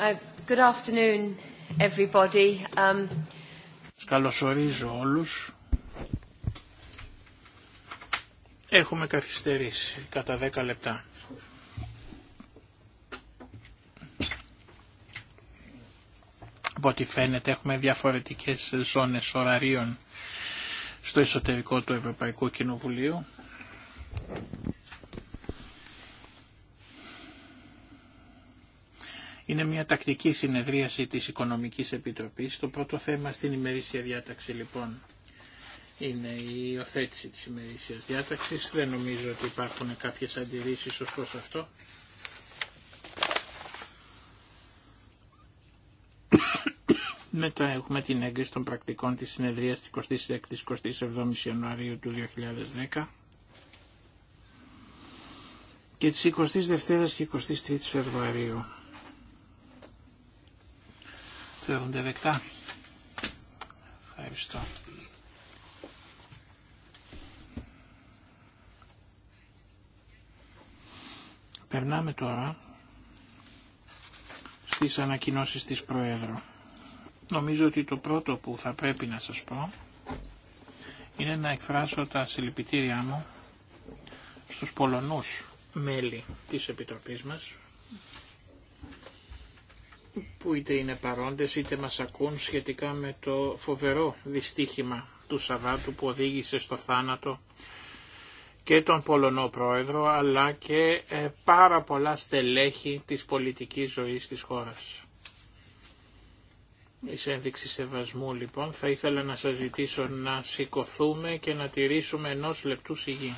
Uh, good afternoon, everybody. Um, καλωσορίζω όλους. Έχουμε καθυστερήσει κατά 10 λεπτά. Από ό,τι φαίνεται έχουμε διαφορετικές ζώνες ωραρίων στο εσωτερικό του Ευρωπαϊκού Κοινοβουλίου. Είναι μια τακτική συνεδρίαση της Οικονομικής Επιτροπής. Το πρώτο θέμα στην ημερήσια διάταξη λοιπόν είναι η υιοθέτηση της ημερήσιας διάταξης. Δεν νομίζω ότι υπάρχουν κάποιες αντιρρήσεις ως προς αυτό. Μετά έχουμε την έγκριση των πρακτικών της συνεδρίας της 26ης-27ης Ιανουαρίου του 2010 και της 22 και 23 Φεβρουαρίου. Ευχαριστώ. Περνάμε τώρα στις ανακοινώσεις της Προέδρου. Νομίζω ότι το πρώτο που θα πρέπει να σας πω είναι να εκφράσω τα συλληπιτήριά μου στους Πολωνούς μέλη της Επιτροπής μας που είτε είναι παρόντες είτε μας ακούν σχετικά με το φοβερό δυστύχημα του Σαββάτου που οδήγησε στο θάνατο και τον Πολωνό Πρόεδρο αλλά και ε, πάρα πολλά στελέχη της πολιτικής ζωής της χώρας. Εις ένδειξη σεβασμού λοιπόν θα ήθελα να σας ζητήσω να σηκωθούμε και να τηρήσουμε ενός λεπτού σιγή.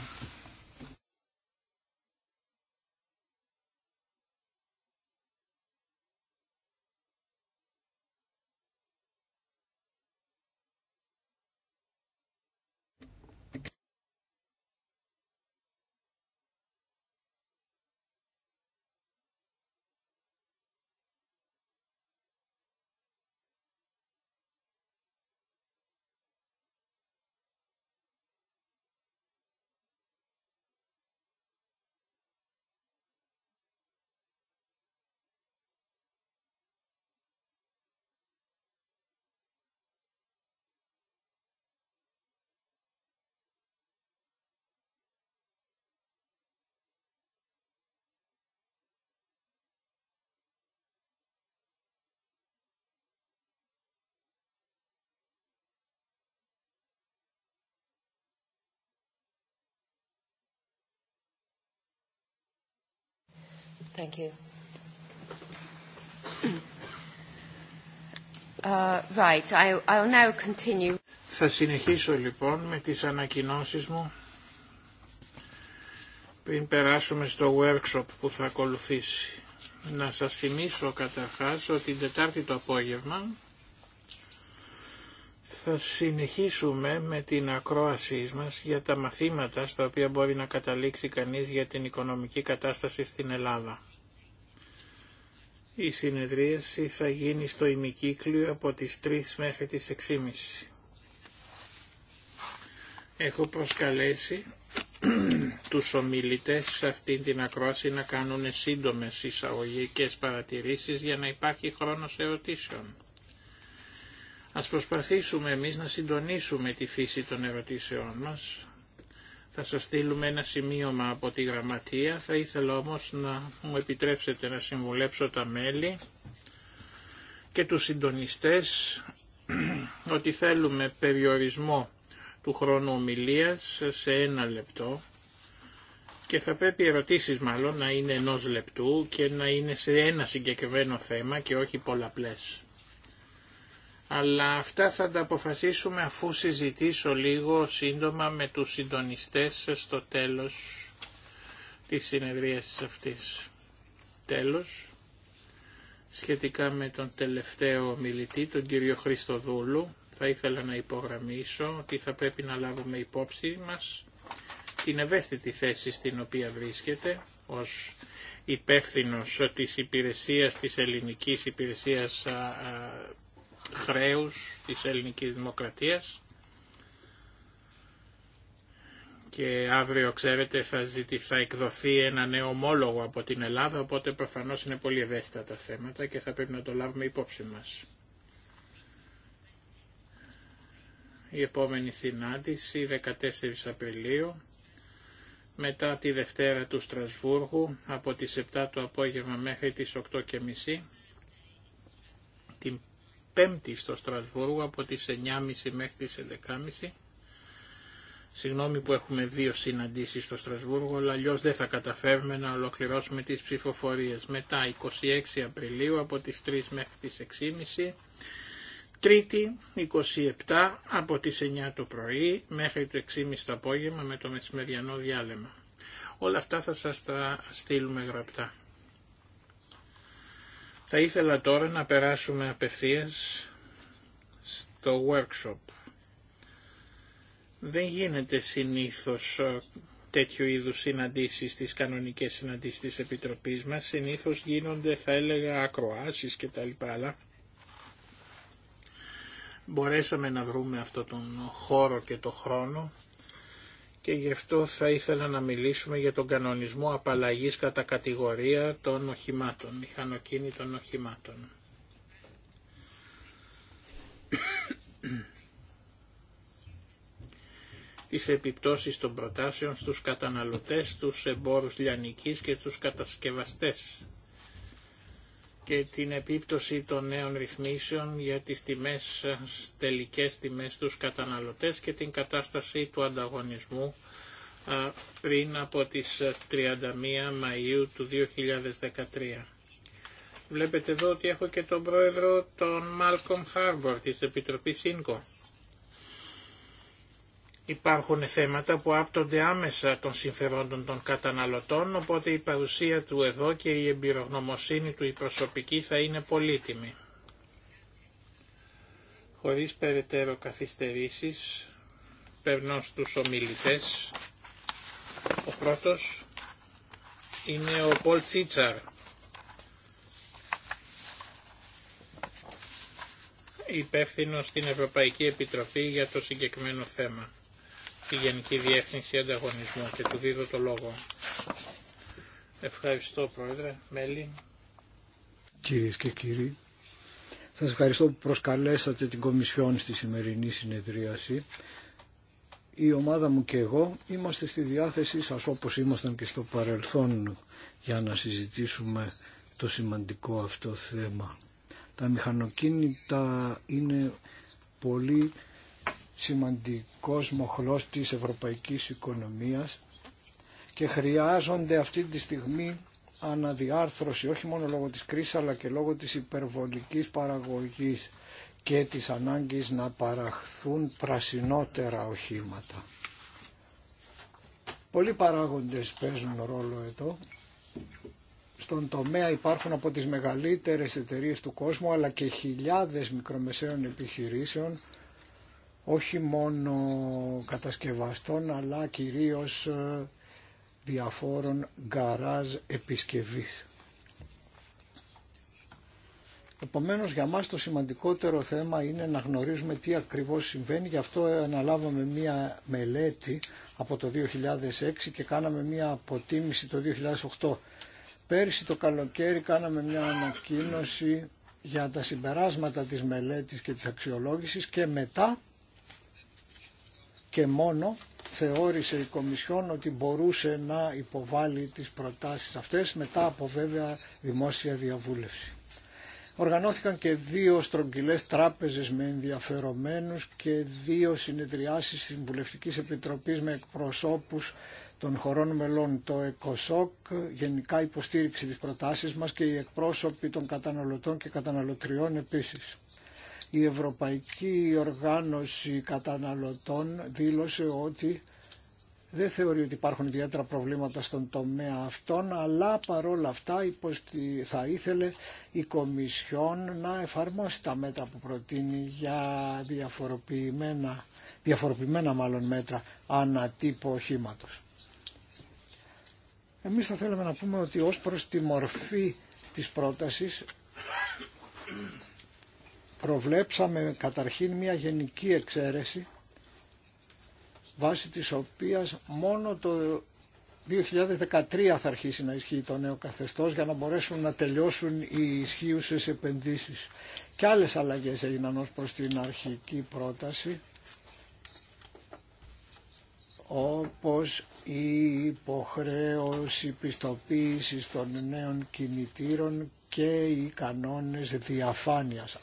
Thank you. Uh, right, I, now continue. Θα συνεχίσω λοιπόν με τις ανακοινώσεις μου πριν περάσουμε στο workshop που θα ακολουθήσει. Να σας θυμίσω καταρχάς ότι την Τετάρτη το απόγευμα θα συνεχίσουμε με την ακρόασή μας για τα μαθήματα στα οποία μπορεί να καταλήξει κανείς για την οικονομική κατάσταση στην Ελλάδα. Η συνεδρίαση θα γίνει στο ημικύκλιο από τις 3 μέχρι τις 6.30. Έχω προσκαλέσει τους ομιλητές σε αυτήν την ακρόαση να κάνουν σύντομες εισαγωγικές παρατηρήσεις για να υπάρχει χρόνος ερωτήσεων. Ας προσπαθήσουμε εμείς να συντονίσουμε τη φύση των ερωτήσεών μας θα σας στείλουμε ένα σημείωμα από τη γραμματεία. Θα ήθελα όμως να μου επιτρέψετε να συμβουλέψω τα μέλη και τους συντονιστές ότι θέλουμε περιορισμό του χρόνου ομιλίας σε ένα λεπτό και θα πρέπει οι ερωτήσεις μάλλον να είναι ενός λεπτού και να είναι σε ένα συγκεκριμένο θέμα και όχι πολλαπλές αλλά αυτά θα τα αποφασίσουμε αφού συζητήσω λίγο σύντομα με τους συντονιστές στο τέλος της συνεδρίασης αυτής. Τέλος, σχετικά με τον τελευταίο μιλητή, τον κύριο Χριστοδούλου, θα ήθελα να υπογραμμίσω ότι θα πρέπει να λάβουμε υπόψη μας την ευαίσθητη θέση στην οποία βρίσκεται ως υπεύθυνος της υπηρεσίας, της ελληνικής υπηρεσίας χρέους της ελληνικής δημοκρατίας και αύριο ξέρετε θα, ζητη, θα εκδοθεί ένα νέο ομόλογο από την Ελλάδα οπότε προφανώς είναι πολύ ευαίσθητα τα θέματα και θα πρέπει να το λάβουμε υπόψη μας. Η επόμενη συνάντηση 14 Απριλίου μετά τη Δευτέρα του Στρασβούργου από τις 7 το απόγευμα μέχρι τις 8.30 Πέμπτη στο Στρασβούργο από τις 9.30 μέχρι τις 11.30. Συγγνώμη που έχουμε δύο συναντήσεις στο Στρασβούργο, αλλά αλλιώ δεν θα καταφέρουμε να ολοκληρώσουμε τις ψηφοφορίες. Μετά 26 Απριλίου από τις 3 μέχρι τις 6.30. Τρίτη 27 από τις 9 το πρωί μέχρι το 6.30 το απόγευμα με το μεσημεριανό διάλεμα Όλα αυτά θα σας τα στείλουμε γραπτά. Θα ήθελα τώρα να περάσουμε απευθείας στο workshop. Δεν γίνεται συνήθως ε, τέτοιου είδους συναντήσεις στις κανονικές συναντήσεις της Επιτροπής μας. Συνήθως γίνονται θα έλεγα ακροάσεις και τα λοιπά, μπορέσαμε να βρούμε αυτό τον χώρο και το χρόνο και γι' αυτό θα ήθελα να μιλήσουμε για τον κανονισμό απαλλαγής κατά κατηγορία των οχημάτων, μηχανοκίνητων οχημάτων. τις επιπτώσεις των προτάσεων στους καταναλωτές, τους εμπόρους λιανικής και τους κατασκευαστές και την επίπτωση των νέων ρυθμίσεων για τις τιμές, τελικές τιμές τους καταναλωτές και την κατάσταση του ανταγωνισμού πριν από τις 31 ε, Μαΐου του 2013. Βλέπετε εδώ ότι έχω και τον πρόεδρο τον Μάλκομ Χάρμπορ της Επιτροπής ΣΥΝΚΟ. Υπάρχουν θέματα που άπτονται άμεσα των συμφερόντων των καταναλωτών, οπότε η παρουσία του εδώ και η εμπειρογνωμοσύνη του η προσωπική θα είναι πολύτιμη. Χωρίς περαιτέρω καθυστερήσεις, περνώ στους ομιλητές. Ο πρώτος είναι ο Πολ Τσίτσαρ. υπεύθυνο στην Ευρωπαϊκή Επιτροπή για το συγκεκριμένο θέμα τη Γενική Διεύθυνση Ανταγωνισμού και του δίδω το λόγο. Ευχαριστώ Πρόεδρε, μέλη. Κυρίες και κύριοι, σας ευχαριστώ που προσκαλέσατε την Κομισιόν στη σημερινή συνεδρίαση. Η ομάδα μου και εγώ είμαστε στη διάθεσή σας όπως ήμασταν και στο παρελθόν για να συζητήσουμε το σημαντικό αυτό θέμα. Τα μηχανοκίνητα είναι πολύ σημαντικός μοχλός της ευρωπαϊκής οικονομίας και χρειάζονται αυτή τη στιγμή αναδιάρθρωση όχι μόνο λόγω της κρίσης αλλά και λόγω της υπερβολικής παραγωγής και της ανάγκης να παραχθούν πρασινότερα οχήματα. Πολλοί παράγοντες παίζουν ρόλο εδώ. Στον τομέα υπάρχουν από τις μεγαλύτερες εταιρείες του κόσμου αλλά και χιλιάδες μικρομεσαίων επιχειρήσεων όχι μόνο κατασκευαστών αλλά κυρίως ε, διαφόρων γκαράζ επισκευής. Επομένως για μας το σημαντικότερο θέμα είναι να γνωρίζουμε τι ακριβώς συμβαίνει. Γι' αυτό αναλάβαμε μία μελέτη από το 2006 και κάναμε μία αποτίμηση το 2008. Πέρσι το καλοκαίρι κάναμε μία ανακοίνωση για τα συμπεράσματα της μελέτης και της αξιολόγησης και μετά και μόνο θεώρησε η Κομισιόν ότι μπορούσε να υποβάλει τις προτάσεις αυτές μετά από βέβαια δημόσια διαβούλευση. Οργανώθηκαν και δύο στρογγυλές τράπεζες με ενδιαφερομένους και δύο συνεδριάσεις Συμβουλευτικής Επιτροπής με εκπροσώπους των χωρών μελών το ΕΚΟΣΟΚ, γενικά υποστήριξη της προτάσεις μας και οι εκπρόσωποι των καταναλωτών και καταναλωτριών επίσης η Ευρωπαϊκή Οργάνωση Καταναλωτών δήλωσε ότι δεν θεωρεί ότι υπάρχουν ιδιαίτερα προβλήματα στον τομέα αυτών, αλλά παρόλα αυτά θα ήθελε η Κομισιόν να εφαρμόσει τα μέτρα που προτείνει για διαφοροποιημένα, διαφοροποιημένα μάλλον μέτρα ανατύπου οχήματο. Εμείς θα θέλαμε να πούμε ότι ως προς τη μορφή της πρότασης προβλέψαμε καταρχήν μια γενική εξαίρεση βάσει της οποίας μόνο το 2013 θα αρχίσει να ισχύει το νέο καθεστώς για να μπορέσουν να τελειώσουν οι ισχύουσες επενδύσεις. Και άλλες αλλαγές έγιναν ως προς την αρχική πρόταση όπως η υποχρέωση πιστοποίησης των νέων κινητήρων και οι κανόνες διαφάνειας.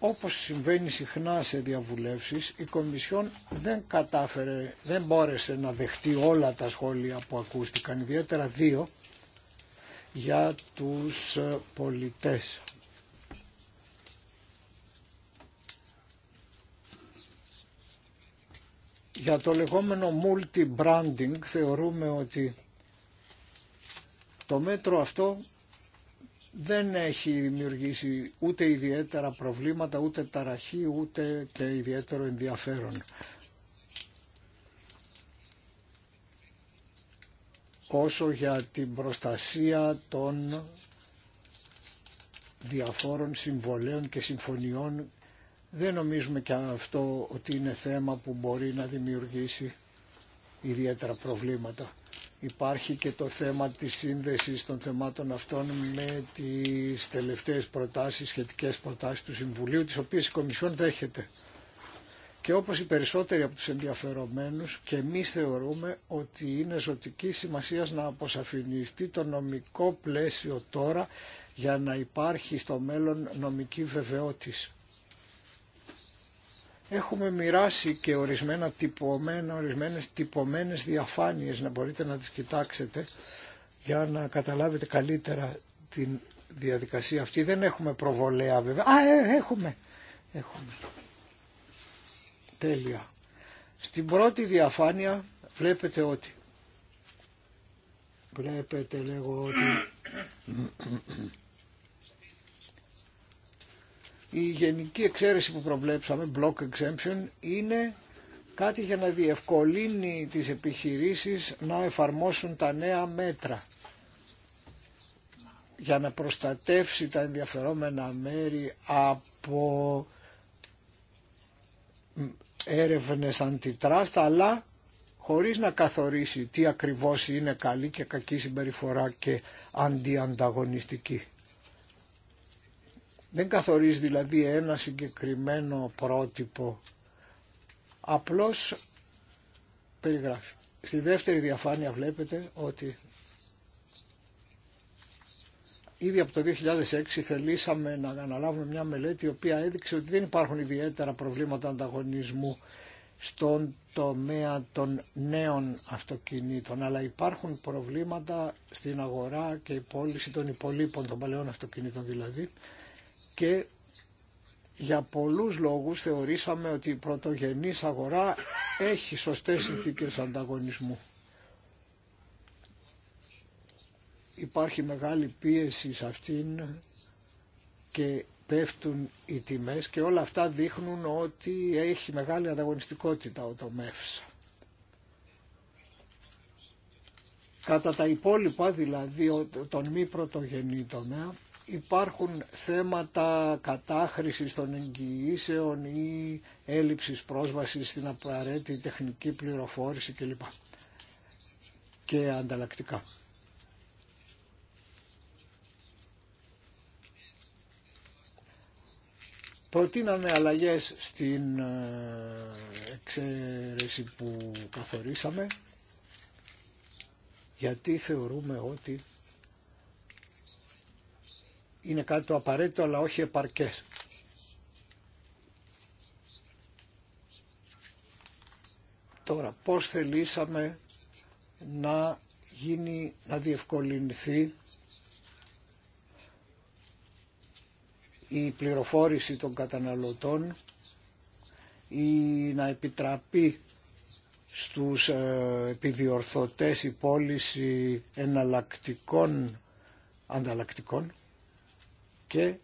Όπως συμβαίνει συχνά σε διαβουλεύσεις, η Κομισιόν δεν κατάφερε, δεν μπόρεσε να δεχτεί όλα τα σχόλια που ακούστηκαν, ιδιαίτερα δύο για τους ε, πολιτές. Για το λεγόμενο multi-branding θεωρούμε ότι το μέτρο αυτό δεν έχει δημιουργήσει ούτε ιδιαίτερα προβλήματα, ούτε ταραχή, ούτε και ιδιαίτερο ενδιαφέρον. Όσο για την προστασία των διαφόρων συμβολέων και συμφωνιών, δεν νομίζουμε και αυτό ότι είναι θέμα που μπορεί να δημιουργήσει ιδιαίτερα προβλήματα. Υπάρχει και το θέμα της σύνδεσης των θεμάτων αυτών με τις τελευταίες προτάσεις, σχετικές προτάσεις του Συμβουλίου, τις οποίες η Κομισιόν δέχεται. Και όπως οι περισσότεροι από τους ενδιαφερομένους και εμεί θεωρούμε ότι είναι ζωτική σημασία να αποσαφινιστεί το νομικό πλαίσιο τώρα για να υπάρχει στο μέλλον νομική βεβαιότηση. Έχουμε μοιράσει και ορισμένα τυπωμένα, ορισμένες τυπωμένες διαφάνειες να μπορείτε να τις κοιτάξετε για να καταλάβετε καλύτερα την διαδικασία αυτή. Δεν έχουμε προβολέα βέβαια. Α, ε, έχουμε. έχουμε. Τέλεια. Στην πρώτη διαφάνεια βλέπετε ότι βλέπετε λέγω ότι η γενική εξαίρεση που προβλέψαμε, block exemption, είναι κάτι για να διευκολύνει τις επιχειρήσεις να εφαρμόσουν τα νέα μέτρα για να προστατεύσει τα ενδιαφερόμενα μέρη από έρευνες αντιτράστα αλλά χωρίς να καθορίσει τι ακριβώς είναι καλή και κακή συμπεριφορά και αντιανταγωνιστική. Δεν καθορίζει δηλαδή ένα συγκεκριμένο πρότυπο, απλώς περιγράφει. Στη δεύτερη διαφάνεια βλέπετε ότι ήδη από το 2006 θελήσαμε να αναλάβουμε μια μελέτη η οποία έδειξε ότι δεν υπάρχουν ιδιαίτερα προβλήματα ανταγωνισμού στον τομέα των νέων αυτοκινήτων, αλλά υπάρχουν προβλήματα στην αγορά και η πώληση των υπολείπων των παλαιών αυτοκινήτων δηλαδή, και για πολλούς λόγους θεωρήσαμε ότι η πρωτογενής αγορά έχει σωστές συνθήκες ανταγωνισμού. Υπάρχει μεγάλη πίεση σε αυτήν και πέφτουν οι τιμές και όλα αυτά δείχνουν ότι έχει μεγάλη ανταγωνιστικότητα ο τομέας. Κατά τα υπόλοιπα δηλαδή τον μη πρωτογενή τομέα υπάρχουν θέματα κατάχρησης των εγγυήσεων ή έλλειψης πρόσβασης στην απαραίτητη τεχνική πληροφόρηση κλπ. Και ανταλλακτικά. Προτείναμε αλλαγές στην ε, εξαίρεση που καθορίσαμε γιατί θεωρούμε ότι είναι κάτι το απαραίτητο αλλά όχι επαρκές. Τώρα, πώς θελήσαμε να γίνει, να διευκολυνθεί η πληροφόρηση των καταναλωτών ή να επιτραπεί στους ε, επιδιορθωτές η πώληση εναλλακτικών ανταλλακτικών και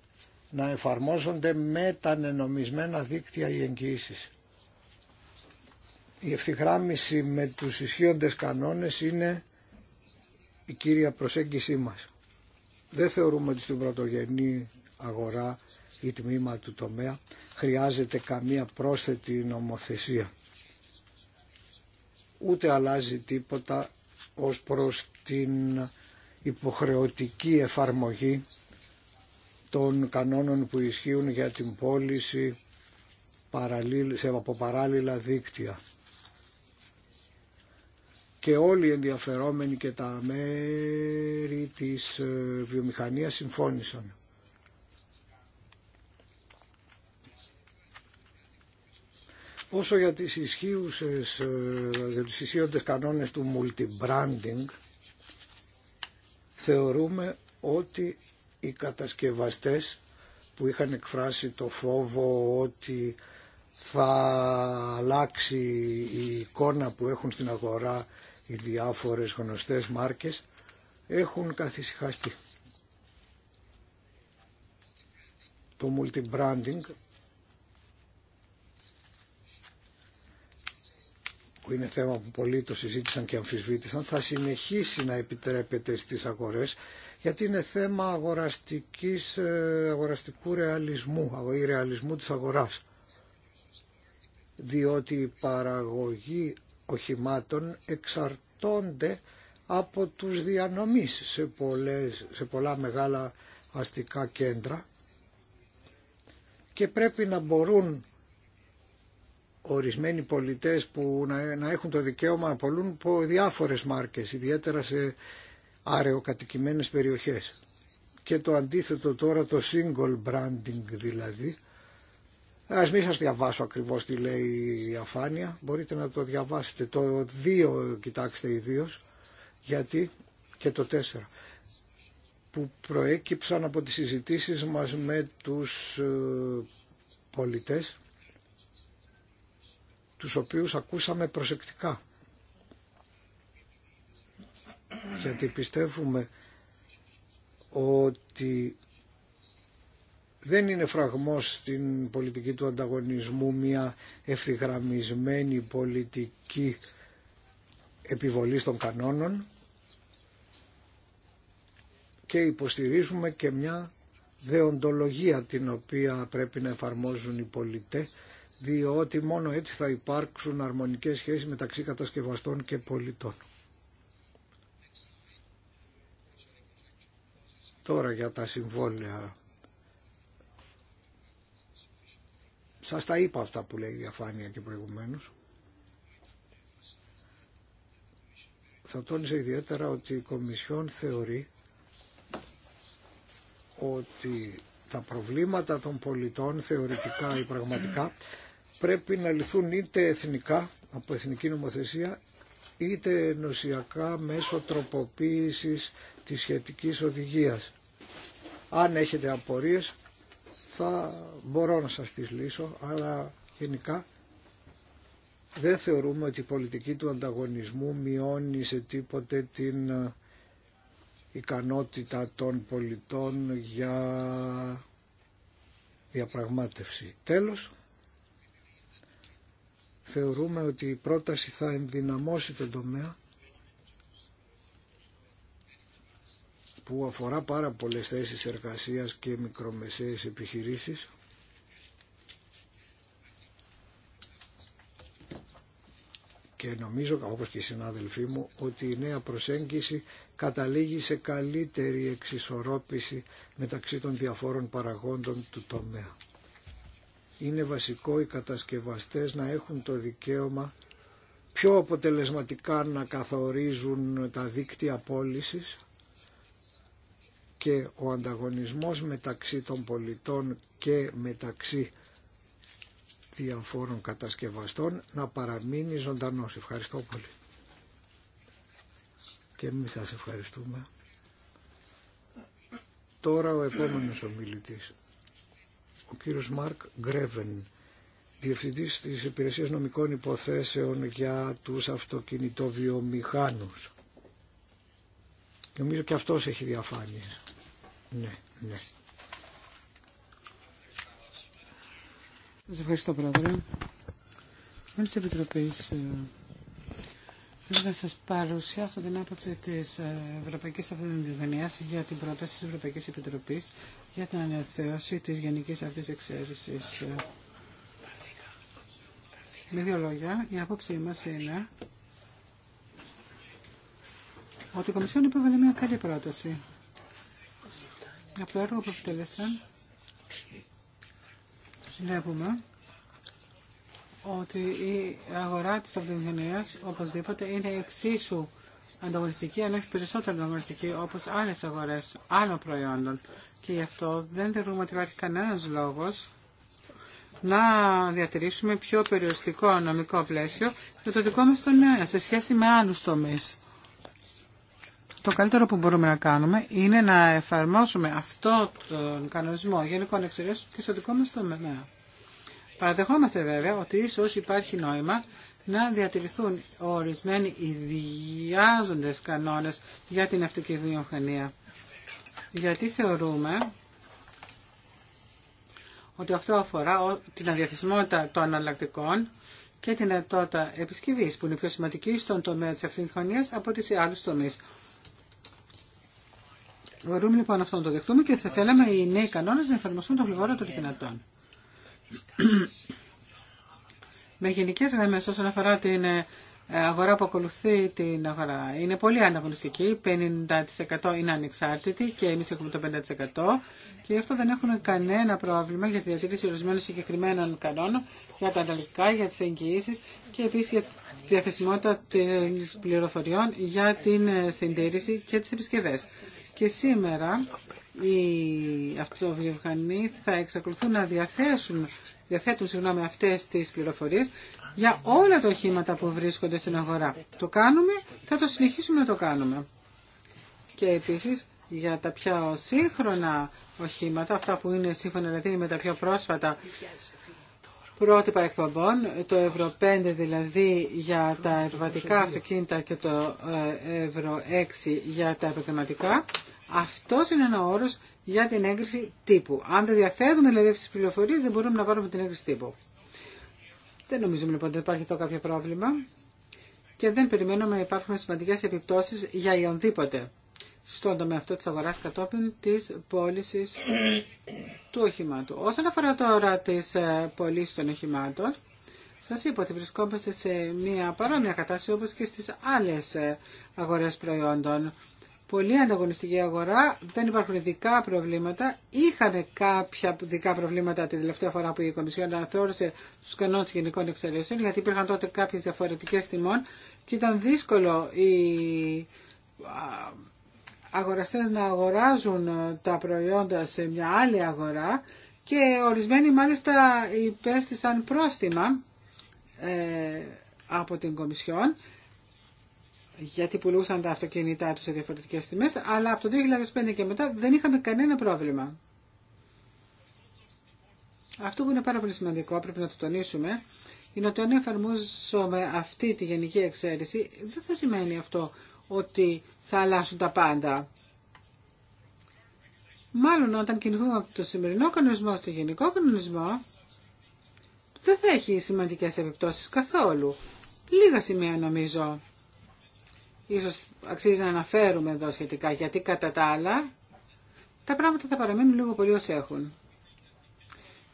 να εφαρμόζονται με τα νενομισμένα δίκτυα οι εγγυήσεις. Η ευθυγράμμιση με τους ισχύοντες κανόνες είναι η κύρια προσέγγισή μας. Δεν θεωρούμε ότι στην πρωτογενή αγορά ή τμήμα του τομέα χρειάζεται καμία πρόσθετη νομοθεσία. Ούτε αλλάζει τίποτα ως προς την υποχρεωτική εφαρμογή των κανόνων που ισχύουν για την πώληση από παράλληλα δίκτυα. Και όλοι οι ενδιαφερόμενοι και τα μέρη της ε, βιομηχανίας συμφώνησαν. Όσο για τις ισχύουσες, ε, για τους ισχύοντες του multi-branding, θεωρούμε ότι οι κατασκευαστές που είχαν εκφράσει το φόβο ότι θα αλλάξει η εικόνα που έχουν στην αγορά οι διάφορες γνωστές μάρκες έχουν καθησυχαστεί. Το multi-branding που είναι θέμα που πολλοί το συζήτησαν και αμφισβήτησαν, θα συνεχίσει να επιτρέπεται στις αγορές γιατί είναι θέμα αγοραστικής, ε, αγοραστικού ρεαλισμού ή ρεαλισμού της αγοράς. Διότι η παραγωγή οχημάτων εξαρτώνται από τους διανομής σε, σε πολλά μεγάλα αστικά κέντρα και πρέπει να μπορούν ορισμένοι πολιτές που να, έχουν το δικαίωμα να πολλούν διάφορες μάρκες, ιδιαίτερα σε αραιοκατοικημένες περιοχές. Και το αντίθετο τώρα το single branding δηλαδή. Ας μην σας διαβάσω ακριβώς τι λέει η αφάνεια, μπορείτε να το διαβάσετε. Το 2 κοιτάξτε ιδίω, γιατί και το 4 που προέκυψαν από τις συζητήσεις μας με τους ε, πολιτές, τους οποίους ακούσαμε προσεκτικά γιατί πιστεύουμε ότι δεν είναι φραγμός στην πολιτική του ανταγωνισμού μια ευθυγραμμισμένη πολιτική επιβολή των κανόνων και υποστηρίζουμε και μια δεοντολογία την οποία πρέπει να εφαρμόζουν οι πολιτέ διότι μόνο έτσι θα υπάρξουν αρμονικές σχέσεις μεταξύ κατασκευαστών και πολιτών. Τώρα για τα συμβόλαια. Σας τα είπα αυτά που λέει η διαφάνεια και προηγουμένως. Θα τόνισα ιδιαίτερα ότι η Κομισιόν θεωρεί ότι τα προβλήματα των πολιτών, θεωρητικά ή πραγματικά, πρέπει να λυθούν είτε εθνικά, από εθνική νομοθεσία, είτε ενωσιακά μέσω τροποποίησης της σχετικής οδηγίας. Αν έχετε απορίες θα μπορώ να σας τις λύσω, αλλά γενικά δεν θεωρούμε ότι η πολιτική του ανταγωνισμού μειώνει σε τίποτε την ε, ικανότητα των πολιτών για διαπραγμάτευση. Τέλος, θεωρούμε ότι η πρόταση θα ενδυναμώσει τον τομέα που αφορά πάρα πολλές θέσεις εργασίας και μικρομεσαίες επιχειρήσεις. Και νομίζω, όπως και οι συνάδελφοί μου, ότι η νέα προσέγγιση καταλήγει σε καλύτερη εξισορρόπηση μεταξύ των διαφόρων παραγόντων του τομέα. Είναι βασικό οι κατασκευαστές να έχουν το δικαίωμα πιο αποτελεσματικά να καθορίζουν τα δίκτυα πώλησης και ο ανταγωνισμός μεταξύ των πολιτών και μεταξύ διαφόρων κατασκευαστών να παραμείνει ζωντανός. Ευχαριστώ πολύ. Και εμείς σας ευχαριστούμε. Τώρα ο επόμενος ομιλητής, ο κύριος Μάρκ Γκρέβεν, Διευθυντής της Υπηρεσίας Νομικών Υποθέσεων για τους αυτοκινητοβιομηχάνους. Νομίζω και αυτός έχει διαφάνειες ναι, ναι. Σας ευχαριστώ πρόεδρε. Μέλη της Επιτροπής, ε, να σας παρουσιάσω την άποψη της ε, Ευρωπαϊκής Αυτοδιογενείας για την πρόταση της Ευρωπαϊκής Επιτροπής για την ανευθέωση της γενικής αυτής εξαίρεσης. Ε, με δύο λόγια, η άποψή μας είναι ότι η Κομισιόν υπέβαλε μια καλή πρόταση από το έργο που επιτέλεσαν βλέπουμε ότι η αγορά της αυτοκινητίας οπωσδήποτε είναι εξίσου ανταγωνιστική, αν όχι περισσότερο ανταγωνιστική, όπως άλλες αγορές άλλων προϊόντων. Και γι' αυτό δεν θεωρούμε ότι υπάρχει κανένας λόγος να διατηρήσουμε πιο περιοριστικό νομικό πλαίσιο για το δικό μα τομέα σε σχέση με άλλου τομείς το καλύτερο που μπορούμε να κάνουμε είναι να εφαρμόσουμε αυτό τον κανονισμό γενικών εξαιρέσεων και στο δικό μας τομέα. Παραδεχόμαστε βέβαια ότι ίσως υπάρχει νόημα να διατηρηθούν ορισμένοι ιδιάζοντες κανόνες για την αυτοκινητοβιομηχανία. Γιατί θεωρούμε ότι αυτό αφορά την αδιαθυσμότητα των αναλλακτικών και την δυνατότητα επισκευής που είναι πιο σημαντική στον τομέα της αυτοκινητοβιομηχανίας από τις άλλους τομείς. Μπορούμε λοιπόν αυτό να το δεχτούμε και θα θέλαμε οι νέοι κανόνε να εφαρμοστούν το φλεγόρατο των δυνατών. Με γενικέ γραμμέ όσον αφορά την ε, αγορά που ακολουθεί την αγορά είναι πολύ ανταγωνιστική. 50% είναι ανεξάρτητη και εμεί έχουμε το 50% και γι' αυτό δεν έχουν κανένα πρόβλημα για τη διατήρηση ορισμένων συγκεκριμένων κανόνων για τα ανταλλικά, για τι εγγυήσει και επίση για τη διαθεσιμότητα των πληροφοριών για την ε, συντήρηση και τι επισκευέ. Και σήμερα οι αυτοβιογανοί θα εξακολουθούν να διαθέσουν, διαθέτουν συγγνώμη, αυτές τις πληροφορίες για όλα τα οχήματα που βρίσκονται στην αγορά. Το κάνουμε, θα το συνεχίσουμε να το κάνουμε. Και επίσης για τα πιο σύγχρονα οχήματα, αυτά που είναι σύμφωνα δηλαδή με τα πιο πρόσφατα πρότυπα εκπομπών, το Ευρω 5 δηλαδή για τα επιβατικά αυτοκίνητα και το ε, Ευρω 6 για τα επαγγελματικά. Αυτό είναι ένα όρο για την έγκριση τύπου. Αν δεν διαθέτουμε δηλαδή αυτέ τις πληροφορίες δεν μπορούμε να πάρουμε την έγκριση τύπου. Δεν νομίζουμε λοιπόν ότι υπάρχει εδώ κάποιο πρόβλημα και δεν περιμένουμε να υπάρχουν σημαντικέ επιπτώσει για ιονδήποτε στον τομέα αυτό τη αγορά κατόπιν τη πώληση του οχημάτου. Όσον αφορά τώρα τι ε, πωλήσει των οχημάτων, σα είπα ότι βρισκόμαστε σε μια παρόμοια κατάσταση όπω και στι άλλε αγορέ προϊόντων πολύ ανταγωνιστική αγορά, δεν υπάρχουν ειδικά προβλήματα. Είχαμε κάποια ειδικά προβλήματα την τελευταία φορά που η Κομισιόν αναθεώρησε του κανόνε γενικών εξαιρέσεων, γιατί υπήρχαν τότε κάποιε διαφορετικέ τιμών και ήταν δύσκολο οι αγοραστέ να αγοράζουν τα προϊόντα σε μια άλλη αγορά και ορισμένοι μάλιστα υπέστησαν πρόστιμα ε, από την Κομισιόν γιατί πουλούσαν τα αυτοκίνητά τους σε διαφορετικές τιμές, αλλά από το 2005 και μετά δεν είχαμε κανένα πρόβλημα. Αυτό που είναι πάρα πολύ σημαντικό, πρέπει να το τονίσουμε, είναι ότι αν εφαρμόζουμε αυτή τη γενική εξαίρεση, δεν θα σημαίνει αυτό ότι θα αλλάσουν τα πάντα. Μάλλον όταν κινηθούμε από το σημερινό κανονισμό στο γενικό κανονισμό, δεν θα έχει σημαντικές επιπτώσεις καθόλου. Λίγα σημεία νομίζω Ίσως αξίζει να αναφέρουμε εδώ σχετικά, γιατί κατά τα άλλα τα πράγματα θα παραμείνουν λίγο πολύ όσοι έχουν.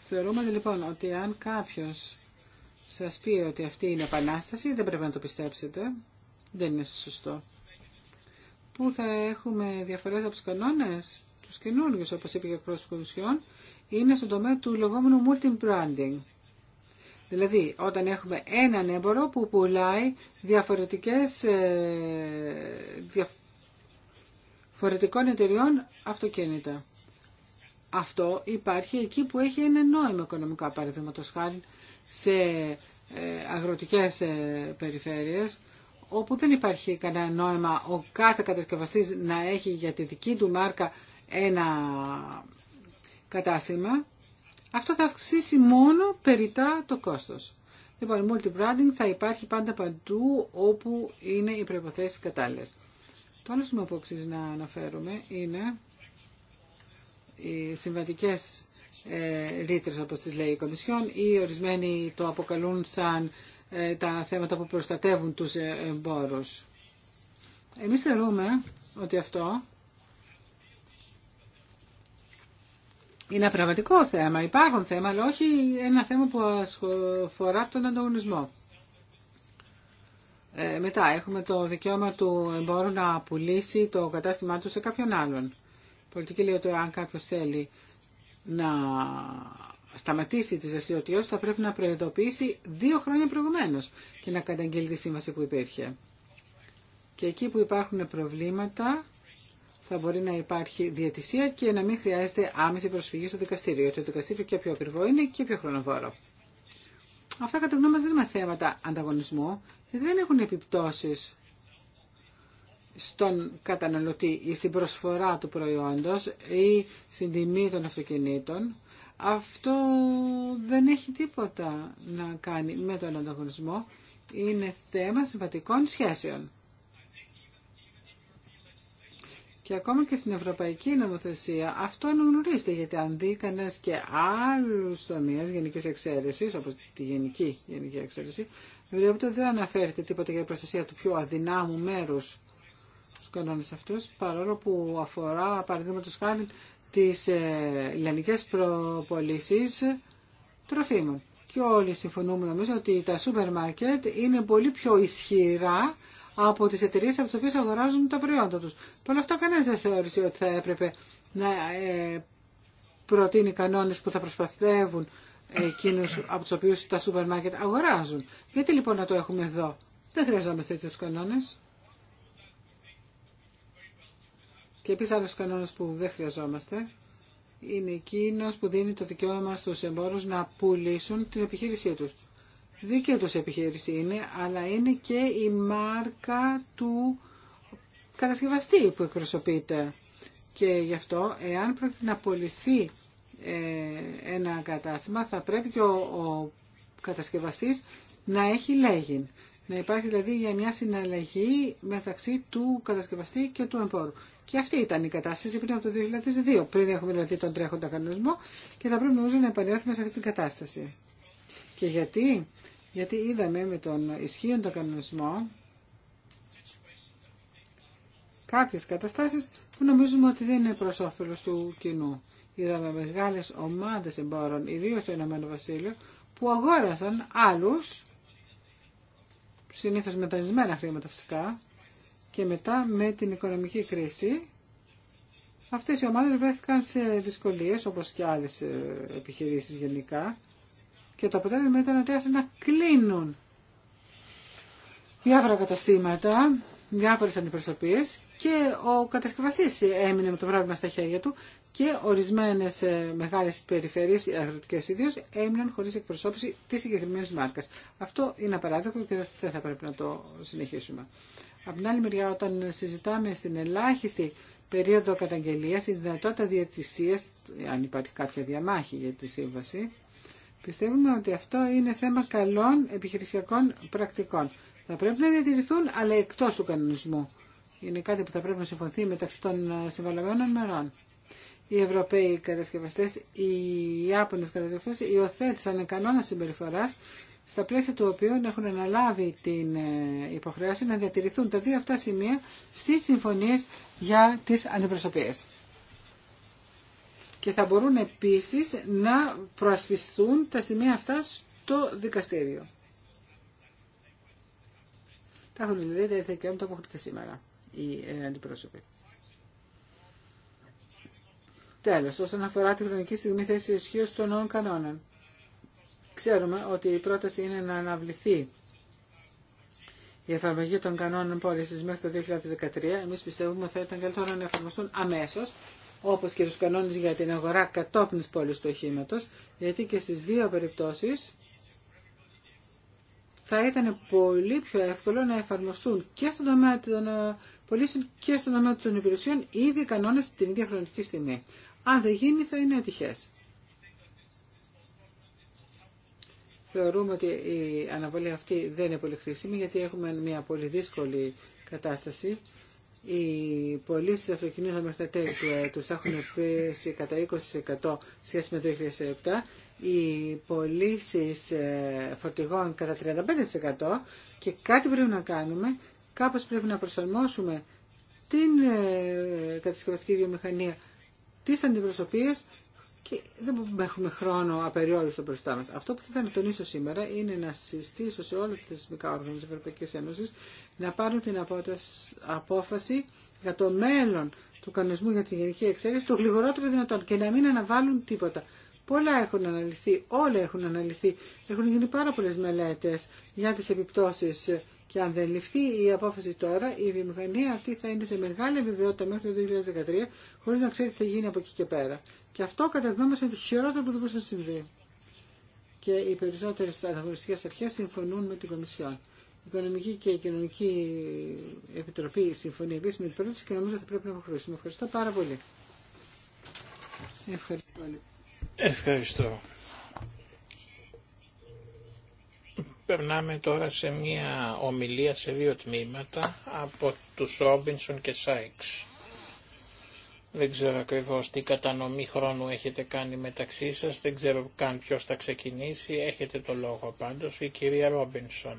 Θεωρούμε λοιπόν ότι αν κάποιος σας πει ότι αυτή είναι επανάσταση, δεν πρέπει να το πιστέψετε. Δεν είναι σωστό. Πού θα έχουμε διαφορές από τους κανόνες, τους καινούργιους, όπως είπε και ο είναι στον τομέα του λεγόμενου multi-branding. Δηλαδή, όταν έχουμε έναν έμπορο που πουλάει διαφορετικές, ε, διαφορετικών εταιριών αυτοκίνητα. Αυτό υπάρχει εκεί που έχει ένα νόημα οικονομικά, παραδείγματο χάρη σε ε, αγροτικές ε, περιφέρειες, όπου δεν υπάρχει κανένα νόημα ο κάθε κατασκευαστής να έχει για τη δική του μάρκα ένα κατάστημα, αυτό θα αυξήσει μόνο περιτά το κόστος. Λοιπόν, η multi-branding θα υπάρχει πάντα παντού όπου είναι οι προϋποθέσεις κατάλληλες. Το άλλο σημείο που να αναφέρουμε είναι οι συμβατικές ε, ρήτρες, όπως τις λέει η Κομισιόν, ή ορισμένοι το αποκαλούν σαν ε, τα θέματα που προστατεύουν τους ε, εμπόρους. Εμείς θεωρούμε ότι αυτό Είναι ένα πραγματικό θέμα, υπάρχουν θέμα, αλλά όχι ένα θέμα που αφορά τον ανταγωνισμό. Ε, μετά έχουμε το δικαίωμα του εμπόρου να πουλήσει το κατάστημά του σε κάποιον άλλον. Η πολιτική λέει ότι αν κάποιο θέλει να σταματήσει τη δραστηριότητε θα πρέπει να προειδοποιήσει δύο χρόνια προηγουμένως και να καταγγείλει τη σύμβαση που υπήρχε. Και εκεί που υπάρχουν προβλήματα θα μπορεί να υπάρχει διατησία και να μην χρειάζεται άμεση προσφυγή στο δικαστήριο. Γιατί το δικαστήριο και πιο ακριβό είναι και πιο χρονοβόρο. Αυτά κατά γνώμη δεν είναι θέματα ανταγωνισμού, δεν έχουν επιπτώσεις στον καταναλωτή ή στην προσφορά του προϊόντος ή στην τιμή των αυτοκινήτων. Αυτό δεν έχει τίποτα να κάνει με τον ανταγωνισμό. Είναι θέμα συμβατικών σχέσεων. και ακόμα και στην ευρωπαϊκή νομοθεσία αυτό αναγνωρίζεται γιατί αν δει κανένα και άλλου τομεί γενική εξαίρεση, όπω τη γενική γενική εξαίρεση, βλέπετε ότι δεν αναφέρεται τίποτα για προστασία του πιο αδυνάμου μέρου στου κανόνε αυτού, παρόλο που αφορά παραδείγματο χάρη τι ε, ελληνικές λιανικέ προπολίσει τροφίμων. Και όλοι συμφωνούμε νομίζω ότι τα σούπερ μάρκετ είναι πολύ πιο ισχυρά από τις εταιρείες από τις οποίες αγοράζουν τα προϊόντα τους. Παρ' αυτά κανένας δεν θεώρησε ότι θα έπρεπε να ε, προτείνει κανόνες που θα προσπαθεύουν εκείνους από τους οποίους τα σούπερ μάρκετ αγοράζουν. Γιατί λοιπόν να το έχουμε εδώ. Δεν χρειαζόμαστε τέτοιους κανόνες. Και επίσης άλλος κανόνας που δεν χρειαζόμαστε είναι εκείνος που δίνει το δικαίωμα στους εμπόρους να πουλήσουν την επιχείρησή τους το σε επιχείρηση είναι, αλλά είναι και η μάρκα του κατασκευαστή που εκπροσωπείται. Και γι' αυτό, εάν πρέπει να απολυθεί ε, ένα κατάστημα, θα πρέπει και ο, ο κατασκευαστής να έχει λέγην. Να υπάρχει δηλαδή για μια συναλλαγή μεταξύ του κατασκευαστή και του εμπόρου. Και αυτή ήταν η κατάσταση πριν από το 2002, πριν έχουμε δηλαδή τον τρέχοντα κανονισμό και θα πρέπει νομίζω να επανέλθουμε σε αυτή την κατάσταση. Και γιατί γιατί είδαμε με τον ισχύοντα κανονισμό κάποιες καταστάσεις που νομίζουμε ότι δεν είναι προς όφελος του κοινού. Είδαμε μεγάλες ομάδες εμπόρων, ιδίως στο Ηνωμένο Βασίλειο, που αγόρασαν άλλους, συνήθως με δανεισμένα χρήματα φυσικά, και μετά με την οικονομική κρίση, αυτές οι ομάδες βρέθηκαν σε δυσκολίες, όπως και άλλες ε, επιχειρήσεις γενικά, και το αποτέλεσμα ήταν ότι άρχισαν να κλείνουν διάφορα καταστήματα, διάφορες αντιπροσωπείες και ο κατασκευαστής έμεινε με το πρόβλημα στα χέρια του και ορισμένες ε, μεγάλες περιφέρειες αγροτικές ιδίως έμειναν χωρίς εκπροσώπηση της συγκεκριμένη μάρκας. Αυτό είναι απαράδεκτο και δεν θα πρέπει να το συνεχίσουμε. Από την άλλη μεριά όταν συζητάμε στην ελάχιστη περίοδο καταγγελίας, η δυνατότητα διατησίας, αν υπάρχει κάποια διαμάχη για τη σύμβαση, Πιστεύουμε ότι αυτό είναι θέμα καλών επιχειρησιακών πρακτικών. Θα πρέπει να διατηρηθούν, αλλά εκτός του κανονισμού. Είναι κάτι που θα πρέπει να συμφωνθεί μεταξύ των ε, συμβαλλαγμένων μερών. Οι Ευρωπαίοι κατασκευαστέ, οι Ιάπωνε κατασκευαστέ υιοθέτησαν κανόνα συμπεριφορά στα πλαίσια του οποίου έχουν αναλάβει την ε, υποχρέωση να διατηρηθούν τα δύο αυτά σημεία στι συμφωνίε για τι αντιπροσωπείες και θα μπορούν επίσης να προασπιστούν τα σημεία αυτά στο δικαστήριο. Τα έχουν δηλαδή τα δικαιώματα που έχουν και σήμερα οι ε, αντιπρόσωποι. Τέλος, όσον αφορά τη χρονική στιγμή θέση ισχύω των νέων κανόνων. Ξέρουμε ότι η πρόταση είναι να αναβληθεί η εφαρμογή των κανόνων πώληση μέχρι το 2013. Εμεί πιστεύουμε ότι θα ήταν καλύτερο να εφαρμοστούν αμέσω όπως και στους κανόνες για την αγορά κατόπιν πόλης του οχήματος, γιατί και στις δύο περιπτώσεις θα ήταν πολύ πιο εύκολο να εφαρμοστούν και στον τομέα των ε, πωλήσεων και στον τομέα των υπηρεσιών ήδη κανόνες την ίδια χρονική στιγμή. Αν δεν γίνει θα είναι ατυχές. Θεωρούμε ότι η αναβολή αυτή δεν είναι πολύ χρήσιμη γιατί έχουμε μια πολύ δύσκολη κατάσταση οι πωλήσει αυτοκινήτων μέχρι τα τέλη του έτου έχουν πέσει κατά 20% σχέση με το 2007, οι πωλήσει ε, φορτηγών κατά 35% και κάτι πρέπει να κάνουμε, κάπως πρέπει να προσαρμόσουμε την ε, κατασκευαστική βιομηχανία τις αντιπροσωπείες και δεν έχουμε χρόνο απεριόριστο μπροστά μα. Αυτό που θα να τονίσω σήμερα είναι να συστήσω σε όλα τα θεσμικά όργανα τη Ευρωπαϊκή Ένωση να πάρουν την απόφαση για το μέλλον του κανονισμού για τη γενική εξαίρεση το γλυγορότερο δυνατόν και να μην αναβάλουν τίποτα. Πολλά έχουν αναλυθεί, όλα έχουν αναλυθεί. Έχουν γίνει πάρα πολλέ μελέτε για τι επιπτώσει και αν δεν ληφθεί η απόφαση τώρα, η βιομηχανία αυτή θα είναι σε μεγάλη βεβαιότητα μέχρι το 2013, χωρί να ξέρει τι θα γίνει από εκεί και πέρα. Και αυτό κατά τη γνώμη είναι το χειρότερο που μπορούσε να συμβεί. Και οι περισσότερε ανταγωνιστικέ αρχέ συμφωνούν με την Κομισιόν. Η Οικονομική και η Κοινωνική Επιτροπή συμφωνεί επίση με την πρόταση και νομίζω ότι πρέπει να προχωρήσουμε. Ευχαριστώ πάρα πολύ. Ευχαριστώ. Περνάμε τώρα σε μια ομιλία σε δύο τμήματα από τους Ρόμπινσον και Σάιξ. Δεν ξέρω ακριβώς τι κατανομή χρόνου έχετε κάνει μεταξύ σας, δεν ξέρω καν ποιος θα ξεκινήσει, έχετε το λόγο πάντως, η κυρία Ρόμπινσον.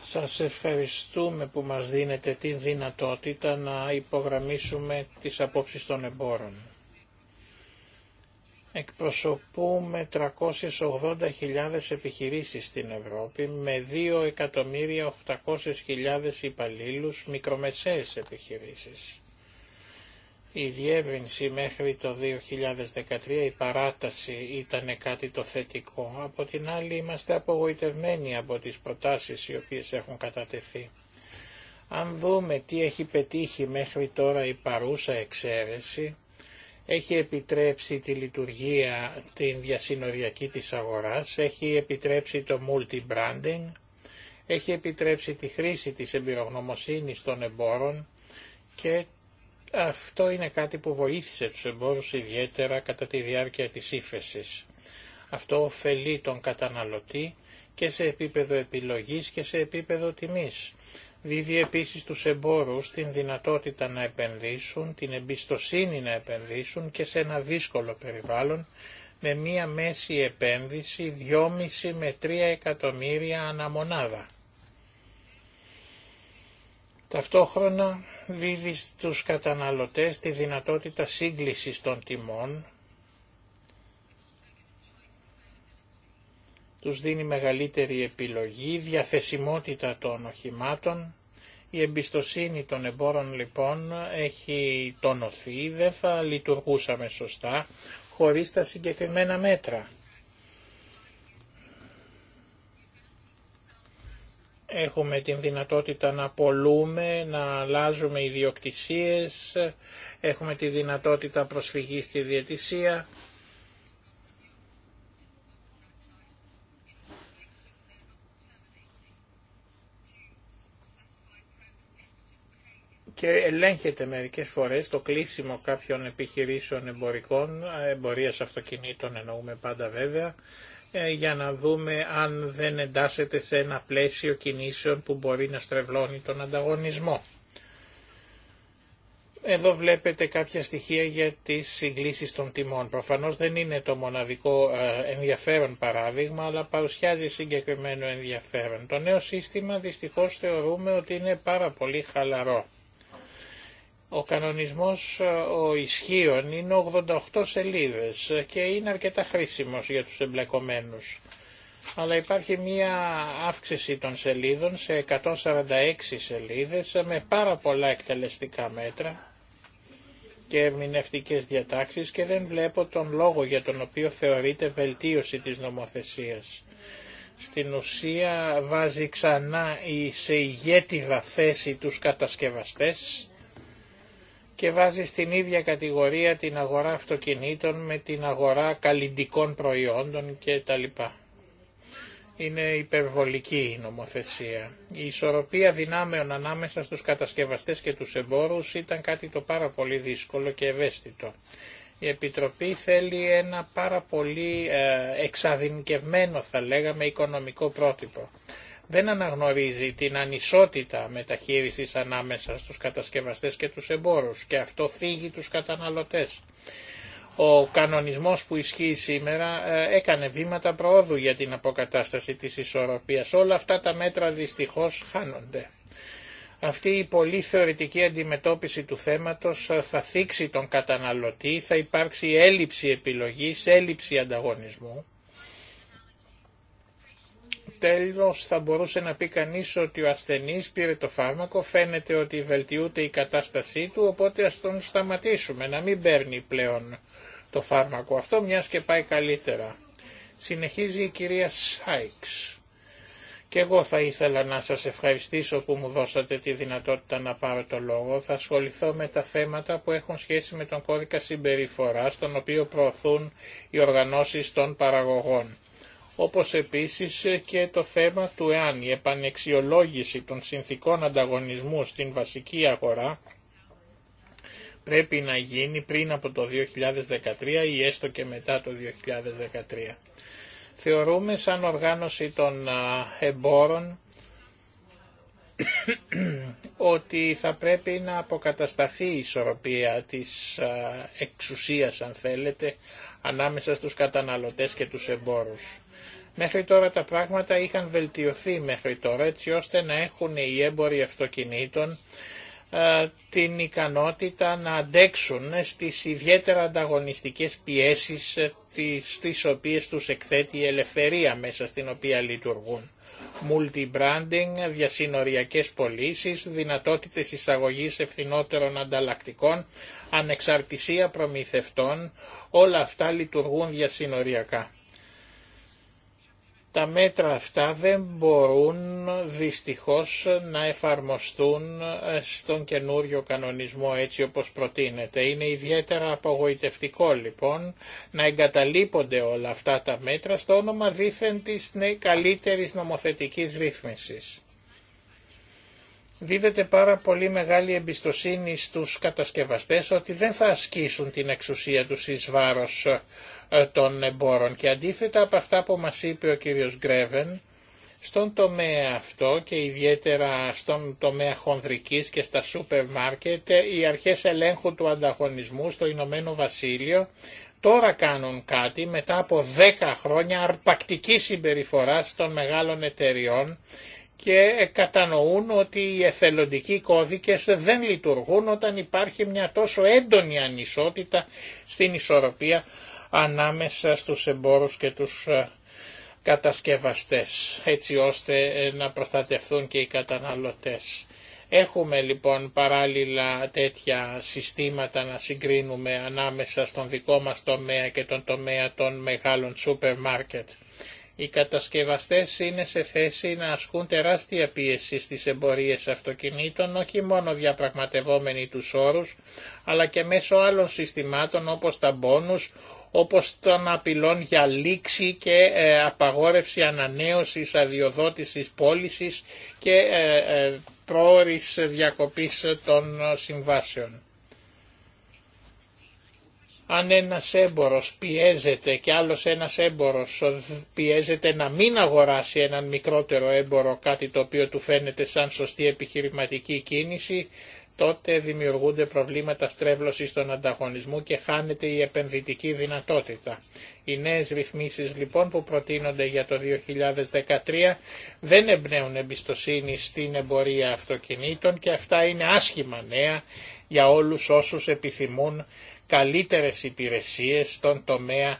Σας ευχαριστούμε που μας δίνετε τη δυνατότητα να υπογραμμίσουμε τις απόψεις των εμπόρων. Εκπροσωπούμε 380.000 επιχειρήσεις στην Ευρώπη με 2.800.000 υπαλλήλους μικρομεσαίες επιχειρήσεις η διεύρυνση μέχρι το 2013, η παράταση ήταν κάτι το θετικό. Από την άλλη είμαστε απογοητευμένοι από τις προτάσεις οι οποίες έχουν κατατεθεί. Αν δούμε τι έχει πετύχει μέχρι τώρα η παρούσα εξαίρεση, έχει επιτρέψει τη λειτουργία την διασυνοριακή της αγοράς, έχει επιτρέψει το multi-branding, έχει επιτρέψει τη χρήση της εμπειρογνωμοσύνης των εμπόρων και αυτό είναι κάτι που βοήθησε τους εμπόρους ιδιαίτερα κατά τη διάρκεια της ύφεση. Αυτό ωφελεί τον καταναλωτή και σε επίπεδο επιλογής και σε επίπεδο τιμής. Δίδει επίσης τους εμπόρους την δυνατότητα να επενδύσουν, την εμπιστοσύνη να επενδύσουν και σε ένα δύσκολο περιβάλλον με μία μέση επένδυση 2,5 με 3 εκατομμύρια αναμονάδα. Ταυτόχρονα δίδει στους καταναλωτές τη δυνατότητα σύγκλησης των τιμών, τους δίνει μεγαλύτερη επιλογή, διαθεσιμότητα των οχημάτων, η εμπιστοσύνη των εμπόρων λοιπόν έχει τονωθεί, δεν θα λειτουργούσαμε σωστά χωρίς τα συγκεκριμένα μέτρα. Έχουμε την δυνατότητα να πολλούμε, να αλλάζουμε ιδιοκτησίες, έχουμε τη δυνατότητα προσφυγής στη διαιτησία. και ελέγχεται μερικές φορές το κλείσιμο κάποιων επιχειρήσεων εμπορικών, εμπορίας αυτοκινήτων εννοούμε πάντα βέβαια, ε, για να δούμε αν δεν εντάσσεται σε ένα πλαίσιο κινήσεων που μπορεί να στρεβλώνει τον ανταγωνισμό. Εδώ βλέπετε κάποια στοιχεία για τις συγκλήσεις των τιμών. Προφανώς δεν είναι το μοναδικό ε, ενδιαφέρον παράδειγμα, αλλά παρουσιάζει συγκεκριμένο ενδιαφέρον. Το νέο σύστημα δυστυχώς θεωρούμε ότι είναι πάρα πολύ χαλαρό. Ο κανονισμός ε, ο ισχύων είναι 88 σελίδες και είναι αρκετά χρήσιμος για τους εμπλεκομένους. Αλλά υπάρχει μία αύξηση των σελίδων σε 146 σελίδες με πάρα πολλά εκτελεστικά μέτρα και ερμηνευτικές διατάξεις και δεν βλέπω τον λόγο για τον οποίο θεωρείται βελτίωση της νομοθεσίας. Στην ουσία βάζει ξανά σε ηγέτιδα θέση τους κατασκευαστές και βάζει στην ίδια κατηγορία την αγορά αυτοκινήτων με την αγορά καλλιντικών προϊόντων κτλ. Είναι υπερβολική η νομοθεσία. Η ισορροπία δυνάμεων ανάμεσα στους κατασκευαστές και τους εμπόρους ήταν κάτι το πάρα πολύ δύσκολο και ευαίσθητο. Η Επιτροπή θέλει ένα πάρα πολύ ε, εξαδυνικευμένο θα λέγαμε οικονομικό πρότυπο δεν αναγνωρίζει την ανισότητα μεταχείρισης ανάμεσα στους κατασκευαστές και τους εμπόρους και αυτό φύγει τους καταναλωτές. Ο κανονισμός που ισχύει σήμερα ε, έκανε βήματα προόδου για την αποκατάσταση της ισορροπίας. Όλα αυτά τα μέτρα δυστυχώς χάνονται. Αυτή η πολύ θεωρητική αντιμετώπιση του θέματος ε, θα θίξει τον καταναλωτή, θα υπάρξει έλλειψη επιλογής, έλλειψη ανταγωνισμού τέλος θα μπορούσε να πει κανείς ότι ο ασθενής πήρε το φάρμακο, φαίνεται ότι βελτιούται η κατάστασή του, οπότε ας τον σταματήσουμε, να μην παίρνει πλέον το φάρμακο αυτό, μιας και πάει καλύτερα. Συνεχίζει η κυρία Σάιξ. Και εγώ θα ήθελα να σας ευχαριστήσω που μου δώσατε τη δυνατότητα να πάρω το λόγο. Θα ασχοληθώ με τα θέματα που έχουν σχέση με τον κώδικα συμπεριφοράς, τον οποίο προωθούν οι οργανώσεις των παραγωγών όπως επίσης και το θέμα του εάν η επανεξιολόγηση των συνθήκων ανταγωνισμού στην βασική αγορά πρέπει να γίνει πριν από το 2013 ή έστω και μετά το 2013. Θεωρούμε σαν οργάνωση των εμπόρων ότι θα πρέπει να αποκατασταθεί η ισορροπία της εξουσίας αν θέλετε ανάμεσα στους καταναλωτές και τους εμπόρους. Μέχρι τώρα τα πράγματα είχαν βελτιωθεί μέχρι τώρα έτσι ώστε να έχουν οι έμποροι αυτοκινήτων ε, την ικανότητα να αντέξουν στις ιδιαίτερα ανταγωνιστικές πιέσεις ε, στις οποίες τους εκθέτει η ελευθερία μέσα στην οποία λειτουργούν. Multi-branding, διασυνοριακές πωλήσει, δυνατότητες εισαγωγής ευθυνότερων ανταλλακτικών, ανεξαρτησία προμηθευτών, όλα αυτά λειτουργούν διασυνοριακά. Τα μέτρα αυτά δεν μπορούν δυστυχώς να εφαρμοστούν ε, στον καινούριο κανονισμό έτσι όπως προτείνεται. Είναι ιδιαίτερα απογοητευτικό λοιπόν να εγκαταλείπονται όλα αυτά τα μέτρα στο όνομα δήθεν της ναι, καλύτερης νομοθετικής ρύθμισης δίδεται πάρα πολύ μεγάλη εμπιστοσύνη στους κατασκευαστές ότι δεν θα ασκήσουν την εξουσία τους εις βάρος ε, των εμπόρων και αντίθετα από αυτά που μας είπε ο κύριος Γκρέβεν στον τομέα αυτό και ιδιαίτερα στον τομέα χονδρικής και στα σούπερ μάρκετ ε, οι αρχές ελέγχου του ανταγωνισμού στο Ηνωμένο Βασίλειο τώρα κάνουν κάτι μετά από 10 χρόνια αρπακτική συμπεριφορά των μεγάλων εταιριών και κατανοούν ότι οι εθελοντικοί κώδικες δεν λειτουργούν όταν υπάρχει μια τόσο έντονη ανισότητα στην ισορροπία ανάμεσα στους εμπόρους και τους ε, κατασκευαστές έτσι ώστε ε, να προστατευτούν και οι καταναλωτές. Έχουμε λοιπόν παράλληλα τέτοια συστήματα να συγκρίνουμε ανάμεσα στον δικό μας τομέα και τον τομέα των μεγάλων σούπερ μάρκετ. Οι κατασκευαστές είναι σε θέση να ασκούν τεράστια πίεση στις εμπορίες αυτοκινήτων, όχι μόνο διαπραγματευόμενοι τους όρους, αλλά και μέσω άλλων συστημάτων όπως τα μπόνους, όπως των απειλών για λήξη και ε, απαγόρευση ανανέωσης, αδειοδότησης πώλησης και ε, ε, πρόορης διακοπής των συμβάσεων αν ένας έμπορος πιέζεται και άλλος ένας έμπορος πιέζεται να μην αγοράσει έναν μικρότερο έμπορο κάτι το οποίο του φαίνεται σαν σωστή επιχειρηματική κίνηση, τότε δημιουργούνται προβλήματα στρέβλωσης των ανταγωνισμού και χάνεται η επενδυτική δυνατότητα. Οι νέες ρυθμίσεις λοιπόν που προτείνονται για το 2013 δεν εμπνέουν εμπιστοσύνη στην εμπορία αυτοκινήτων και αυτά είναι άσχημα νέα για όλους όσους επιθυμούν καλύτερες υπηρεσίες στον τομέα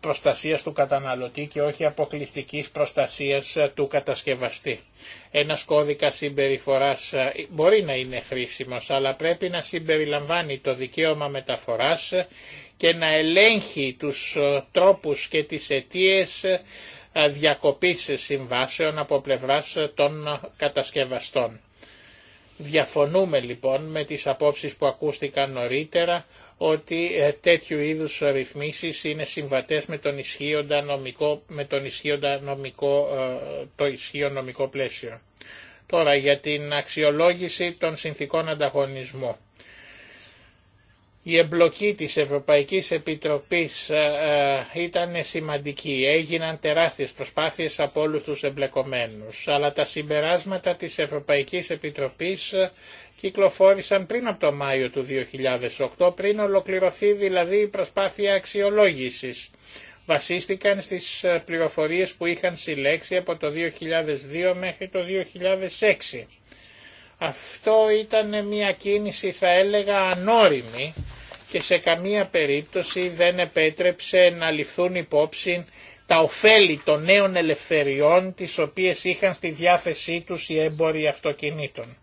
προστασίας του καταναλωτή και όχι αποκλειστικής προστασίας του κατασκευαστή. Ένας κώδικας συμπεριφοράς μπορεί να είναι χρήσιμος, αλλά πρέπει να συμπεριλαμβάνει το δικαίωμα μεταφοράς και να ελέγχει τους τρόπους και τις αιτίες διακοπής συμβάσεων από πλευράς των κατασκευαστών. Διαφωνούμε λοιπόν με τις απόψεις που ακούστηκαν νωρίτερα ότι ε, τέτοιου είδους ρυθμίσεις είναι συμβατές με τον ισχύοντα νομικό, με τον ισχύοντα νομικό, ε, το ισχύον νομικό πλαίσιο. Τώρα για την αξιολόγηση των συνθήκων ανταγωνισμού. Η εμπλοκή της Ευρωπαϊκής Επιτροπής ε, ε, ήταν σημαντική, έγιναν τεράστιες προσπάθειες από όλους τους εμπλεκομένους, αλλά τα συμπεράσματα της Ευρωπαϊκής Επιτροπής ε, κυκλοφόρησαν πριν από το Μάιο του 2008, πριν ολοκληρωθεί δηλαδή η προσπάθεια αξιολόγησης. Βασίστηκαν στις πληροφορίες που είχαν συλλέξει από το 2002 μέχρι το 2006 αυτό ήταν μια κίνηση θα έλεγα ανώριμη και σε καμία περίπτωση δεν επέτρεψε να ληφθούν υπόψη τα ωφέλη των νέων ελευθεριών τις οποίες είχαν στη διάθεσή τους οι έμποροι αυτοκινήτων.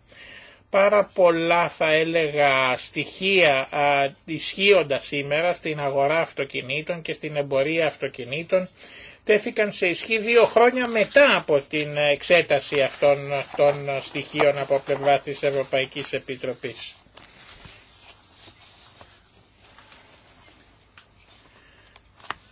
Πάρα πολλά θα έλεγα στοιχεία ισχύοντα σήμερα στην αγορά αυτοκινήτων και στην εμπορία αυτοκινήτων τέθηκαν σε ισχύ δύο χρόνια μετά από την εξέταση αυτών των στοιχείων από πλευρά της Ευρωπαϊκής Επιτροπής.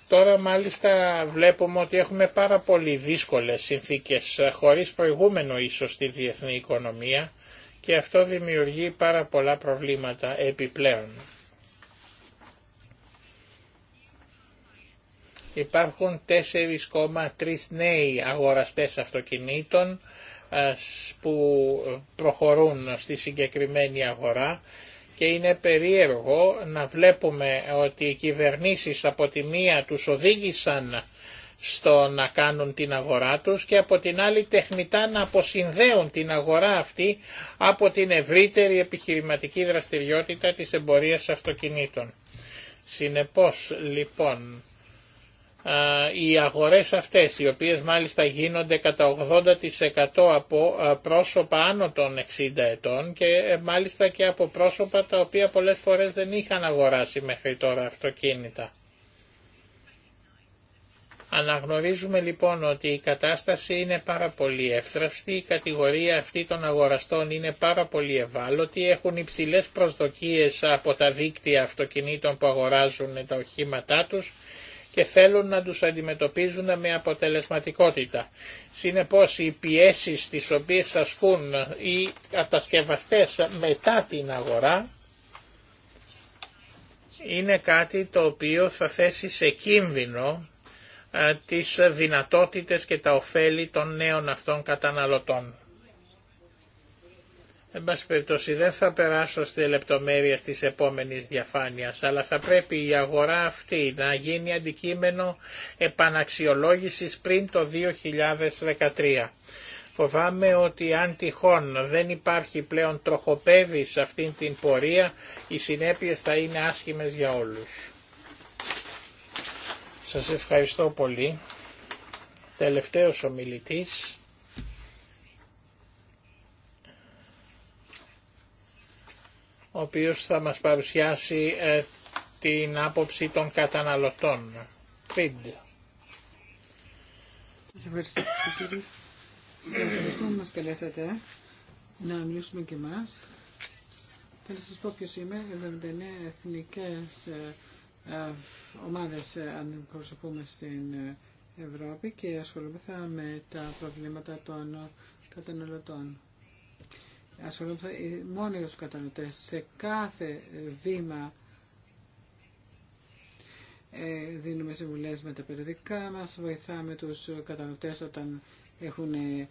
Τώρα μάλιστα βλέπουμε ότι έχουμε πάρα πολύ δύσκολες συνθήκες χωρίς προηγούμενο ίσως στη διεθνή οικονομία και αυτό δημιουργεί πάρα πολλά προβλήματα επιπλέον. Υπάρχουν 4,3 νέοι αγοραστές αυτοκινήτων που προχωρούν στη συγκεκριμένη αγορά και είναι περίεργο να βλέπουμε ότι οι κυβερνήσεις από τη μία τους οδήγησαν στο να κάνουν την αγορά τους και από την άλλη τεχνητά να αποσυνδέουν την αγορά αυτή από την ευρύτερη επιχειρηματική δραστηριότητα της εμπορίας αυτοκινήτων. Συνεπώς λοιπόν ε, οι αγορές αυτές, οι οποίες μάλιστα γίνονται κατά 80% από ε, πρόσωπα άνω των 60 ετών και ε, μάλιστα και από πρόσωπα τα οποία πολλές φορές δεν είχαν αγοράσει μέχρι τώρα αυτοκίνητα. Αναγνωρίζουμε λοιπόν ότι η κατάσταση είναι πάρα πολύ εύθραυστη, η κατηγορία αυτή των αγοραστών είναι πάρα πολύ ευάλωτη, έχουν υψηλές προσδοκίες από τα δίκτυα αυτοκινήτων που αγοράζουν τα οχήματά τους και θέλουν να τους αντιμετωπίζουν με αποτελεσματικότητα. Συνεπώς οι πιέσεις τις οποίες ασκούν οι κατασκευαστές μετά την αγορά είναι κάτι το οποίο θα θέσει σε κίνδυνο ε, τις δυνατότητες και τα ωφέλη των νέων αυτών καταναλωτών. Εν πάση περιπτώσει δεν θα περάσω στις λεπτομέρειες της επόμενης διαφάνειας, αλλά θα πρέπει η αγορά αυτή να γίνει αντικείμενο επαναξιολόγησης πριν το 2013. Φοβάμαι ότι αν τυχόν δεν υπάρχει πλέον τροχοπέδη σε αυτήν την πορεία, οι συνέπειες θα είναι άσχημες για όλους. Σας ευχαριστώ πολύ. Τελευταίος ομιλητής ο οποίος θα μας παρουσιάσει ε, την άποψη των καταναλωτών. Κρίντ. Σας ευχαριστώ κύριε. Σας ευχαριστώ που μας καλέσατε να μιλήσουμε και εμάς. Θέλω να σας πω ποιος είμαι. 79 εθνικές ε, ε, ομάδες αν προσωπούμε στην Ευρώπη και ασχολούμαστε με τα προβλήματα των καταναλωτών ασχολούμαστε μόνοι του τους κατανοητές. Σε κάθε βήμα ε, δίνουμε συμβουλές με τα περιοδικά μας, βοηθάμε τους κατανοητές όταν έχουν ε,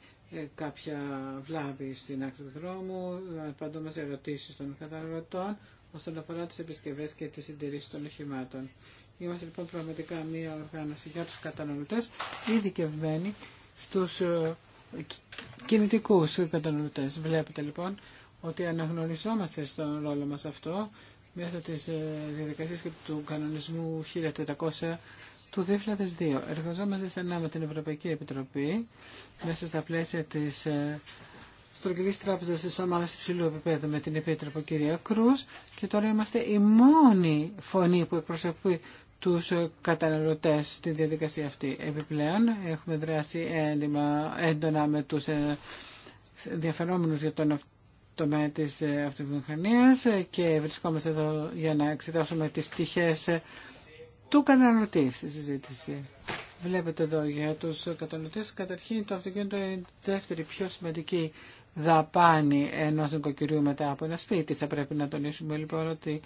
κάποια βλάβη στην άκρη του δρόμου, απαντούμε σε ερωτήσεις των καταναλωτών όσον αφορά τις επισκευές και τις συντηρήσεις των οχημάτων. Είμαστε λοιπόν πραγματικά μια οργάνωση για τους κατανοητές, ειδικευμένη στους ε, Κινητικού καταναλωτέ. Βλέπετε λοιπόν ότι αναγνωριζόμαστε στον ρόλο μας αυτό μέσα της ε, διαδικασίας και του κανονισμού 1400 του 2002. Εργαζόμαστε στενά με την Ευρωπαϊκή Επιτροπή μέσα στα πλαίσια της ε, Στρογγυλή τράπεζα τη ομάδα υψηλού επίπεδου με την Επίτροπο κυρία Κρού και τώρα είμαστε η μόνη φωνή που εκπροσωπεί τους καταναλωτές στη διαδικασία αυτή. Επιπλέον έχουμε δράσει έντονα, έντονα με τους ε, ενδιαφερόμενους για τον τομέα της ε, αυτοβιομηχανίας και βρισκόμαστε εδώ για να εξετάσουμε τις πτυχές ε, του καταναλωτή στη συζήτηση. Βλέπετε εδώ για τους καταναλωτές καταρχήν το αυτοκίνητο είναι η δεύτερη πιο σημαντική δαπάνη ενός νοικοκυριού μετά από ένα σπίτι. Θα πρέπει να τονίσουμε λοιπόν ότι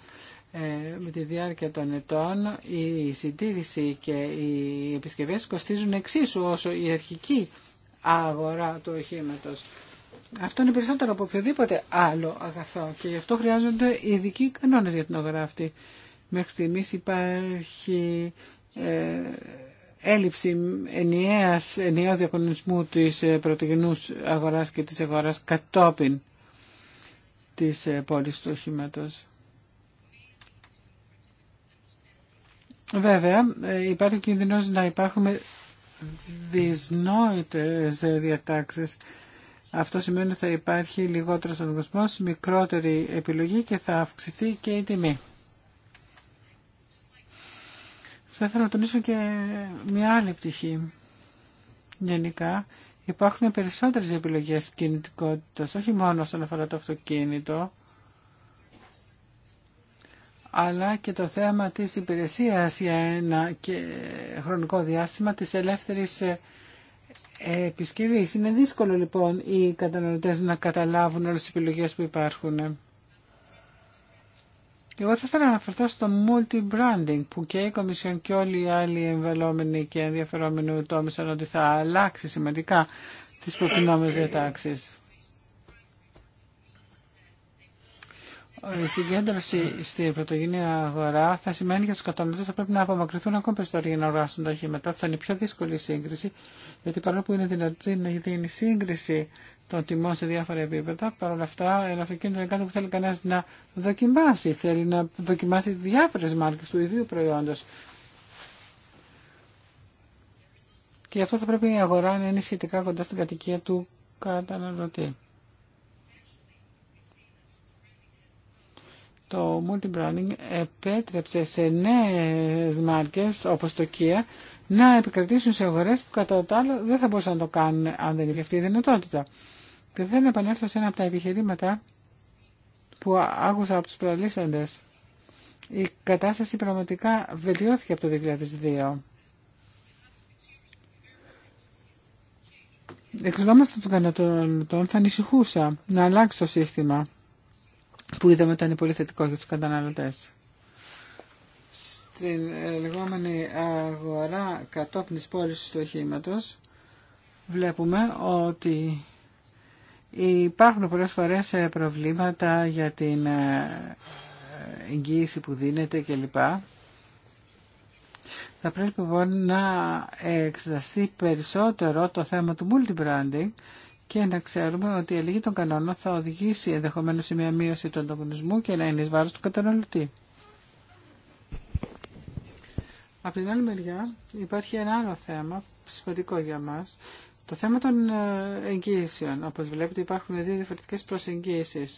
ε, με τη διάρκεια των ετών η συντήρηση και οι επισκευές κοστίζουν εξίσου όσο η αρχική αγορά του οχήματο. Αυτό είναι περισσότερο από οποιοδήποτε άλλο αγαθό και γι' αυτό χρειάζονται ειδικοί κανόνες για την αγορά αυτή. Μέχρι στιγμής υπάρχει ε, έλλειψη ενιαίας, ενιαίου διακονισμού της ε, πρωτογενούς αγοράς και της αγοράς κατόπιν της πόλης του οχήματος. Βέβαια, ε, υπάρχει κίνδυνος να υπάρχουν δυσνόητες διατάξεις. Αυτό σημαίνει ότι θα υπάρχει λιγότερος ανταγωνισμός, μικρότερη επιλογή και θα αυξηθεί και η τιμή. Θα ήθελα να τονίσω και μια άλλη πτυχή. Γενικά, υπάρχουν περισσότερες επιλογές κινητικότητας, όχι μόνο όσον αφορά το αυτοκίνητο, αλλά και το θέμα της υπηρεσίας για ένα και χρονικό διάστημα της ελεύθερης ε, επισκευής. Είναι δύσκολο λοιπόν οι καταναλωτές να καταλάβουν όλες τις επιλογές που υπάρχουν. Εγώ θα ήθελα να αναφερθώ στο multi-branding που και η Κομισιόν και όλοι οι άλλοι εμβαλόμενοι και ενδιαφερόμενοι τόμισαν ότι θα αλλάξει σημαντικά τις προτινόμενες διατάξεις. η συγκέντρωση στην πρωτογενή αγορά θα σημαίνει για τους ότι θα πρέπει να απομακρυνθούν ακόμα περισσότερο για να οργάσουν τα οχήματα. Θα είναι πιο δύσκολη σύγκριση, γιατί παρόλο που είναι δυνατή να γίνει σύγκριση των τιμών σε διάφορα επίπεδα, παρόλα αυτά ένα αυτοκίνητο είναι κάτι που θέλει κανένα να δοκιμάσει. Θέλει να δοκιμάσει διάφορε μάρκε του ίδιου προϊόντος. Και αυτό θα πρέπει η αγορά να είναι σχετικά κοντά στην κατοικία του καταναλωτή. Το multi-branding επέτρεψε σε νέες μάρκες όπως το Kia να επικρατήσουν σε αγορές που κατά τα άλλα δεν θα μπορούσαν να το κάνουν αν δεν είχε αυτή η δυνατότητα. Και θέλω επανέλθω σε ένα από τα επιχειρήματα που άκουσα από τους προαλήσαντες. Η κατάσταση πραγματικά βελτιώθηκε από το 2002. Εξοδόμαστε των καταναλωτών θα ανησυχούσα να αλλάξει το σύστημα που είδαμε ήταν πολύ θετικό για τους καταναλωτές. Στην ε, λεγόμενη αγορά κατόπιν της του οχήματος βλέπουμε ότι υπάρχουν πολλές φορές ε, προβλήματα για την ε, εγγύηση που δίνεται κλπ. Θα πρέπει λοιπόν να εξεταστεί περισσότερο το θέμα του multi-branding και να ξέρουμε ότι η αλληλή των κανόνων θα οδηγήσει ενδεχομένω σε μια μείωση του ανταγωνισμού και να είναι ει του καταναλωτή. Από την άλλη μεριά υπάρχει ένα άλλο θέμα σημαντικό για μας, το θέμα των ε, εγγύησεων. Όπως βλέπετε υπάρχουν δύο διαφορετικές προσεγγίσει.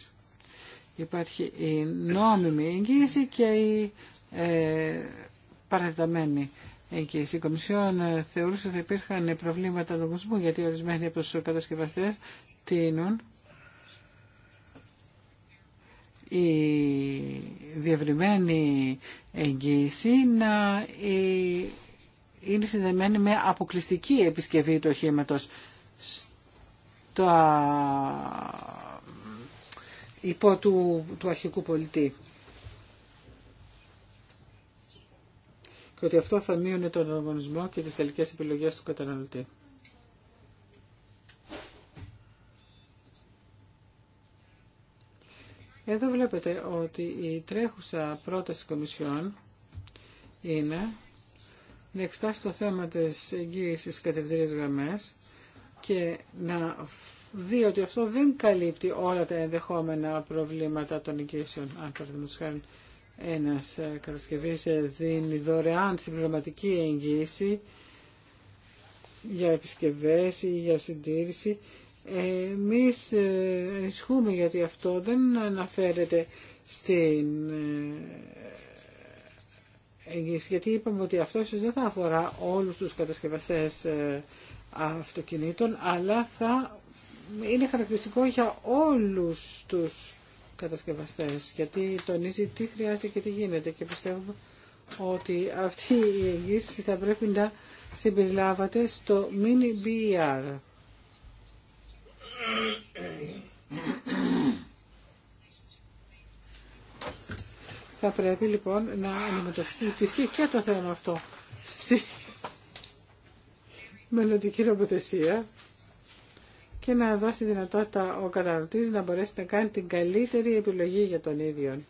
Υπάρχει η νόμιμη εγγύηση και η ε, εκεί. Η Κομισιόν ε, θεωρούσε ότι υπήρχαν προβλήματα νομισμού γιατί ορισμένοι από του κατασκευαστέ τείνουν η διευρυμένη εγγύηση να ε, είναι συνδεμένη με αποκλειστική επισκευή του οχήματος υπό του, του αρχικού πολιτή. ότι αυτό θα μείωνε τον οργανισμό και τις τελικές επιλογές του καταναλωτή. Εδώ βλέπετε ότι η τρέχουσα πρόταση Κομισιόν είναι να εξτάσει το θέμα της εγγύησης κατευθύνες γραμμές και να δει ότι αυτό δεν καλύπτει όλα τα ενδεχόμενα προβλήματα των εγγύσεων, αν παραδείγματος ένας ε, κατασκευής ε, δίνει δωρεάν συμπληρωματική εγγύηση για επισκευές ή για συντήρηση. Εμείς ενισχύουμε γιατί αυτό δεν αναφέρεται στην ε, εγγύηση, γιατί είπαμε ότι αυτό δεν θα αφορά όλους τους κατασκευαστές αυτοκινήτων, αλλά θα είναι χαρακτηριστικό για όλους τους κατασκευαστές γιατί τονίζει τι χρειάζεται και τι γίνεται και πιστεύω ότι αυτή η εγγύηση θα πρέπει να συμπεριλάβατε στο mini BR. θα πρέπει λοιπόν να αντιμετωπιστεί και το θέμα αυτό στη μελλοντική νομοθεσία και να δώσει δυνατότητα ο καταναλωτής να μπορέσει να κάνει την καλύτερη επιλογή για τον ίδιο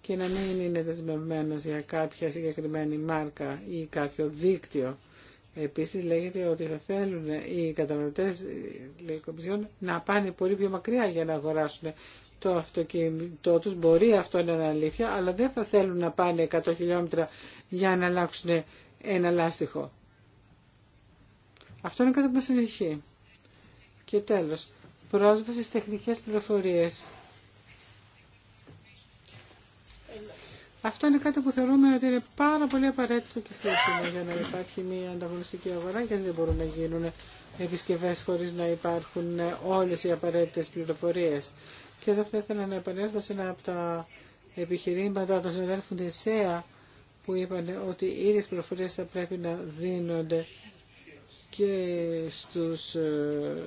και να μην είναι δεσμευμένο για κάποια συγκεκριμένη μάρκα ή κάποιο δίκτυο. Επίσης λέγεται ότι θα θέλουν οι καταναλωτές λέει, να πάνε πολύ πιο μακριά για να αγοράσουν το αυτοκίνητό τους. Μπορεί αυτό να είναι αλήθεια, αλλά δεν θα θέλουν να πάνε 100 χιλιόμετρα για να αλλάξουν ένα λάστιχο. Αυτό είναι κάτι που μας ενδυχεί. Και τέλος, πρόσβαση στις τεχνικές πληροφορίες. Αυτό είναι κάτι που θεωρούμε ότι είναι πάρα πολύ απαραίτητο και χρήσιμο για να υπάρχει μια ανταγωνιστική αγορά και δεν μπορούν να γίνουν επισκευέ χωρίς να υπάρχουν όλες οι απαραίτητες πληροφορίες. Και εδώ θα ήθελα να επανέλθω σε ένα από τα επιχειρήματα των συναδέλφων της ΕΣΕΑ που είπαν ότι οι ίδιες πληροφορίες θα πρέπει να δίνονται και στους ε,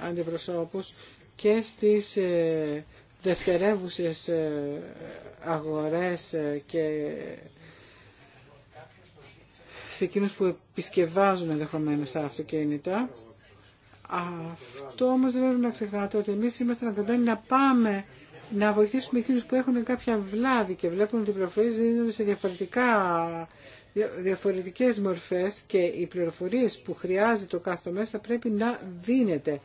αντιπροσώπους και στις ε, δευτερεύουσες ε, αγορές και σε εκείνους που επισκευάζουν ενδεχομένω αυτοκίνητα. Αυτό όμως δεν πρέπει να ξεχνάτε ότι εμείς είμαστε αναγκαμένοι να πάμε να βοηθήσουμε εκείνους που έχουν κάποια βλάβη και βλέπουν ότι οι προφορίες δίνονται σε διαφορετικά διαφορετικές μορφές και οι πληροφορίες που χρειάζεται το κάθε μέσα πρέπει να δίνεται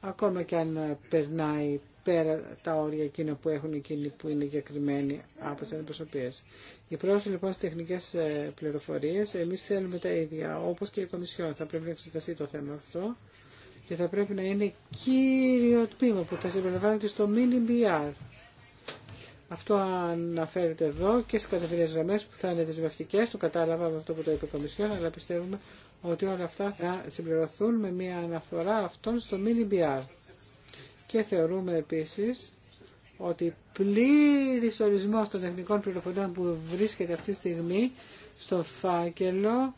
ακόμα και αν ε, περνάει πέρα τα όρια εκείνα που έχουν εκείνοι που είναι διακριμένοι από τις αντιπροσωπείες. Οι πρόοδο λοιπόν στις τεχνικές ε, πληροφορίες, εμείς θέλουμε τα ίδια, όπως και η Κομισιόν. Θα πρέπει να εξεταστεί το θέμα αυτό και θα πρέπει να είναι κύριο τμήμα που θα συμπεριλαμβάνεται στο mini BR. Αυτό αναφέρεται εδώ και στι κατευθυντέ γραμμέ που θα είναι δεσμευτικέ. Το κατάλαβα με αυτό που το είπε η Κομισιόν, αλλά πιστεύουμε ότι όλα αυτά θα συμπληρωθούν με μια αναφορά αυτών στο MiniBR. Και θεωρούμε επίση ότι πλήρης ορισμός των τεχνικών πληροφοριών που βρίσκεται αυτή τη στιγμή στο φάκελο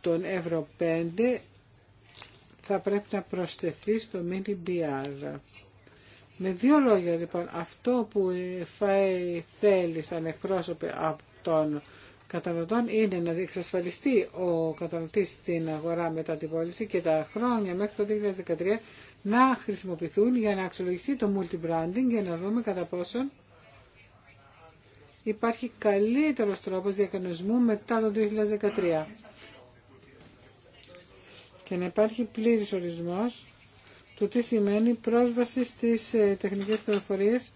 των Ευρω 5 θα πρέπει να προσθεθεί στο MiniBR. Με δύο λόγια λοιπόν, αυτό που η θέλει σαν εκπρόσωπε από τον καταναλωτών είναι να εξασφαλιστεί ο καταναλωτής στην αγορά μετά την πώληση και τα χρόνια μέχρι το 2013 να χρησιμοποιηθούν για να αξιολογηθεί το multi-branding για να δούμε κατά πόσον υπάρχει καλύτερος τρόπος διακανονισμού μετά το 2013 και να υπάρχει πλήρης ορισμός το τι σημαίνει πρόσβαση στις ε, τεχνικές πληροφορίες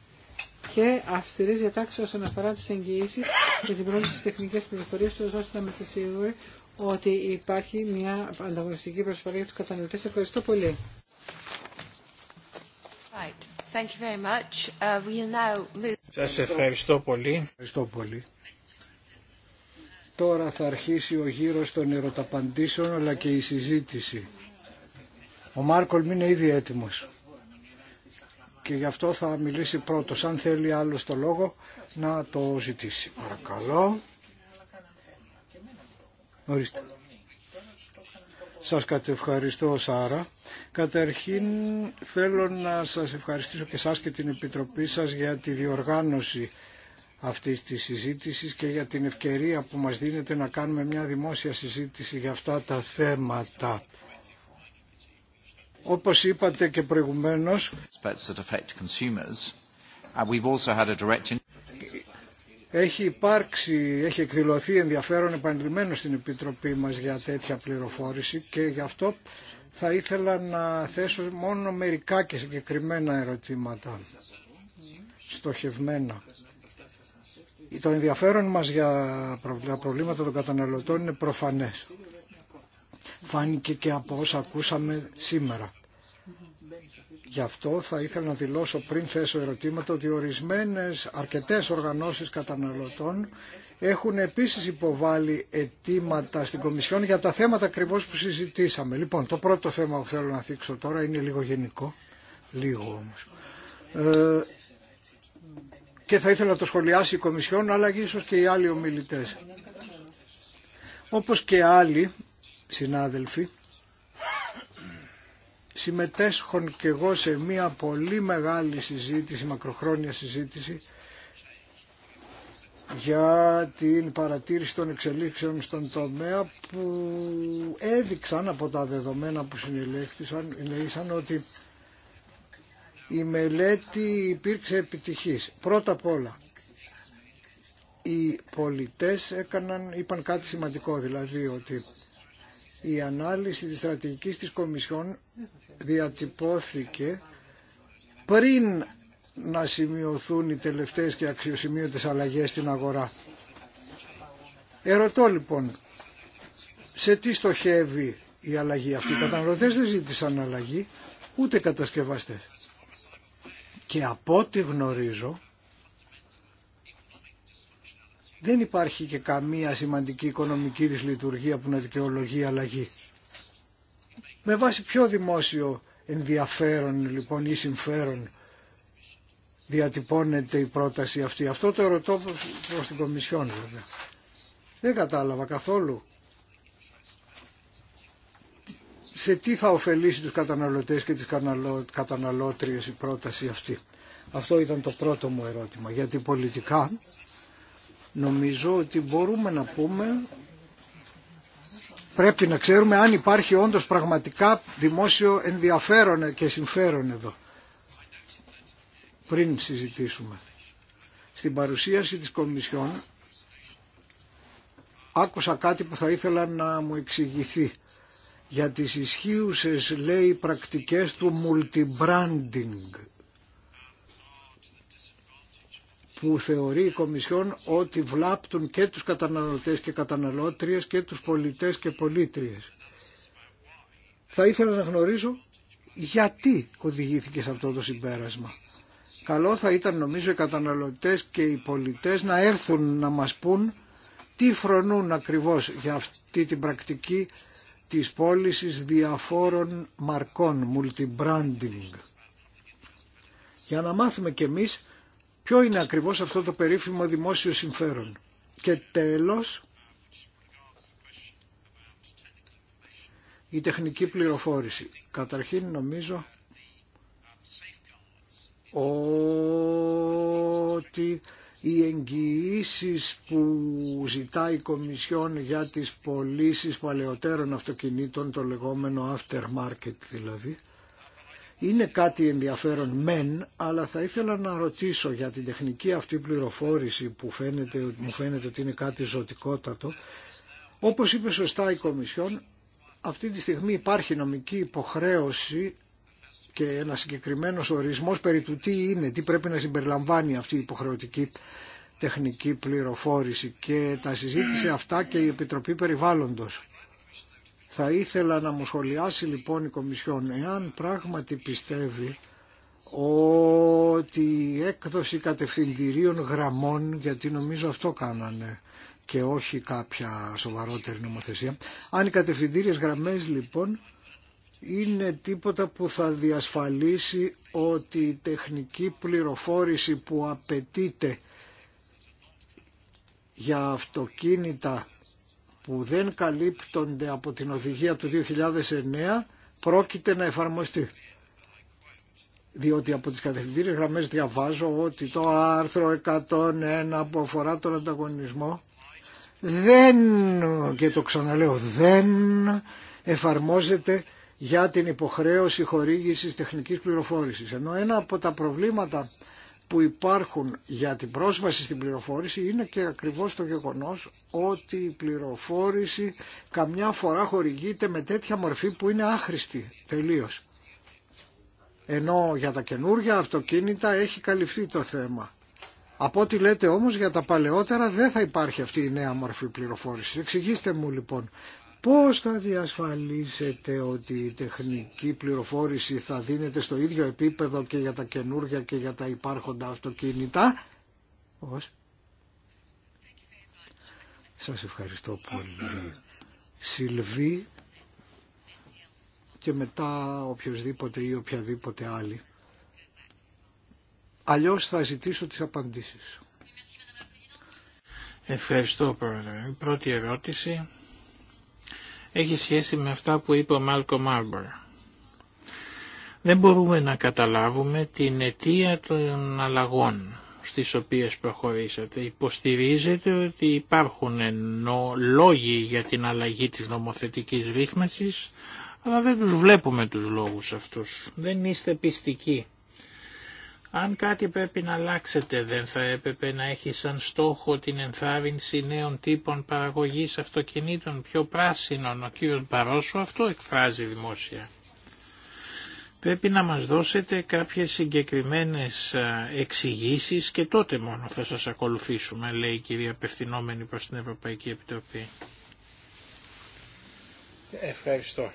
και αυστηρή διατάξη όσον αφορά τι εγγυήσει και την πρόσβαση στι τεχνικέ πληροφορίε, ώστε να είμαστε σίγουροι ότι υπάρχει μια ανταγωνιστική προσφορά για του καταναλωτέ. Ευχαριστώ πολύ. Uh, Σας ευχαριστώ πολύ. Ευχαριστώ πολύ. Τώρα θα αρχίσει ο γύρος των ερωταπαντήσεων αλλά και η συζήτηση. Ο Μάρκολ είναι ήδη έτοιμος και γι' αυτό θα μιλήσει πρώτος. Αν θέλει άλλο το λόγο να το ζητήσει. Παρακαλώ. Ορίστε. Σας κατευχαριστώ Σάρα. Καταρχήν θέλω να σας ευχαριστήσω και σας και την Επιτροπή σας για τη διοργάνωση αυτής της συζήτησης και για την ευκαιρία που μας δίνεται να κάνουμε μια δημόσια συζήτηση για αυτά τα θέματα. Όπως είπατε και προηγουμένως, έχει υπάρξει, έχει εκδηλωθεί ενδιαφέρον επανειλημμένο στην Επιτροπή μας για τέτοια πληροφόρηση και γι' αυτό θα ήθελα να θέσω μόνο μερικά και συγκεκριμένα ερωτήματα, στοχευμένα. Το ενδιαφέρον μας για προβλήματα των καταναλωτών είναι προφανές φάνηκε και από όσα ακούσαμε σήμερα. Γι' αυτό θα ήθελα να δηλώσω πριν θέσω ερωτήματα ότι ορισμένες αρκετές οργανώσεις καταναλωτών έχουν επίσης υποβάλει αιτήματα στην Κομισιόν για τα θέματα ακριβώ που συζητήσαμε. Λοιπόν, το πρώτο θέμα που θέλω να θίξω τώρα είναι λίγο γενικό, λίγο όμως. Ε, και θα ήθελα να το σχολιάσει η Κομισιόν αλλά ίσως και οι άλλοι ομιλητές. Όπως και άλλοι συνάδελφοι, συμμετέσχον και εγώ σε μια πολύ μεγάλη συζήτηση, μακροχρόνια συζήτηση, για την παρατήρηση των εξελίξεων στον τομέα που έδειξαν από τα δεδομένα που συνελέχθησαν ότι η μελέτη υπήρξε επιτυχής. Πρώτα απ' όλα, οι πολιτές έκαναν, είπαν κάτι σημαντικό, δηλαδή ότι η ανάλυση της στρατηγικής της Κομισιόν διατυπώθηκε πριν να σημειωθούν οι τελευταίες και αξιοσημείωτες αλλαγές στην αγορά. Ερωτώ λοιπόν, σε τι στοχεύει η αλλαγή αυτή. Οι καταναλωτές δεν ζήτησαν αλλαγή, ούτε κατασκευαστές. Και από ό,τι γνωρίζω, δεν υπάρχει και καμία σημαντική οικονομική λειτουργία που να δικαιολογεί αλλαγή. Με βάση ποιο δημόσιο ενδιαφέρον λοιπόν ή συμφέρον διατυπώνεται η πρόταση αυτή. Αυτό το ερωτώ προς την Κομισιόν βέβαια. Δεν κατάλαβα καθόλου σε τι θα ωφελήσει τους καταναλωτές και τις καταναλώτριες η πρόταση αυτή. Αυτό ήταν το πρώτο μου ερώτημα, γιατί πολιτικά νομίζω ότι μπορούμε να πούμε πρέπει να ξέρουμε αν υπάρχει όντως πραγματικά δημόσιο ενδιαφέρον και συμφέρον εδώ πριν συζητήσουμε. Στην παρουσίαση της Κομισιόν άκουσα κάτι που θα ήθελα να μου εξηγηθεί για τις ισχύουσες λέει πρακτικές του multibranding που θεωρεί η Κομισιόν ότι βλάπτουν και τους καταναλωτές και καταναλώτριες και τους πολιτές και πολίτριες. Θα ήθελα να γνωρίζω γιατί οδηγήθηκε σε αυτό το συμπέρασμα. Καλό θα ήταν νομίζω οι καταναλωτές και οι πολιτές να έρθουν να μας πούν τι φρονούν ακριβώς για αυτή την πρακτική της πώληση διαφόρων μαρκών, multibranding. Για να μάθουμε κι εμείς Ποιο είναι ακριβώς αυτό το περίφημο δημόσιο συμφέρον. Και τέλος, η τεχνική πληροφόρηση. Καταρχήν νομίζω ότι οι εγγυήσει που ζητάει η Κομισιόν για τις πωλήσει παλαιότερων αυτοκινήτων, το λεγόμενο aftermarket δηλαδή, είναι κάτι ενδιαφέρον μεν, αλλά θα ήθελα να ρωτήσω για την τεχνική αυτή πληροφόρηση που φαίνεται, μου φαίνεται ότι είναι κάτι ζωτικότατο. Όπως είπε σωστά η Κομισιόν, αυτή τη στιγμή υπάρχει νομική υποχρέωση και ένα συγκεκριμένος ορισμός περί του τι είναι, τι πρέπει να συμπεριλαμβάνει αυτή η υποχρεωτική τεχνική πληροφόρηση και τα συζήτησε αυτά και η Επιτροπή Περιβάλλοντος. Θα ήθελα να μου σχολιάσει λοιπόν η Κομισιόν εάν πράγματι πιστεύει ότι η έκδοση κατευθυντηρίων γραμμών, γιατί νομίζω αυτό κάνανε και όχι κάποια σοβαρότερη νομοθεσία, αν οι κατευθυντήριες γραμμές λοιπόν είναι τίποτα που θα διασφαλίσει ότι η τεχνική πληροφόρηση που απαιτείται για αυτοκίνητα που δεν καλύπτονται από την οδηγία του 2009 πρόκειται να εφαρμοστεί. Διότι από τις κατευθυντήριες γραμμές διαβάζω ότι το άρθρο 101 που αφορά τον ανταγωνισμό δεν, και το ξαναλέω, δεν εφαρμόζεται για την υποχρέωση χορήγησης τεχνικής πληροφόρησης. Ενώ ένα από τα προβλήματα που υπάρχουν για την πρόσβαση στην πληροφόρηση είναι και ακριβώς το γεγονός ότι η πληροφόρηση καμιά φορά χορηγείται με τέτοια μορφή που είναι άχρηστη τελείως. Ενώ για τα καινούργια αυτοκίνητα έχει καλυφθεί το θέμα. Από ό,τι λέτε όμως για τα παλαιότερα δεν θα υπάρχει αυτή η νέα μορφή πληροφόρησης. Εξηγήστε μου λοιπόν Πώς θα διασφαλίσετε ότι η τεχνική πληροφόρηση θα δίνεται στο ίδιο επίπεδο και για τα καινούργια και για τα υπάρχοντα αυτοκίνητα. Πώς. Σας ευχαριστώ πολύ. Σιλβί και μετά οποιοδήποτε ή οποιαδήποτε άλλη. Αλλιώς θα ζητήσω τις απαντήσεις. Ευχαριστώ πρόεδρε. Πρώτη ερώτηση έχει σχέση με αυτά που είπε ο Μάλκο Μάρμπορ. Δεν μπορούμε να καταλάβουμε την αιτία των αλλαγών στις οποίες προχωρήσατε. Υποστηρίζετε ότι υπάρχουν λόγοι για την αλλαγή της νομοθετικής ρύθμισης, αλλά δεν τους βλέπουμε τους λόγους αυτούς. Δεν είστε πιστικοί. Αν κάτι πρέπει να αλλάξετε δεν θα έπρεπε να έχει σαν στόχο την ενθάρρυνση νέων τύπων παραγωγής αυτοκινήτων πιο πράσινων. Ο κύριος Μπαρόσο αυτό εκφράζει δημόσια. Πρέπει να μας δώσετε κάποιες συγκεκριμένες εξηγήσεις και τότε μόνο θα σας ακολουθήσουμε, λέει η κυρία απευθυνόμενη προς την Ευρωπαϊκή Επιτροπή. Ευχαριστώ.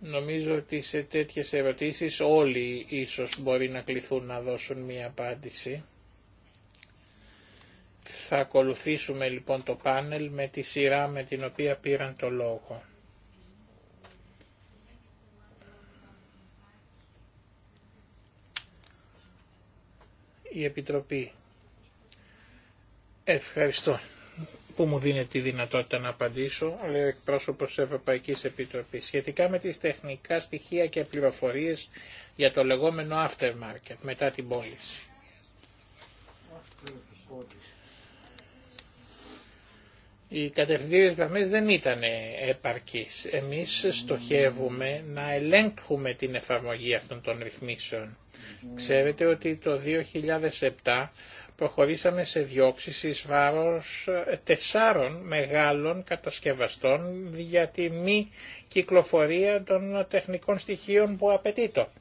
Νομίζω ότι σε τέτοιες ερωτήσεις όλοι ίσως μπορεί να κληθούν να δώσουν μία απάντηση. Θα ακολουθήσουμε λοιπόν το πάνελ με τη σειρά με την οποία πήραν το λόγο. Η Επιτροπή. Ευχαριστώ που μου δίνεται τη δυνατότητα να απαντήσω, λέει ο εκπρόσωπο τη Ευρωπαϊκή Επιτροπή, σχετικά με τι τεχνικά στοιχεία και πληροφορίε για το λεγόμενο aftermarket μετά την πώληση. Οι κατευθυντήριες γραμμές δεν ήταν επαρκείς. Εμείς στοχεύουμε να ελέγχουμε την εφαρμογή αυτών των ρυθμίσεων. Ξέρετε ότι το 2007 προχωρήσαμε σε διώξεις εις βάρος ε, τεσσάρων μεγάλων κατασκευαστών για τη μη κυκλοφορία των τεχνικών στοιχείων που απαιτείτο. Mm.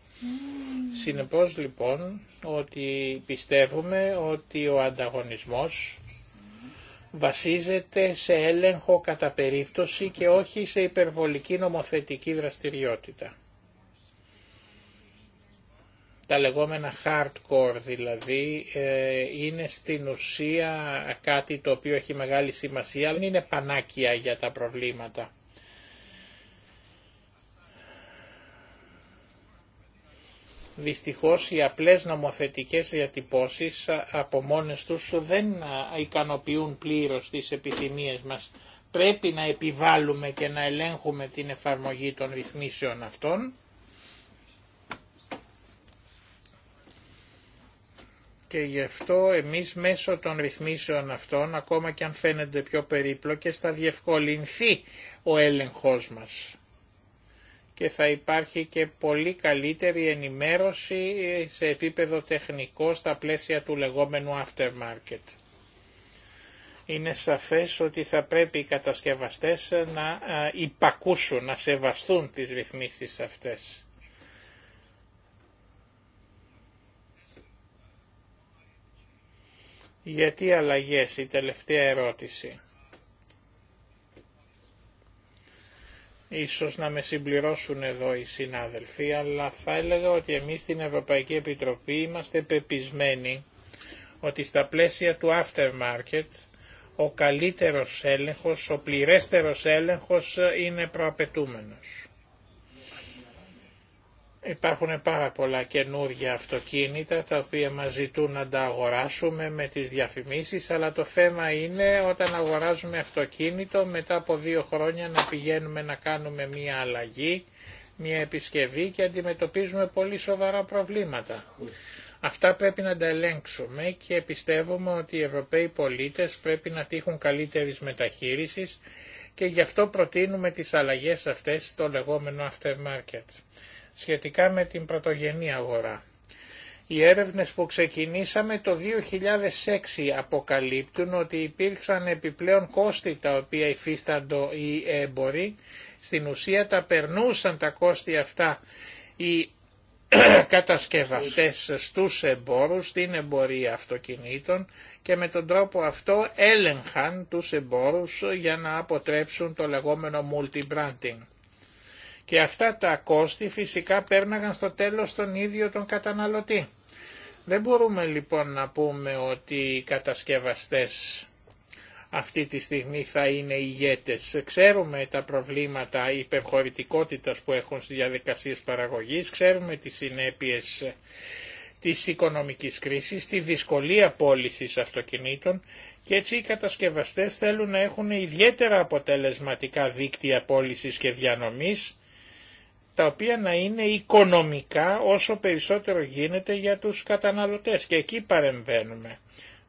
Συνεπώς λοιπόν ότι πιστεύουμε ότι ο ανταγωνισμός βασίζεται σε έλεγχο κατά περίπτωση και όχι σε υπερβολική νομοθετική δραστηριότητα. Τα λεγόμενα hardcore δηλαδή ε, είναι στην ουσία κάτι το οποίο έχει μεγάλη σημασία, αλλά είναι πανάκια για τα προβλήματα. Δυστυχώς οι απλές νομοθετικές διατυπώσεις από μόνες τους δεν ικανοποιούν πλήρως τις επιθυμίες μας. Πρέπει να επιβάλλουμε και να ελέγχουμε την εφαρμογή των ρυθμίσεων αυτών και γι' αυτό εμείς μέσω των ρυθμίσεων αυτών, ακόμα και αν φαίνονται πιο περίπλοκε, θα διευκολυνθεί ο έλεγχός μας. Και θα υπάρχει και πολύ καλύτερη ενημέρωση σε επίπεδο τεχνικό στα πλαίσια του λεγόμενου aftermarket. Είναι σαφές ότι θα πρέπει οι κατασκευαστές να ε, υπακούσουν, να σεβαστούν τις ρυθμίσεις αυτές Γιατί αλλαγές, η τελευταία ερώτηση. Ίσως να με συμπληρώσουν εδώ οι συνάδελφοι, αλλά θα έλεγα ότι εμείς στην Ευρωπαϊκή Επιτροπή είμαστε πεπισμένοι ότι στα πλαίσια του aftermarket ο καλύτερος έλεγχος, ο πληρέστερος έλεγχος είναι προαπαιτούμενος. Υπάρχουν πάρα πολλά καινούργια αυτοκίνητα τα οποία μας ζητούν να τα αγοράσουμε με τις διαφημίσεις, αλλά το θέμα είναι όταν αγοράζουμε αυτοκίνητο μετά από δύο χρόνια να πηγαίνουμε να κάνουμε μία αλλαγή, μία επισκευή και αντιμετωπίζουμε πολύ σοβαρά προβλήματα. Αυτά πρέπει να τα ελέγξουμε και πιστεύουμε ότι οι Ευρωπαίοι πολίτες πρέπει να τύχουν καλύτερης μεταχείρισης και γι' αυτό προτείνουμε τις αλλαγές αυτές στο λεγόμενο aftermarket σχετικά με την πρωτογενή αγορά. Οι έρευνες που ξεκινήσαμε το 2006 αποκαλύπτουν ότι υπήρξαν επιπλέον κόστη τα οποία υφίσταντο οι έμποροι. Στην ουσία τα περνούσαν τα κόστη αυτά οι κατασκευαστές στους εμπόρους, στην εμπορία αυτοκινήτων και με τον τρόπο αυτό έλεγχαν τους εμπόρους για να αποτρέψουν το λεγόμενο multi-branding. Και αυτά τα κόστη φυσικά πέρναγαν στο τέλος τον ίδιο τον καταναλωτή. Δεν μπορούμε λοιπόν να πούμε ότι οι κατασκευαστές αυτή τη στιγμή θα είναι ηγέτες. Ξέρουμε τα προβλήματα υπερχωρητικότητας που έχουν στις διαδικασίες παραγωγής, ξέρουμε τις συνέπειες της οικονομικής κρίσης, τη δυσκολία πώλησης αυτοκινήτων και έτσι οι κατασκευαστές θέλουν να έχουν ιδιαίτερα αποτελεσματικά δίκτυα πώλησης και διανομής τα οποία να είναι οικονομικά όσο περισσότερο γίνεται για τους καταναλωτές και εκεί παρεμβαίνουμε.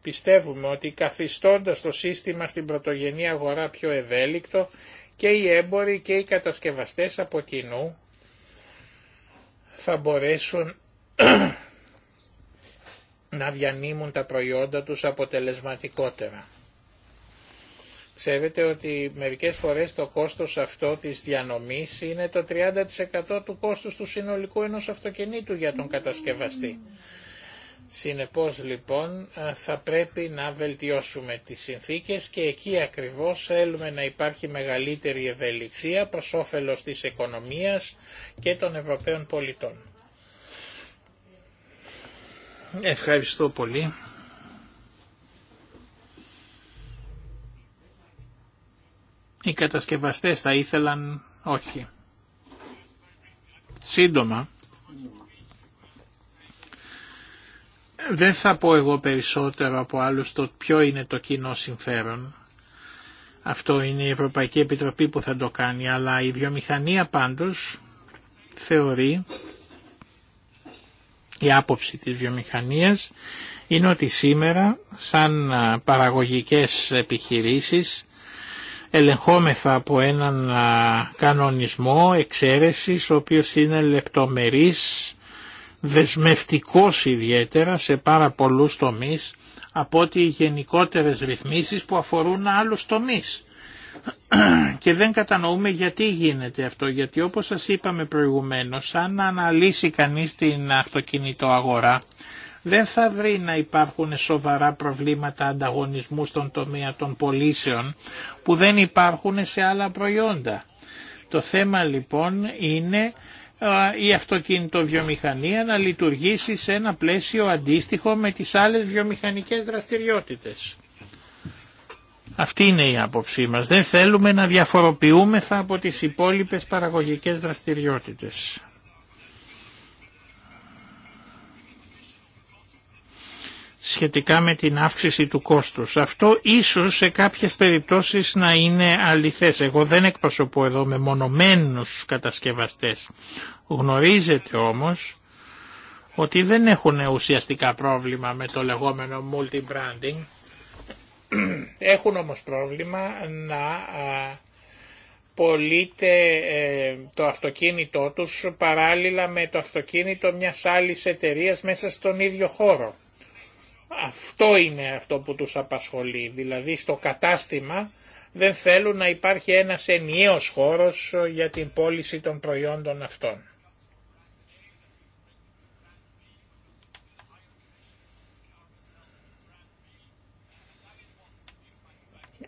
Πιστεύουμε ότι καθιστώντας το σύστημα στην πρωτογενή αγορά πιο ευέλικτο και οι έμποροι και οι κατασκευαστές από κοινού θα μπορέσουν να διανύμουν τα προϊόντα τους αποτελεσματικότερα. Ξέρετε ότι μερικές φορές το κόστος αυτό της διανομής είναι το 30% του κόστους του συνολικού ενός αυτοκινήτου για τον κατασκευαστή. Συνεπώς λοιπόν θα πρέπει να βελτιώσουμε τις συνθήκες και εκεί ακριβώς θέλουμε να υπάρχει μεγαλύτερη ευελιξία προς όφελος της οικονομίας και των Ευρωπαίων πολιτών. Ευχαριστώ πολύ. Οι κατασκευαστές θα ήθελαν όχι. Σύντομα, δεν θα πω εγώ περισσότερο από άλλους το ποιο είναι το κοινό συμφέρον. Αυτό είναι η Ευρωπαϊκή Επιτροπή που θα το κάνει, αλλά η βιομηχανία πάντως θεωρεί, η άποψη της βιομηχανίας είναι ότι σήμερα σαν παραγωγικές επιχειρήσεις ελεγχόμεθα από έναν κανονισμό εξαίρεσης ο οποίος είναι λεπτομερής, δεσμευτικός ιδιαίτερα σε πάρα πολλούς τομείς από ότι οι γενικότερες ρυθμίσεις που αφορούν άλλους τομείς. Και δεν κατανοούμε γιατί γίνεται αυτό, γιατί όπως σας είπαμε προηγουμένως, αν αναλύσει κανείς την αυτοκινητοαγορά, αγορά, δεν θα βρει να υπάρχουν σοβαρά προβλήματα ανταγωνισμού στον τομέα των πωλήσεων που δεν υπάρχουν σε άλλα προϊόντα. Το θέμα λοιπόν είναι η βιομηχανία να λειτουργήσει σε ένα πλαίσιο αντίστοιχο με τις άλλες βιομηχανικές δραστηριότητες. Αυτή είναι η άποψή μας. Δεν θέλουμε να διαφοροποιούμεθα από τις υπόλοιπες παραγωγικές δραστηριότητες. σχετικά με την αύξηση του κόστους. Αυτό ίσως σε κάποιες περιπτώσεις να είναι αληθές. Εγώ δεν εκπροσωπώ εδώ με μονομένους κατασκευαστές. Γνωρίζετε όμως ότι δεν έχουν ουσιαστικά πρόβλημα με το λεγόμενο multi-branding. Έχουν όμως πρόβλημα να πωλείται ε, το αυτοκίνητό τους παράλληλα με το αυτοκίνητο μιας άλλης εταιρείας μέσα στον ίδιο χώρο. Αυτό είναι αυτό που τους απασχολεί, δηλαδή στο κατάστημα δεν θέλουν να υπάρχει ένας ενιαίος χώρος ε, για την πώληση των προϊόντων αυτών.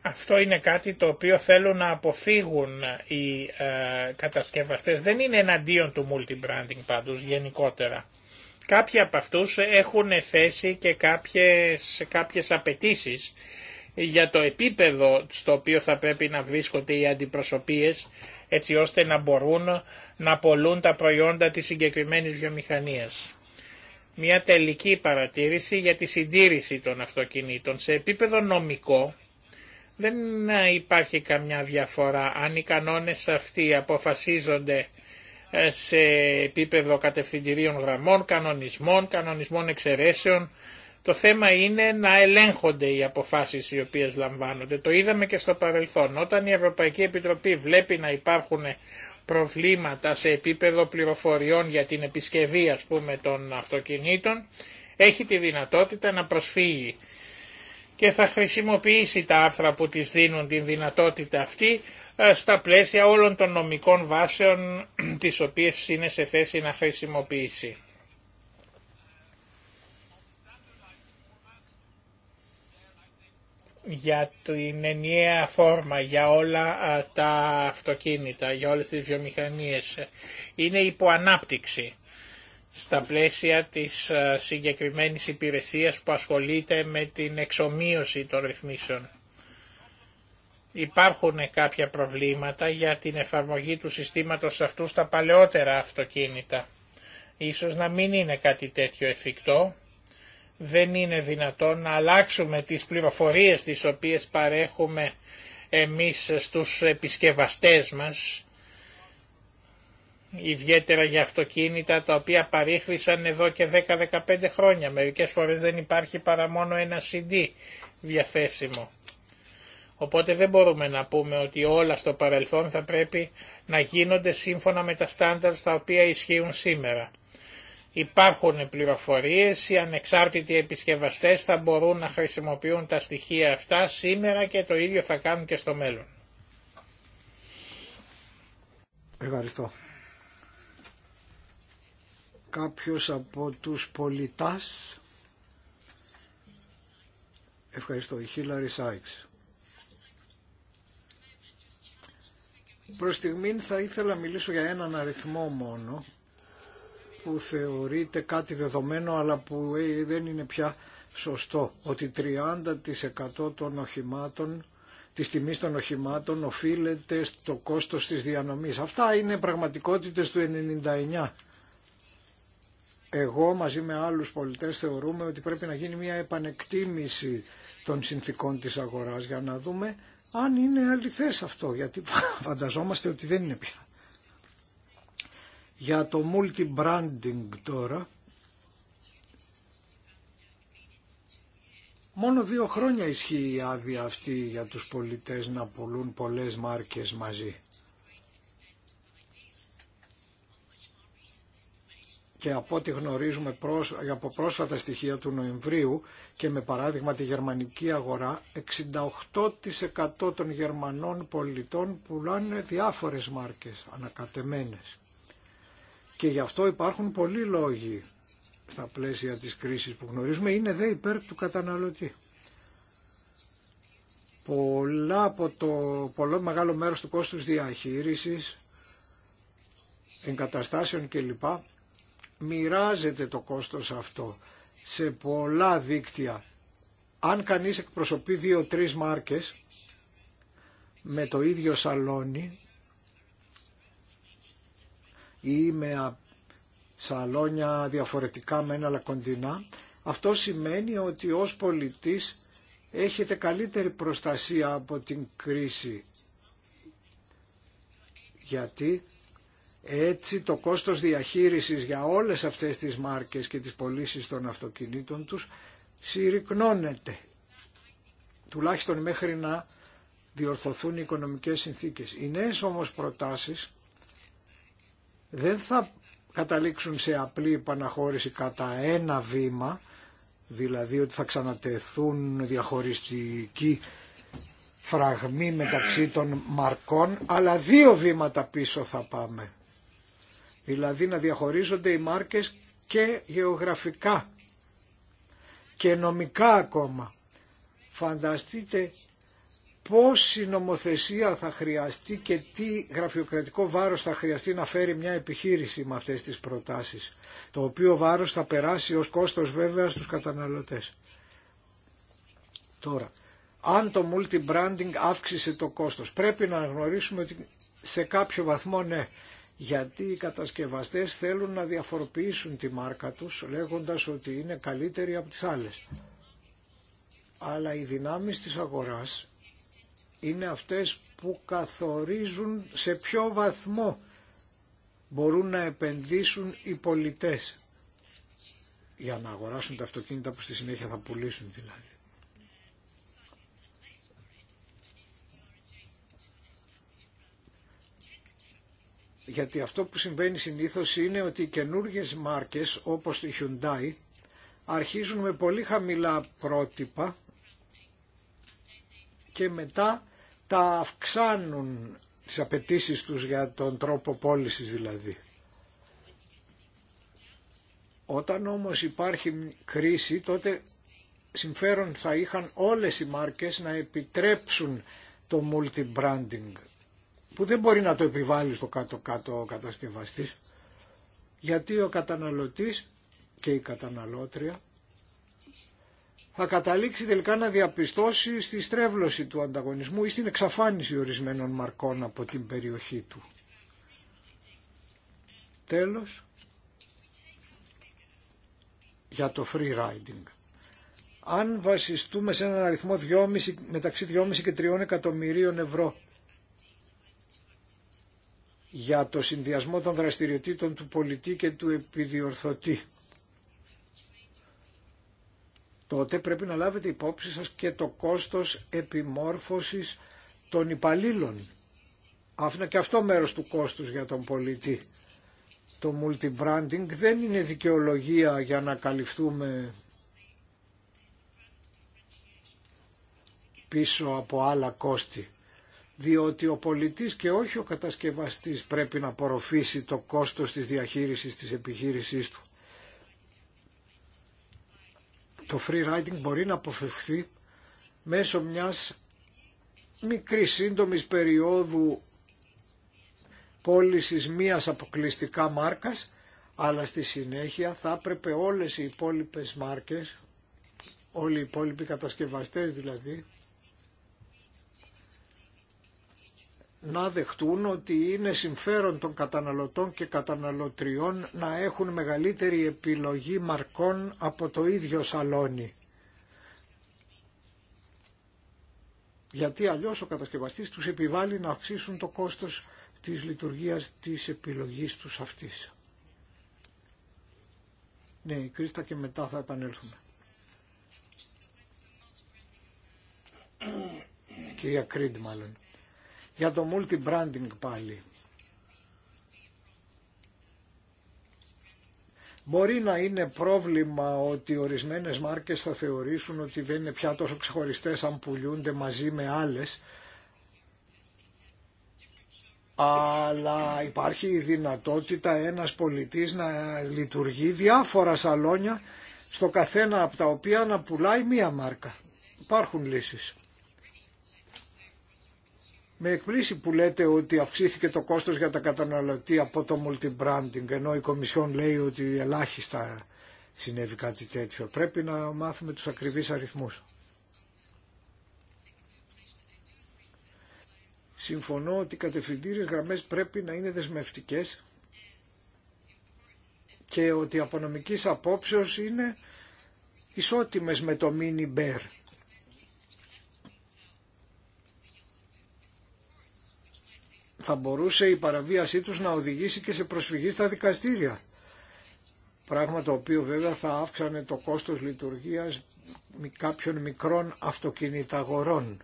Αυτό είναι κάτι το οποίο θέλουν να αποφύγουν οι ε, κατασκευαστές. Δεν είναι εναντίον του multi-branding πάντως γενικότερα. Κάποιοι από αυτούς έχουν θέσει και κάποιες, κάποιες απαιτήσεις για το επίπεδο στο οποίο θα πρέπει να βρίσκονται οι αντιπροσωπείες έτσι ώστε να μπορούν να πολλούν τα προϊόντα της συγκεκριμένης βιομηχανίας. Μια τελική παρατήρηση για τη συντήρηση των αυτοκινήτων. Σε επίπεδο νομικό δεν υπάρχει καμιά διαφορά αν οι κανόνες αυτοί αποφασίζονται ε, σε επίπεδο κατευθυντηρίων γραμμών, κανονισμών, κανονισμών εξαιρέσεων. Το θέμα είναι να ελέγχονται οι αποφάσεις οι οποίες λαμβάνονται. Το είδαμε και στο παρελθόν. Όταν η Ευρωπαϊκή Επιτροπή βλέπει να υπάρχουν προβλήματα σε επίπεδο πληροφοριών για την επισκευή ας πούμε των αυτοκινήτων, έχει τη δυνατότητα να προσφύγει και θα χρησιμοποιήσει τα άρθρα που της δίνουν την δυνατότητα αυτή ε, στα πλαίσια όλων των νομικών βάσεων τις οποίες είναι σε θέση να χρησιμοποιήσει. για την ενιαία φόρμα, για όλα τα αυτοκίνητα, για όλες τις βιομηχανίες. Είναι υποανάπτυξη στα πλαίσια της συγκεκριμένης υπηρεσίας που ασχολείται με την εξομοίωση των ρυθμίσεων. Υπάρχουν κάποια προβλήματα για την εφαρμογή του συστήματος αυτού στα παλαιότερα αυτοκίνητα. Ίσως να μην είναι κάτι τέτοιο εφικτό. Δεν είναι δυνατόν να αλλάξουμε τις πληροφορίες τις οποίες παρέχουμε εμείς στους επισκευαστές μας, ιδιαίτερα για αυτοκίνητα τα οποία παρήχθησαν εδώ και 10-15 χρόνια. Μερικές φορές δεν υπάρχει παρά μόνο ένα CD διαθέσιμο. Οπότε δεν μπορούμε να πούμε ότι όλα στο παρελθόν θα πρέπει να γίνονται σύμφωνα με τα στάνταρ τα οποία ισχύουν σήμερα. Υπάρχουν πληροφορίες, οι ανεξάρτητοι επισκευαστές θα μπορούν να χρησιμοποιούν τα στοιχεία αυτά σήμερα και το ίδιο θα κάνουν και στο μέλλον. Ευχαριστώ. Κάποιος από τους πολιτάς. Ευχαριστώ. Η Χίλαρη Σάιξ. Προς στιγμήν θα ήθελα να μιλήσω για έναν αριθμό μόνο που θεωρείται κάτι δεδομένο αλλά που ε, δεν είναι πια σωστό ότι 30% των οχημάτων της τιμής των οχημάτων οφείλεται στο κόστος της διανομής. Αυτά είναι πραγματικότητες του 99. Εγώ μαζί με άλλους πολιτές θεωρούμε ότι πρέπει να γίνει μια επανεκτίμηση των συνθήκων της αγοράς για να δούμε αν είναι αληθές αυτό, γιατί φανταζόμαστε ότι δεν είναι πια. Για το multi-branding τώρα, μόνο δύο χρόνια ισχύει η άδεια αυτή για τους πολιτές να πουλούν πολλές μάρκες μαζί. και από ό,τι γνωρίζουμε από πρόσφατα στοιχεία του Νοεμβρίου και με παράδειγμα τη γερμανική αγορά, 68% των Γερμανών πολιτών πουλάνε διάφορες μάρκες ανακατεμένες. Και γι' αυτό υπάρχουν πολλοί λόγοι στα πλαίσια της κρίσης που γνωρίζουμε, είναι δε υπέρ του καταναλωτή. Πολλά από το πολλό μεγάλο μέρος του κόστους διαχείρισης, εγκαταστάσεων κλπ μοιράζεται το κόστος αυτό σε πολλά δίκτυα. Αν κανείς εκπροσωπεί δύο-τρεις μάρκες με το ίδιο σαλόνι ή με σαλόνια διαφορετικά με ένα αλλά κοντινά, αυτό σημαίνει ότι ως πολιτής έχετε καλύτερη προστασία από την κρίση. Γιατί έτσι το κόστος διαχείρισης για όλες αυτές τις μάρκες και τις πωλήσει των αυτοκινήτων τους συρρυκνώνεται. Τουλάχιστον μέχρι να διορθωθούν οι οικονομικές συνθήκες. Οι νέες όμως προτάσεις δεν θα καταλήξουν σε απλή επαναχώρηση κατά ένα βήμα, δηλαδή ότι θα ξανατεθούν διαχωριστικοί φραγμοί μεταξύ των μαρκών, αλλά δύο βήματα πίσω θα πάμε. Δηλαδή να διαχωρίζονται οι μάρκες και γεωγραφικά και νομικά ακόμα. Φανταστείτε πόση νομοθεσία θα χρειαστεί και τι γραφειοκρατικό βάρος θα χρειαστεί να φέρει μια επιχείρηση με αυτές τις προτάσεις, το οποίο βάρος θα περάσει ως κόστος βέβαια στους καταναλωτές. Τώρα, αν το multi-branding αύξησε το κόστος, πρέπει να γνωρίσουμε ότι σε κάποιο βαθμό ναι, γιατί οι κατασκευαστές θέλουν να διαφοροποιήσουν τη μάρκα τους λέγοντας ότι είναι καλύτερη από τις άλλες. Αλλά οι δυνάμεις της αγοράς είναι αυτές που καθορίζουν σε ποιο βαθμό μπορούν να επενδύσουν οι πολιτές για να αγοράσουν τα αυτοκίνητα που στη συνέχεια θα πουλήσουν δηλαδή. γιατί αυτό που συμβαίνει συνήθως είναι ότι οι καινούργιες μάρκες όπως η Hyundai αρχίζουν με πολύ χαμηλά πρότυπα και μετά τα αυξάνουν τις απαιτήσει τους για τον τρόπο πώλησης δηλαδή. Όταν όμως υπάρχει κρίση τότε συμφέρον θα είχαν όλες οι μάρκες να επιτρέψουν το multi που δεν μπορεί να το επιβάλλει στο κάτω-κάτω ο κατασκευαστής γιατί ο καταναλωτής και η καταναλώτρια θα καταλήξει τελικά να διαπιστώσει στη στρέβλωση του ανταγωνισμού ή στην εξαφάνιση ορισμένων μαρκών από την περιοχή του. Τέλος, για το free riding. Αν βασιστούμε σε έναν αριθμό 2,5, μεταξύ 2,5 και 3 εκατομμυρίων ευρώ για το συνδυασμό των δραστηριοτήτων του πολιτή και του επιδιορθωτή. Τότε πρέπει να λάβετε υπόψη σας και το κόστος επιμόρφωσης των υπαλλήλων. Αυτό και αυτό μέρος του κόστους για τον πολιτή. Το multi-branding δεν είναι δικαιολογία για να καλυφθούμε πίσω από άλλα κόστη διότι ο πολιτής και όχι ο κατασκευαστής πρέπει να απορροφήσει το κόστος της διαχείρισης της επιχείρησής του. Το free riding μπορεί να αποφευχθεί μέσω μιας μικρής σύντομη περίοδου πώλησης μίας αποκλειστικά μάρκας, αλλά στη συνέχεια θα έπρεπε όλες οι υπόλοιπες μάρκες, όλοι οι υπόλοιποι κατασκευαστές δηλαδή, να δεχτούν ότι είναι συμφέρον των καταναλωτών και καταναλωτριών να έχουν μεγαλύτερη επιλογή μαρκών από το ίδιο σαλόνι. Γιατί αλλιώς ο κατασκευαστής τους επιβάλλει να αυξήσουν το κόστος της λειτουργίας της επιλογής τους αυτής. Ναι, η Κρίστα και μετά θα επανέλθουμε. Κυρία Κρίντ μάλλον. Για το multi-branding πάλι. Μπορεί να είναι πρόβλημα ότι ορισμένες μάρκες θα θεωρήσουν ότι δεν είναι πια τόσο ξεχωριστές αν πουλούνται μαζί με άλλες. Αλλά υπάρχει η δυνατότητα ένας πολιτής να λειτουργεί διάφορα σαλόνια στο καθένα από τα οποία να πουλάει μία μάρκα. Υπάρχουν λύσεις. Με εκπλήσει που λέτε ότι αυξήθηκε το κόστος για τα καταναλωτή από το multi-branding, ενώ η Κομισιόν λέει ότι ελάχιστα συνέβη κάτι τέτοιο. Πρέπει να μάθουμε τους ακριβείς αριθμούς. Συμφωνώ ότι οι κατευθυντήριες γραμμές πρέπει να είναι δεσμευτικές και ότι από νομικής απόψεως είναι ισότιμες με το mini bear. θα μπορούσε η παραβίασή τους να οδηγήσει και σε προσφυγή στα δικαστήρια. Πράγμα το οποίο βέβαια θα αύξανε το κόστος λειτουργίας κάποιων μικρών αυτοκινηταγορών.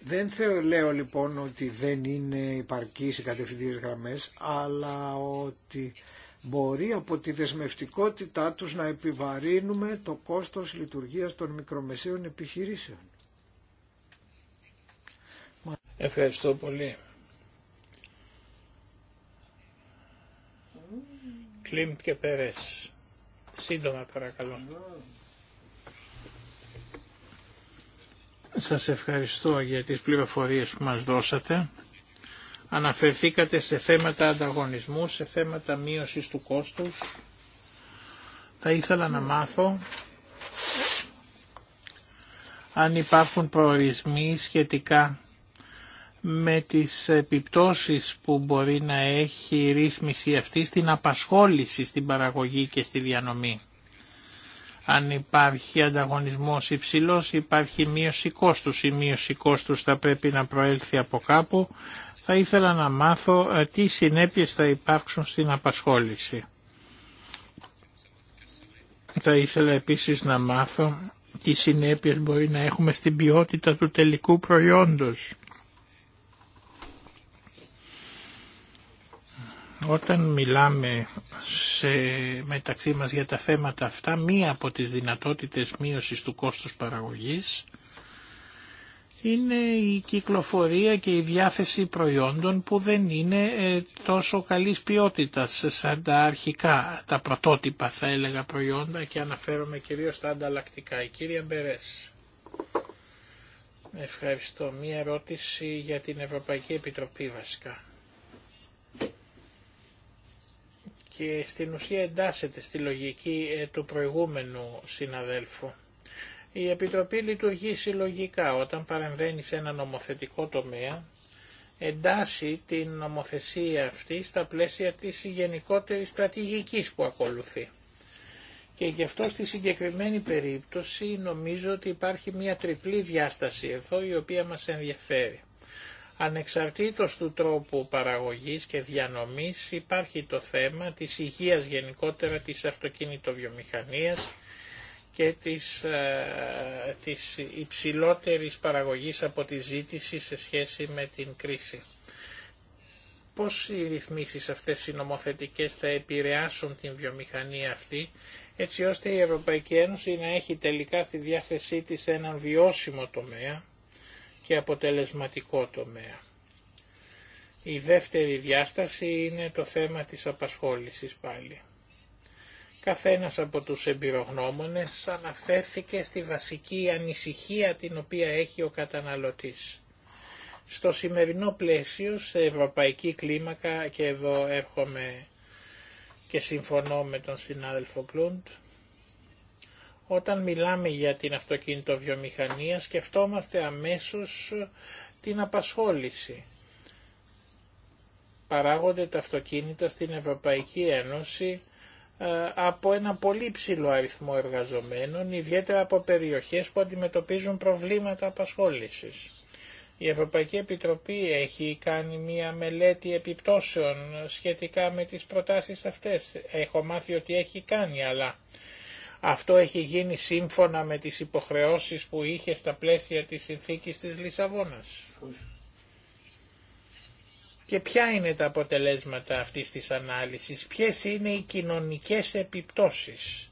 Δεν θεω, λέω λοιπόν ότι δεν είναι η οι κατευθυντήριες γραμμές, αλλά ότι μπορεί από τη δεσμευτικότητά τους να επιβαρύνουμε το κόστος λειτουργίας των μικρομεσαίων επιχειρήσεων. Ευχαριστώ πολύ. Κλίμπ και Περές. Σύντομα παρακαλώ. Σας ευχαριστώ για τις πληροφορίες που μας δώσατε. Αναφερθήκατε σε θέματα ανταγωνισμού, σε θέματα μείωσης του κόστους. Θα ήθελα να μάθω αν υπάρχουν προορισμοί σχετικά με τις επιπτώσεις που μπορεί να έχει η ρύθμιση αυτή στην απασχόληση, στην παραγωγή και στη διανομή. Αν υπάρχει ανταγωνισμός υψηλός υπάρχει μείωση κόστους. Η μείωση κόστους θα πρέπει να προέλθει από κάπου. Θα ήθελα να μάθω ε, τι συνέπειες θα υπάρξουν στην απασχόληση. Θα ήθελα επίσης να μάθω τι συνέπειες μπορεί να έχουμε στην ποιότητα του τελικού προϊόντος. Όταν μιλάμε σε, μεταξύ μας για τα θέματα αυτά, μία από τις δυνατότητες μείωσης του κόστους παραγωγής είναι η κυκλοφορία και η διάθεση προϊόντων που δεν είναι ε, τόσο καλής ποιότητας σαν τα αρχικά, τα πρωτότυπα θα έλεγα προϊόντα και αναφέρομαι κυρίως τα ανταλλακτικά. Η κυρία Μπερές. Ευχαριστώ. Μία ερώτηση για την Ευρωπαϊκή Επιτροπή βασικά. και στην ουσία εντάσσεται στη λογική ε, του προηγούμενου συναδέλφου. Η Επιτροπή λειτουργεί συλλογικά όταν παρεμβαίνει σε ένα νομοθετικό τομέα, εντάσσει την νομοθεσία αυτή στα πλαίσια της γενικότερης στρατηγικής που ακολουθεί. Και γι' αυτό στη συγκεκριμένη περίπτωση νομίζω ότι υπάρχει μια τριπλή διάσταση εδώ η οποία μας ενδιαφέρει. Ανεξαρτήτως του τρόπου παραγωγής και διανομής υπάρχει το θέμα της υγείας γενικότερα της αυτοκινητοβιομηχανίας και της, ε, της υψηλότερης παραγωγής από τη ζήτηση σε σχέση με την κρίση. Πώς οι ρυθμίσεις αυτές οι νομοθετικές θα επηρεάσουν την βιομηχανία αυτή έτσι ώστε η Ευρωπαϊκή Ένωση να έχει τελικά στη διάθεσή της έναν βιώσιμο τομέα και αποτελεσματικό τομέα. Η δεύτερη διάσταση είναι το θέμα της απασχόλησης πάλι. Καθένας από τους εμπειρογνώμονες αναφέρθηκε στη βασική ανησυχία την οποία έχει ο καταναλωτής. Στο σημερινό πλαίσιο, σε ευρωπαϊκή κλίμακα, και εδώ έρχομαι και συμφωνώ με τον συνάδελφο Κλούντ, όταν μιλάμε για την αυτοκινητοβιομηχανία σκεφτόμαστε αμέσως την απασχόληση. Παράγονται τα αυτοκίνητα στην Ευρωπαϊκή Ένωση ε, από ένα πολύ ψηλό αριθμό εργαζομένων, ιδιαίτερα από περιοχές που αντιμετωπίζουν προβλήματα απασχόλησης. Η Ευρωπαϊκή Επιτροπή έχει κάνει μία μελέτη επιπτώσεων σχετικά με τις προτάσεις αυτές. Έχω μάθει ότι έχει κάνει, αλλά αυτό έχει γίνει σύμφωνα με τις υποχρεώσεις που είχε στα πλαίσια της συνθήκης της Λισαβόνας. Και ποια είναι τα αποτελέσματα αυτής της ανάλυσης, ποιες είναι οι κοινωνικές επιπτώσεις.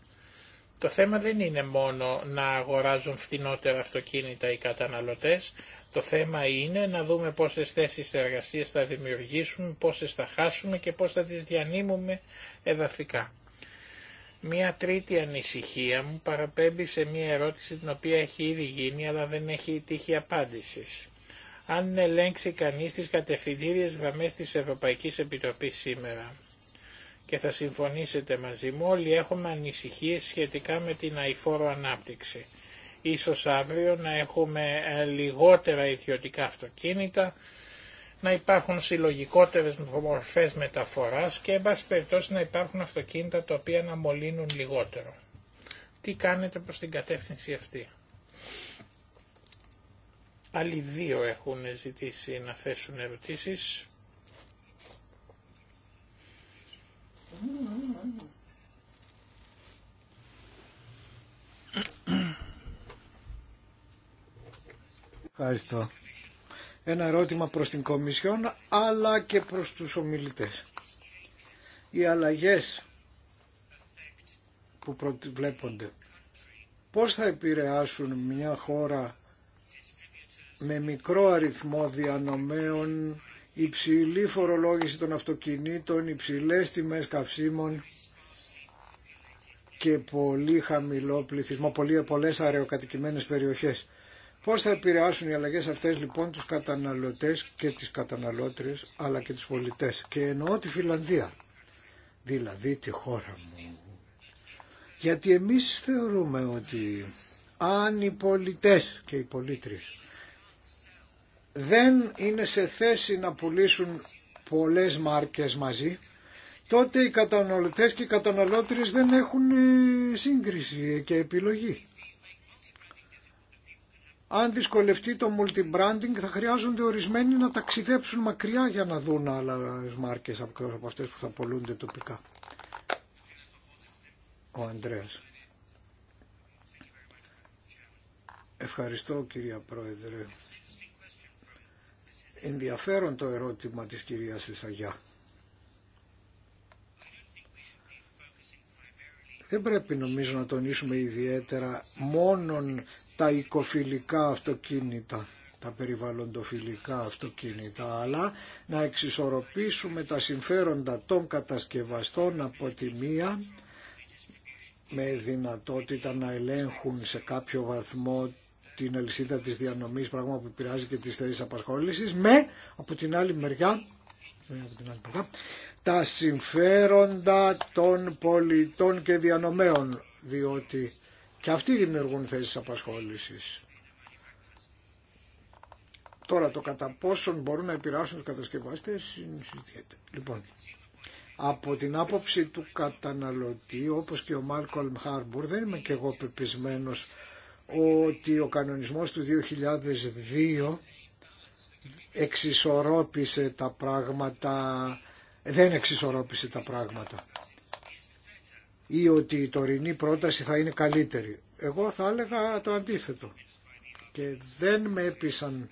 Το θέμα δεν είναι μόνο να αγοράζουν φτηνότερα αυτοκίνητα οι καταναλωτές, το θέμα είναι να δούμε πόσες θέσεις εργασίας θα δημιουργήσουν, πόσες θα χάσουμε και πώς θα τις διανύμουμε εδαφικά. Μία τρίτη ανησυχία μου παραπέμπει σε μία ερώτηση την οποία έχει ήδη γίνει αλλά δεν έχει τύχει απάντησης. Αν ελέγξει κανείς τις κατευθυντήριες γραμμές της Ευρωπαϊκής Επιτροπής σήμερα και θα συμφωνήσετε μαζί μου, όλοι έχουμε ανησυχίες σχετικά με την αηφόρο ανάπτυξη. Ίσως αύριο να έχουμε ε, λιγότερα ιδιωτικά αυτοκίνητα, να υπάρχουν συλλογικότερε μορφές μεταφοράς και εν πάση περιπτώσει να υπάρχουν αυτοκίνητα τα οποία να μολύνουν λιγότερο. Τι κάνετε προς την κατεύθυνση αυτή. Άλλοι δύο έχουν ζητήσει να θέσουν ερωτήσει. Ευχαριστώ ένα ερώτημα προς την Κομισιόν αλλά και προς τους ομιλητές. Οι αλλαγές που βλέπονται πώς θα επηρεάσουν μια χώρα με μικρό αριθμό διανομέων, υψηλή φορολόγηση των αυτοκινήτων, υψηλές τιμές καυσίμων και πολύ χαμηλό πληθυσμό, πολύ, πολλές αεροκατοικημένες περιοχές. Πώς θα επηρεάσουν οι αλλαγές αυτές λοιπόν τους καταναλωτές και τις καταναλώτριες αλλά και τους πολιτές. Και εννοώ τη Φιλανδία, δηλαδή τη χώρα μου. Γιατί εμείς θεωρούμε ότι αν οι πολιτές και οι πολίτριες δεν είναι σε θέση να πουλήσουν πολλές μάρκες μαζί, τότε οι καταναλωτές και οι καταναλώτριες δεν έχουν ε, σύγκριση και επιλογή. Αν δυσκολευτεί το multi-branding θα χρειάζονται ορισμένοι να ταξιδέψουν μακριά για να δουν άλλες μάρκες από αυτές που θα πολλούνται τοπικά. Ο Ανδρέας. Ευχαριστώ κυρία Πρόεδρε. Ενδιαφέρον το ερώτημα της κυρίας Σαγιά. δεν πρέπει νομίζω να τονίσουμε ιδιαίτερα μόνον τα οικοφιλικά αυτοκίνητα, τα περιβαλλοντοφιλικά αυτοκίνητα, αλλά να εξισορροπήσουμε τα συμφέροντα των κατασκευαστών από τη μία με δυνατότητα να ελέγχουν σε κάποιο βαθμό την αλυσίδα της διανομής, πράγμα που πειράζει και τις θέσεις απασχόλησης, με από την άλλη μεριά ε, τα συμφέροντα των πολιτών και διανομέων, διότι και αυτοί δημιουργούν θέσεις απασχόλησης. Τώρα το κατά πόσον μπορούν να επηρεάσουν τους κατασκευαστές συζητιέται. Λοιπόν, από την άποψη του καταναλωτή, όπως και ο Μάλκολμ Χάρμπουρ, δεν είμαι και εγώ πεπισμένος ότι ο κανονισμός του 2002 εξισορρόπησε τα πράγματα δεν εξισορρόπησε τα πράγματα ή ότι η τωρινή πρόταση θα είναι καλύτερη. Εγώ θα έλεγα το αντίθετο και δεν με έπεισαν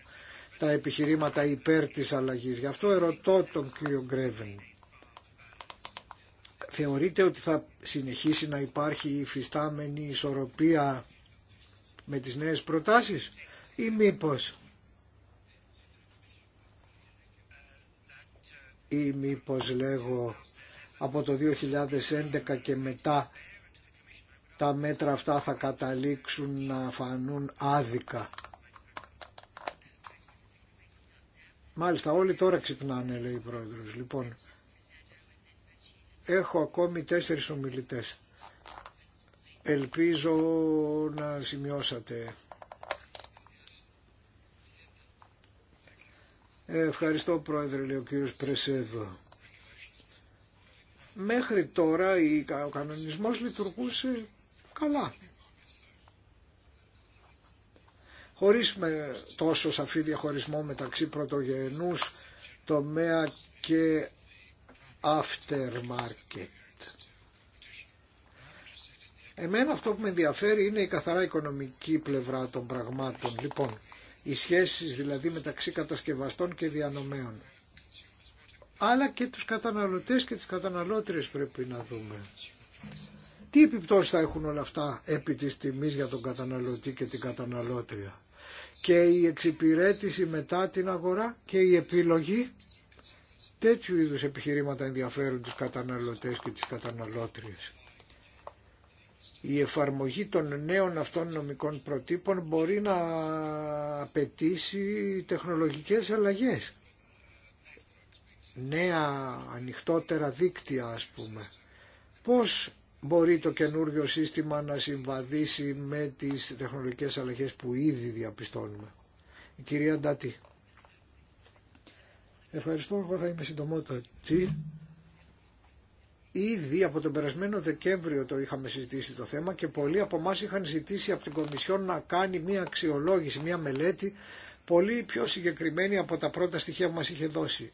τα επιχειρήματα υπέρ της αλλαγής. Γι' αυτό ερωτώ τον κύριο Γκρέβεν. Θεωρείτε ότι θα συνεχίσει να υπάρχει η φυστάμενη ισορροπία με τις νέες προτάσεις ή μήπως ή μήπως λέγω από το 2011 και μετά τα μέτρα αυτά θα καταλήξουν να φανούν άδικα. Μάλιστα όλοι τώρα ξυπνάνε λέει η πρόεδρος. Λοιπόν, έχω ακόμη τέσσερις ομιλητές. Ελπίζω να σημειώσατε. Ευχαριστώ πρόεδρε, λέει ο κύριος Πρεσέδο. Μέχρι τώρα ο κανονισμός λειτουργούσε καλά. Χωρίς με τόσο σαφή διαχωρισμό μεταξύ πρωτογενούς τομέα και aftermarket. Εμένα αυτό που με ενδιαφέρει είναι η καθαρά οικονομική πλευρά των πραγμάτων. Λοιπόν, οι σχέσεις δηλαδή μεταξύ κατασκευαστών και διανομέων. Αλλά και τους καταναλωτές και τις καταναλώτριες πρέπει να δούμε. Τι επιπτώσεις θα έχουν όλα αυτά επί της τιμής για τον καταναλωτή και την καταναλώτρια. Και η εξυπηρέτηση μετά την αγορά και η επιλογή τέτοιου είδους επιχειρήματα ενδιαφέρουν τους καταναλωτές και τις καταναλώτριες η εφαρμογή των νέων αυτών νομικών προτύπων μπορεί να απαιτήσει τεχνολογικές αλλαγές. Νέα ανοιχτότερα δίκτυα ας πούμε. Πώς μπορεί το καινούργιο σύστημα να συμβαδίσει με τις τεχνολογικές αλλαγές που ήδη διαπιστώνουμε. Η κυρία Ντάτη. Ευχαριστώ, εγώ θα είμαι συντομότατη. Ήδη από τον περασμένο Δεκέμβριο το είχαμε συζητήσει το θέμα και πολλοί από εμά είχαν ζητήσει από την Κομισιόν να κάνει μια αξιολόγηση, μια μελέτη πολύ πιο συγκεκριμένη από τα πρώτα στοιχεία που μας είχε δώσει.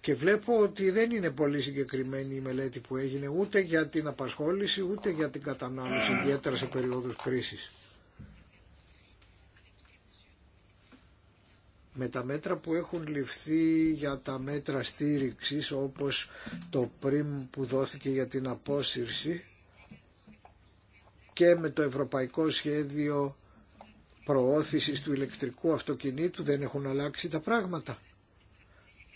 Και βλέπω ότι δεν είναι πολύ συγκεκριμένη η μελέτη που έγινε ούτε για την απασχόληση ούτε για την κατανάλωση ιδιαίτερα σε περίοδους κρίσης. με τα μέτρα που έχουν ληφθεί για τα μέτρα στήριξης όπως το πριμ που δόθηκε για την απόσυρση και με το ευρωπαϊκό σχέδιο προώθησης του ηλεκτρικού αυτοκινήτου δεν έχουν αλλάξει τα πράγματα.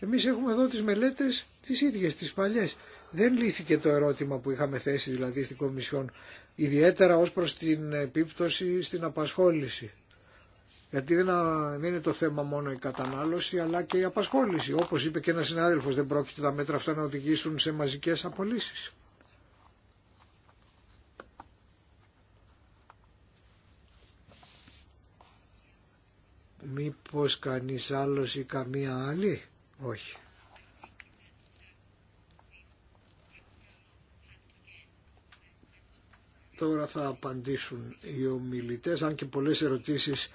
Εμείς έχουμε εδώ τις μελέτες τις ίδιες, τις παλιές. Δεν λύθηκε το ερώτημα που είχαμε θέσει δηλαδή στην Κομισιόν, ιδιαίτερα ως προς την επίπτωση στην απασχόληση. Γιατί δεν, είναι το θέμα μόνο η κατανάλωση αλλά και η απασχόληση. Όπως είπε και ένας συνάδελφος δεν πρόκειται τα μέτρα αυτά να οδηγήσουν σε μαζικές απολύσεις. Μήπως κανείς άλλος ή καμία άλλη. Όχι. Τώρα θα απαντήσουν οι ομιλητές, αν και πολλές ερωτήσεις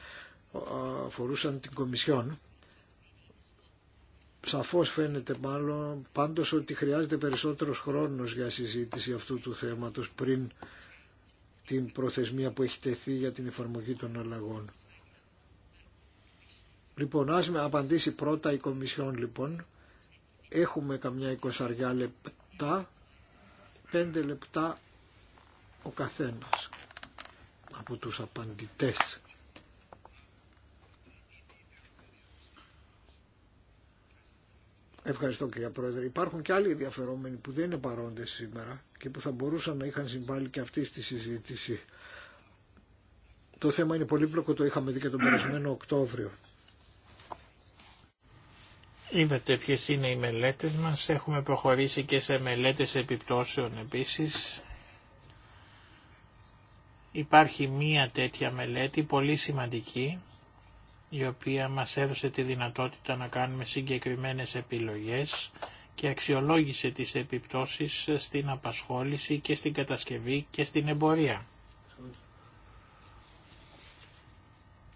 αφορούσαν την Κομισιόν. Σαφώς φαίνεται μάλλον πάντως ότι χρειάζεται περισσότερος χρόνος για συζήτηση αυτού του θέματος πριν την προθεσμία που έχει τεθεί για την εφαρμογή των αλλαγών. Λοιπόν, ας με απαντήσει πρώτα η Κομισιόν λοιπόν. Έχουμε καμιά εικοσαριά λεπτά, πέντε λεπτά ο καθένας από τους απαντητές. Ευχαριστώ κύριε Πρόεδρε. Υπάρχουν και άλλοι ενδιαφερόμενοι που δεν είναι παρόντες σήμερα και που θα μπορούσαν να είχαν συμβάλει και αυτή στη συζήτηση. Το θέμα είναι πολύπλοκο, το είχαμε δει και τον περασμένο Οκτώβριο. Είδατε ποιες είναι οι μελέτες μας. Έχουμε προχωρήσει και σε μελέτες επιπτώσεων επίσης. Υπάρχει μία τέτοια μελέτη πολύ σημαντική η οποία μας έδωσε τη δυνατότητα να κάνουμε συγκεκριμένες επιλογές και αξιολόγησε τις επιπτώσεις στην απασχόληση και στην κατασκευή και στην εμπορία.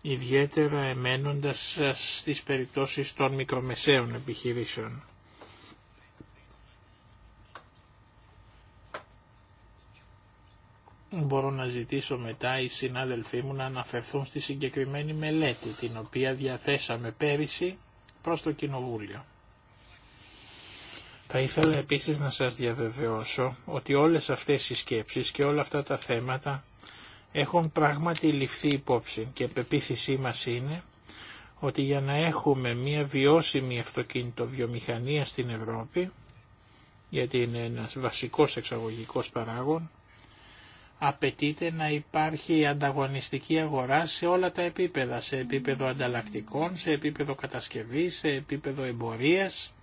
Ιδιαίτερα εμένοντας στις περιπτώσεις των μικρομεσαίων επιχειρήσεων. μπορώ να ζητήσω μετά οι συνάδελφοί μου να αναφερθούν στη συγκεκριμένη μελέτη την οποία διαθέσαμε πέρυσι προς το Κοινοβούλιο. Θα ήθελα επίσης να σας διαβεβαιώσω ότι όλες αυτές οι σκέψεις και όλα αυτά τα θέματα έχουν πράγματι ληφθεί υπόψη και πεποίθησή μας είναι ότι για να έχουμε μια βιώσιμη αυτοκίνητο βιομηχανία στην Ευρώπη, γιατί είναι ένας βασικός εξαγωγικός παράγων, απαιτείται να υπάρχει ανταγωνιστική αγορά σε όλα τα επίπεδα, σε επίπεδο ανταλλακτικών, σε επίπεδο κατασκευής, σε επίπεδο εμπορίας,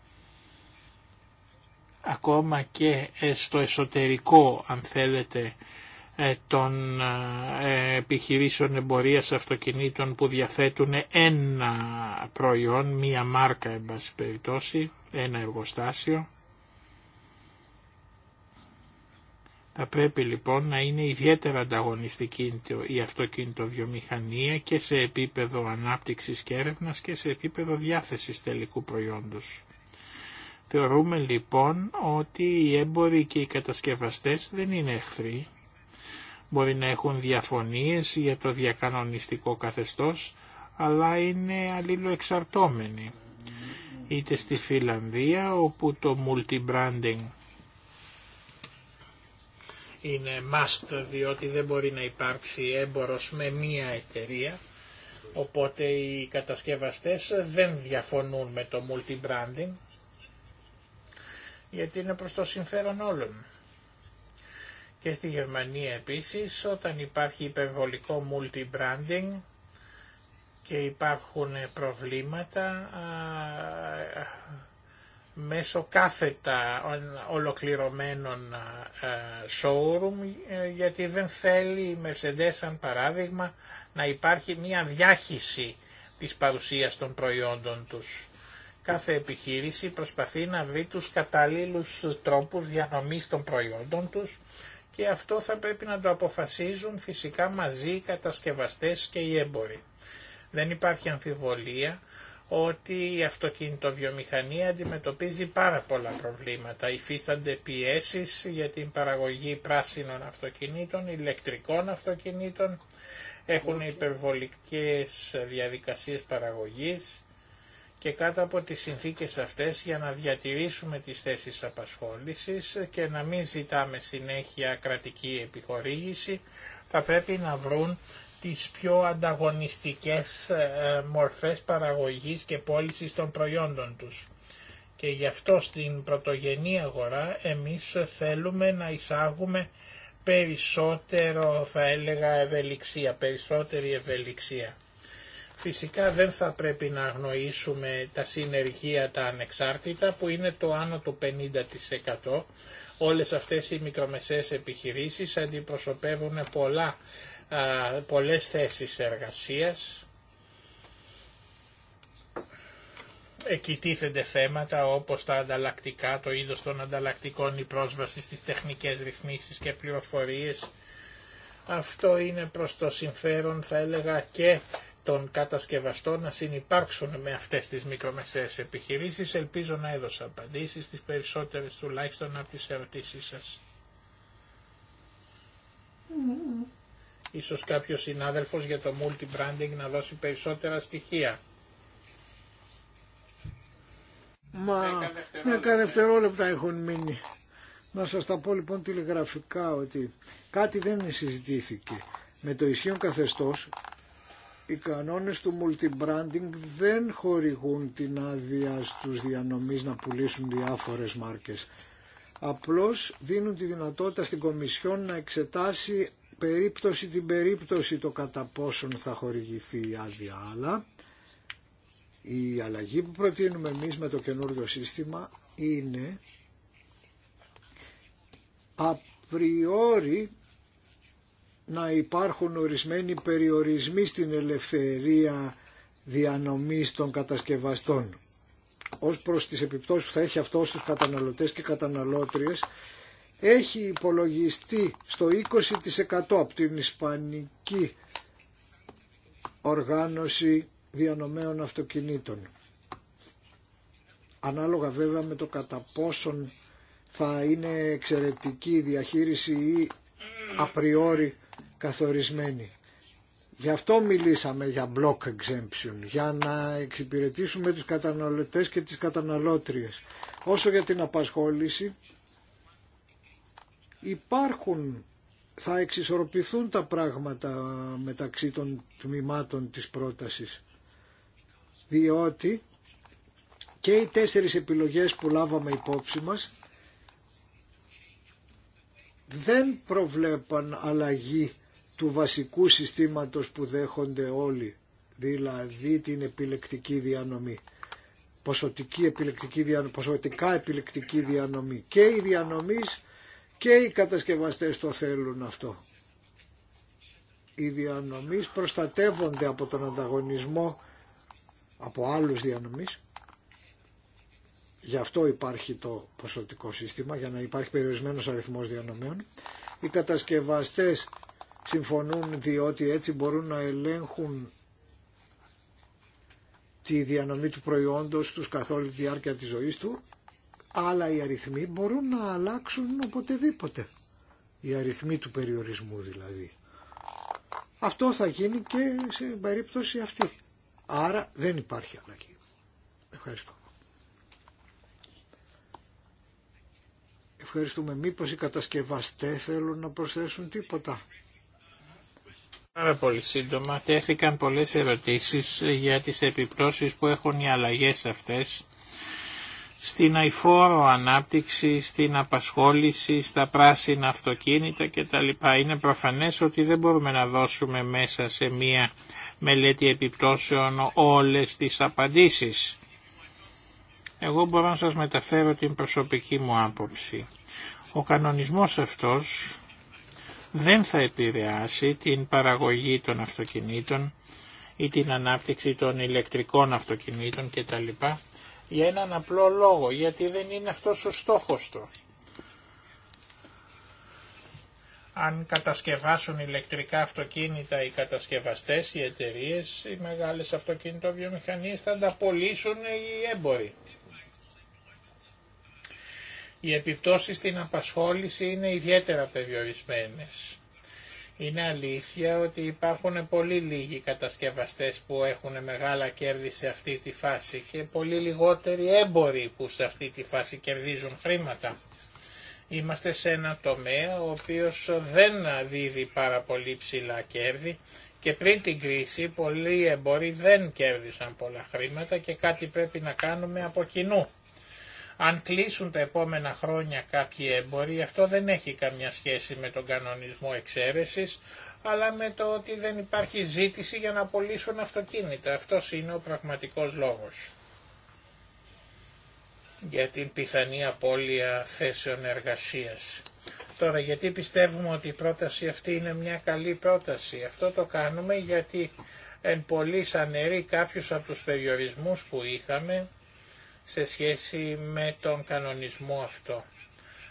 ακόμα και ε, στο εσωτερικό, αν θέλετε, ε, των ε, επιχειρήσεων εμπορίας αυτοκινήτων που διαθέτουν ένα προϊόν, μία μάρκα, εν πάση περιπτώσει, ένα εργοστάσιο, Θα πρέπει λοιπόν να είναι ιδιαίτερα ανταγωνιστική η βιομηχανία και σε επίπεδο ανάπτυξης και έρευνας και σε επίπεδο διάθεσης τελικού προϊόντος. Θεωρούμε λοιπόν ότι οι έμποροι και οι κατασκευαστές δεν είναι εχθροί. Μπορεί να έχουν διαφωνίες για το διακανονιστικό καθεστώς, αλλά είναι αλληλοεξαρτώμενοι. Είτε στη Φιλανδία όπου το multibranding είναι must διότι δεν μπορεί να υπάρξει έμπορος με μία εταιρεία οπότε οι κατασκευαστές δεν διαφωνούν με το multi-branding γιατί είναι προς το συμφέρον όλων. Και στη Γερμανία επίσης όταν υπάρχει υπερβολικό και υπάρχουν προβλήματα μέσω κάθετα ολοκληρωμένων showroom ε, γιατί δεν θέλει η Mercedes σαν παράδειγμα να υπάρχει μια διάχυση της παρουσίας των προϊόντων τους. Κάθε επιχείρηση προσπαθεί να βρει τους καταλλήλους τρόπους διανομής των προϊόντων τους και αυτό θα πρέπει να το αποφασίζουν φυσικά μαζί οι κατασκευαστές και οι έμποροι. Δεν υπάρχει αμφιβολία ότι η αυτοκινητοβιομηχανία αντιμετωπίζει πάρα πολλά προβλήματα. Υφίστανται πιέσεις για την παραγωγή πράσινων αυτοκινήτων, ηλεκτρικών αυτοκινήτων, έχουν υπερβολικές διαδικασίες παραγωγής και κάτω από τις συνθήκες αυτές για να διατηρήσουμε τις θέσεις απασχόλησης και να μην ζητάμε συνέχεια κρατική επιχορήγηση θα πρέπει να βρουν τις πιο ανταγωνιστικές ε, ε, μορφές παραγωγής και πώλησης των προϊόντων τους. Και γι' αυτό στην πρωτογενή αγορά εμείς θέλουμε να εισάγουμε περισσότερο θα έλεγα ευελιξία, περισσότερη ευελιξία. Φυσικά δεν θα πρέπει να αγνοήσουμε τα συνεργεία τα ανεξάρτητα που είναι το άνω του 50%. Όλες αυτές οι μικρομεσαίες επιχειρήσεις αντιπροσωπεύουν πολλά πολλές θέσεις εργασίας. Εκεί τίθενται θέματα όπως τα ανταλλακτικά, το είδος των ανταλλακτικών, η πρόσβαση στις τεχνικές ρυθμίσεις και πληροφορίες. Αυτό είναι προς το συμφέρον θα έλεγα και των κατασκευαστών να συνεπάρξουν με αυτές τις μικρομεσαίες επιχειρήσεις. Ελπίζω να έδωσα απαντήσεις στις περισσότερες τουλάχιστον από τις ερωτήσεις σας. Mm-hmm. Ίσως κάποιος συνάδελφος για το multi-branding να δώσει περισσότερα στοιχεία. Μα δευτερόλεπτα. δευτερόλεπτα έχουν μείνει. Να σας τα πω λοιπόν τηλεγραφικά ότι κάτι δεν συζητήθηκε. Με το ισχύον καθεστώς οι κανόνες του multi δεν χορηγούν την άδεια στους διανομείς να πουλήσουν διάφορες μάρκες. Απλώς δίνουν τη δυνατότητα στην Κομισιόν να εξετάσει περίπτωση την περίπτωση το κατά πόσον θα χορηγηθεί η άδεια αλλά η αλλαγή που προτείνουμε εμείς με το καινούριο σύστημα είναι απριόρι να υπάρχουν ορισμένοι περιορισμοί στην ελευθερία διανομής των κατασκευαστών ως προς τις επιπτώσεις που θα έχει αυτό στους καταναλωτές και καταναλώτριες έχει υπολογιστεί στο 20% από την Ισπανική Οργάνωση Διανομέων Αυτοκινήτων. Ανάλογα βέβαια με το κατά πόσον θα είναι εξαιρετική η διαχείριση ή απριόρι καθορισμένη. Γι' αυτό μιλήσαμε για block exemption, για να εξυπηρετήσουμε τους καταναλωτές και τις καταναλώτριες. Όσο για την απασχόληση, υπάρχουν, θα εξισορροπηθούν τα πράγματα μεταξύ των τμήματων της πρότασης. Διότι και οι τέσσερις επιλογές που λάβαμε υπόψη μας δεν προβλέπαν αλλαγή του βασικού συστήματος που δέχονται όλοι, δηλαδή την επιλεκτική διανομή, ποσοτική επιλεκτική, ποσοτικά επιλεκτική διανομή και οι διανομής και οι κατασκευαστές το θέλουν αυτό. Οι διανομής προστατεύονται από τον ανταγωνισμό από άλλους διανομής. Γι' αυτό υπάρχει το ποσοτικό σύστημα, για να υπάρχει περιορισμένος αριθμός διανομέων. Οι κατασκευαστές συμφωνούν διότι έτσι μπορούν να ελέγχουν τη διανομή του προϊόντος τους καθ' όλη τη διάρκεια της ζωής του αλλά οι αριθμοί μπορούν να αλλάξουν οποτεδήποτε. Οι αριθμοί του περιορισμού δηλαδή. Αυτό θα γίνει και σε περίπτωση αυτή. Άρα δεν υπάρχει αλλαγή. Ευχαριστώ. Ευχαριστούμε. Μήπως οι κατασκευαστές θέλουν να προσθέσουν τίποτα. Πάρα πολύ σύντομα τέθηκαν πολλές ερωτήσεις για τις επιπτώσεις που έχουν οι αλλαγές αυτές στην αηφόρο ανάπτυξη, στην απασχόληση, στα πράσινα αυτοκίνητα κτλ. Είναι προφανές ότι δεν μπορούμε να δώσουμε μέσα σε μία μελέτη επιπτώσεων όλες τις απαντήσεις. Εγώ μπορώ να σας μεταφέρω την προσωπική μου άποψη. Ο κανονισμός αυτός δεν θα επηρεάσει την παραγωγή των αυτοκινήτων ή την ανάπτυξη των ηλεκτρικών αυτοκινήτων κτλ για έναν απλό λόγο, γιατί δεν είναι αυτός ο στόχος του. Αν κατασκευάσουν ηλεκτρικά αυτοκίνητα οι κατασκευαστές, οι εταιρείες, οι μεγάλες αυτοκινητοβιομηχανίες θα τα πωλήσουν οι έμποροι. Οι επιπτώσεις στην απασχόληση είναι ιδιαίτερα περιορισμένες. Είναι αλήθεια ότι υπάρχουν πολύ λίγοι κατασκευαστές που έχουν μεγάλα κέρδη σε αυτή τη φάση και πολύ λιγότεροι έμποροι που σε αυτή τη φάση κερδίζουν χρήματα. Είμαστε σε ένα τομέα ο οποίος δεν δίδει πάρα πολύ ψηλά κέρδη και πριν την κρίση πολλοί εμποροί δεν κέρδισαν πολλά χρήματα και κάτι πρέπει να κάνουμε από κοινού. Αν κλείσουν τα επόμενα χρόνια κάποιοι έμποροι, αυτό δεν έχει καμιά σχέση με τον κανονισμό εξαίρεσης, αλλά με το ότι δεν υπάρχει ζήτηση για να πωλήσουν αυτοκίνητα. Αυτός είναι ο πραγματικός λόγος για την πιθανή απώλεια θέσεων εργασίας. Τώρα γιατί πιστεύουμε ότι η πρόταση αυτή είναι μια καλή πρόταση. Αυτό το κάνουμε γιατί εν πολύ αναιρεί κάποιους από τους περιορισμούς που είχαμε σε σχέση με τον κανονισμό αυτό.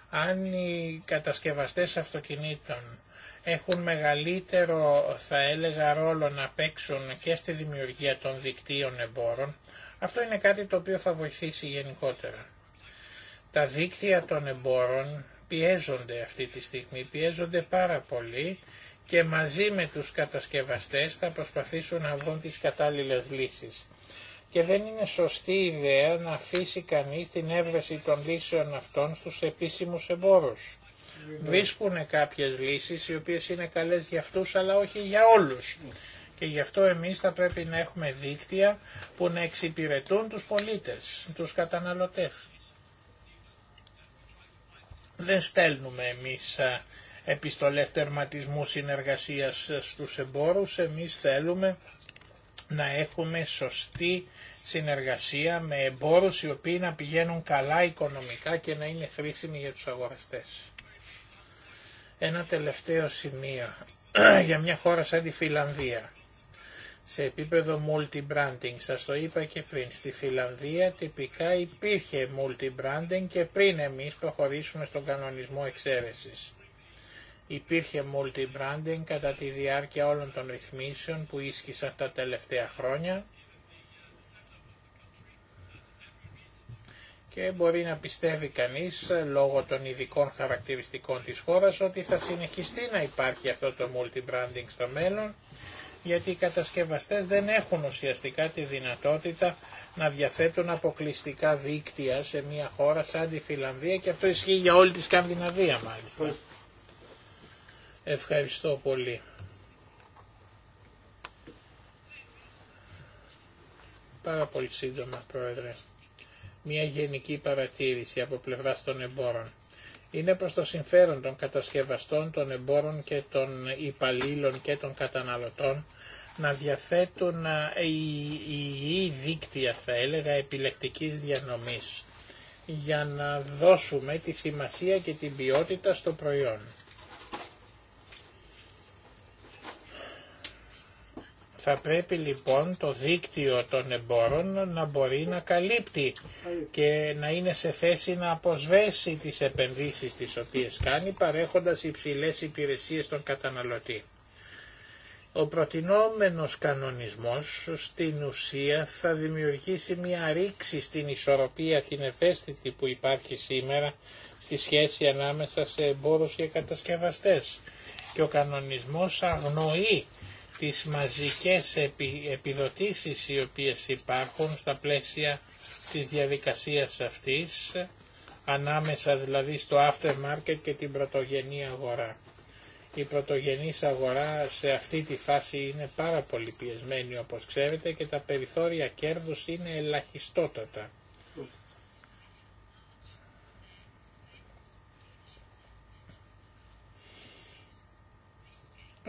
Αν οι κατασκευαστές αυτοκινήτων έχουν μεγαλύτερο θα έλεγα ρόλο να παίξουν και στη δημιουργία των δικτύων εμπόρων, αυτό είναι κάτι το οποίο θα βοηθήσει γενικότερα. Τα δίκτυα των εμπόρων πιέζονται αυτή τη στιγμή, πιέζονται πάρα πολύ και μαζί με τους κατασκευαστές θα προσπαθήσουν να βγουν τις κατάλληλες λύσεις και δεν είναι σωστή ιδέα να αφήσει κανείς την έβρεση των λύσεων αυτών στους επίσημους εμπόρους. Ναι. Βρίσκουν κάποιες λύσεις οι οποίες είναι καλές για αυτούς αλλά όχι για όλους. Ναι. Και γι' αυτό εμείς θα πρέπει να έχουμε δίκτυα που να εξυπηρετούν τους πολίτες, τους καταναλωτές. Δεν στέλνουμε εμείς επιστολές τερματισμού συνεργασίας στους εμπόρους, εμείς θέλουμε να έχουμε σωστή συνεργασία με εμπόρους οι οποίοι να πηγαίνουν καλά οικονομικά και να είναι χρήσιμοι για τους αγοραστές. Ένα τελευταίο σημείο για μια χώρα σαν τη Φιλανδία. Σε επίπεδο multi-branding, σας το είπα και πριν, στη Φιλανδία τυπικά υπήρχε multi-branding και πριν εμείς προχωρήσουμε στον κανονισμό εξαίρεσης. Υπήρχε multi-branding κατά τη διάρκεια όλων των ρυθμίσεων που ίσχυσαν τα τελευταία χρόνια και μπορεί να πιστεύει κανείς λόγω των ειδικών χαρακτηριστικών της χώρας ότι θα συνεχιστεί να υπάρχει αυτό το multi-branding στο μέλλον γιατί οι κατασκευαστές δεν έχουν ουσιαστικά τη δυνατότητα να διαθέτουν αποκλειστικά δίκτυα σε μια χώρα σαν τη Φιλανδία και αυτό ισχύει για όλη τη Σκανδιναβία μάλιστα. Ευχαριστώ πολύ. Πάρα πολύ σύντομα, Πρόεδρε. Μια γενική παρατήρηση από πλευρά των εμπόρων. Είναι προς το συμφέρον των κατασκευαστών, των εμπόρων και των υπαλλήλων και των καταναλωτών να διαθέτουν η δίκτυα, θα έλεγα, επιλεκτικής διανομής για να δώσουμε τη σημασία και την ποιότητα στο προϊόν. Θα πρέπει λοιπόν το δίκτυο των εμπόρων να μπορεί να καλύπτει και να είναι σε θέση να αποσβέσει τις επενδύσεις τις οποίες κάνει παρέχοντας υψηλές υπηρεσίες των καταναλωτή. Ο προτινόμενος κανονισμός στην ουσία θα δημιουργήσει μια ρήξη στην ισορροπία την ευαίσθητη που υπάρχει σήμερα στη σχέση ανάμεσα σε εμπόρους και κατασκευαστές και ο κανονισμός αγνοεί τις μαζικές επιδοτήσεις οι οποίες υπάρχουν στα πλαίσια της διαδικασίας αυτής, ανάμεσα δηλαδή στο aftermarket και την πρωτογενή αγορά. Η πρωτογενής αγορά σε αυτή τη φάση είναι πάρα πολύ πιεσμένη όπως ξέρετε και τα περιθώρια κέρδους είναι ελαχιστότατα.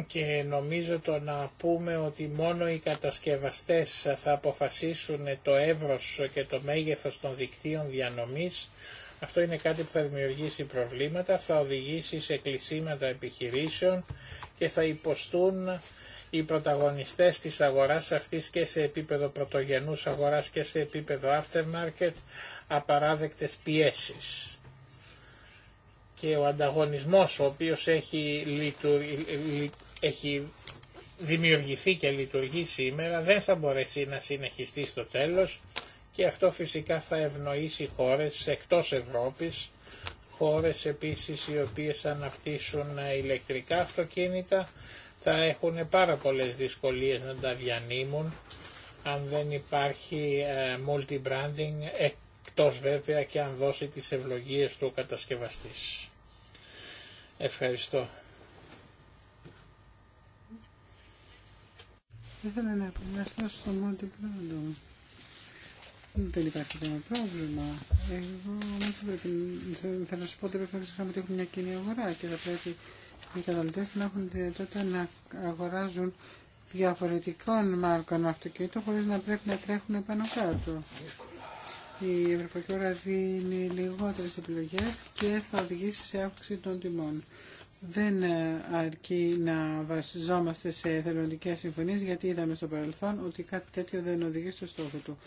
και νομίζω το να πούμε ότι μόνο οι κατασκευαστές θα αποφασίσουν το εύρος και το μέγεθος των δικτύων διανομής, αυτό είναι κάτι που θα δημιουργήσει προβλήματα, θα οδηγήσει σε κλεισίματα επιχειρήσεων και θα υποστούν οι πρωταγωνιστές της αγοράς αυτής και σε επίπεδο πρωτογενούς αγοράς και σε επίπεδο aftermarket απαράδεκτες πιέσεις και ο ανταγωνισμός ο οποίος έχει έχει δημιουργηθεί και λειτουργεί σήμερα δεν θα μπορέσει να συνεχιστεί στο τέλος και αυτό φυσικά θα ευνοήσει χώρες εκτός Ευρώπης, χώρες επίσης οι οποίες αναπτύσσουν ηλεκτρικά αυτοκίνητα θα έχουν πάρα πολλές δυσκολίες να τα διανύμουν αν δεν υπάρχει ε, multi-branding εκτός βέβαια και αν δώσει τις ευλογίες του κατασκευαστή. Ευχαριστώ. Ήθελα να επανέλθω στο Monte μου. Δεν υπάρχει κανένα πρόβλημα. Εγώ όμω πρέπει, θέλω να σου πω ότι πρέπει να ξεχνάμε ότι έχουμε μια κοινή αγορά και θα πρέπει οι καταναλωτέ να έχουν τη δυνατότητα να αγοράζουν διαφορετικών μάρκων αυτοκίνητων χωρί να πρέπει να τρέχουν πάνω κάτω. Η Ευρωπαϊκή Ώρα δίνει λιγότερε επιλογέ και θα οδηγήσει σε αύξηση των τιμών. Δεν ε, αρκεί να βασιζόμαστε σε εθελοντικέ συμφωνίε γιατί είδαμε στο παρελθόν ότι κάτι τέτοιο δεν οδηγεί στο στόχο του.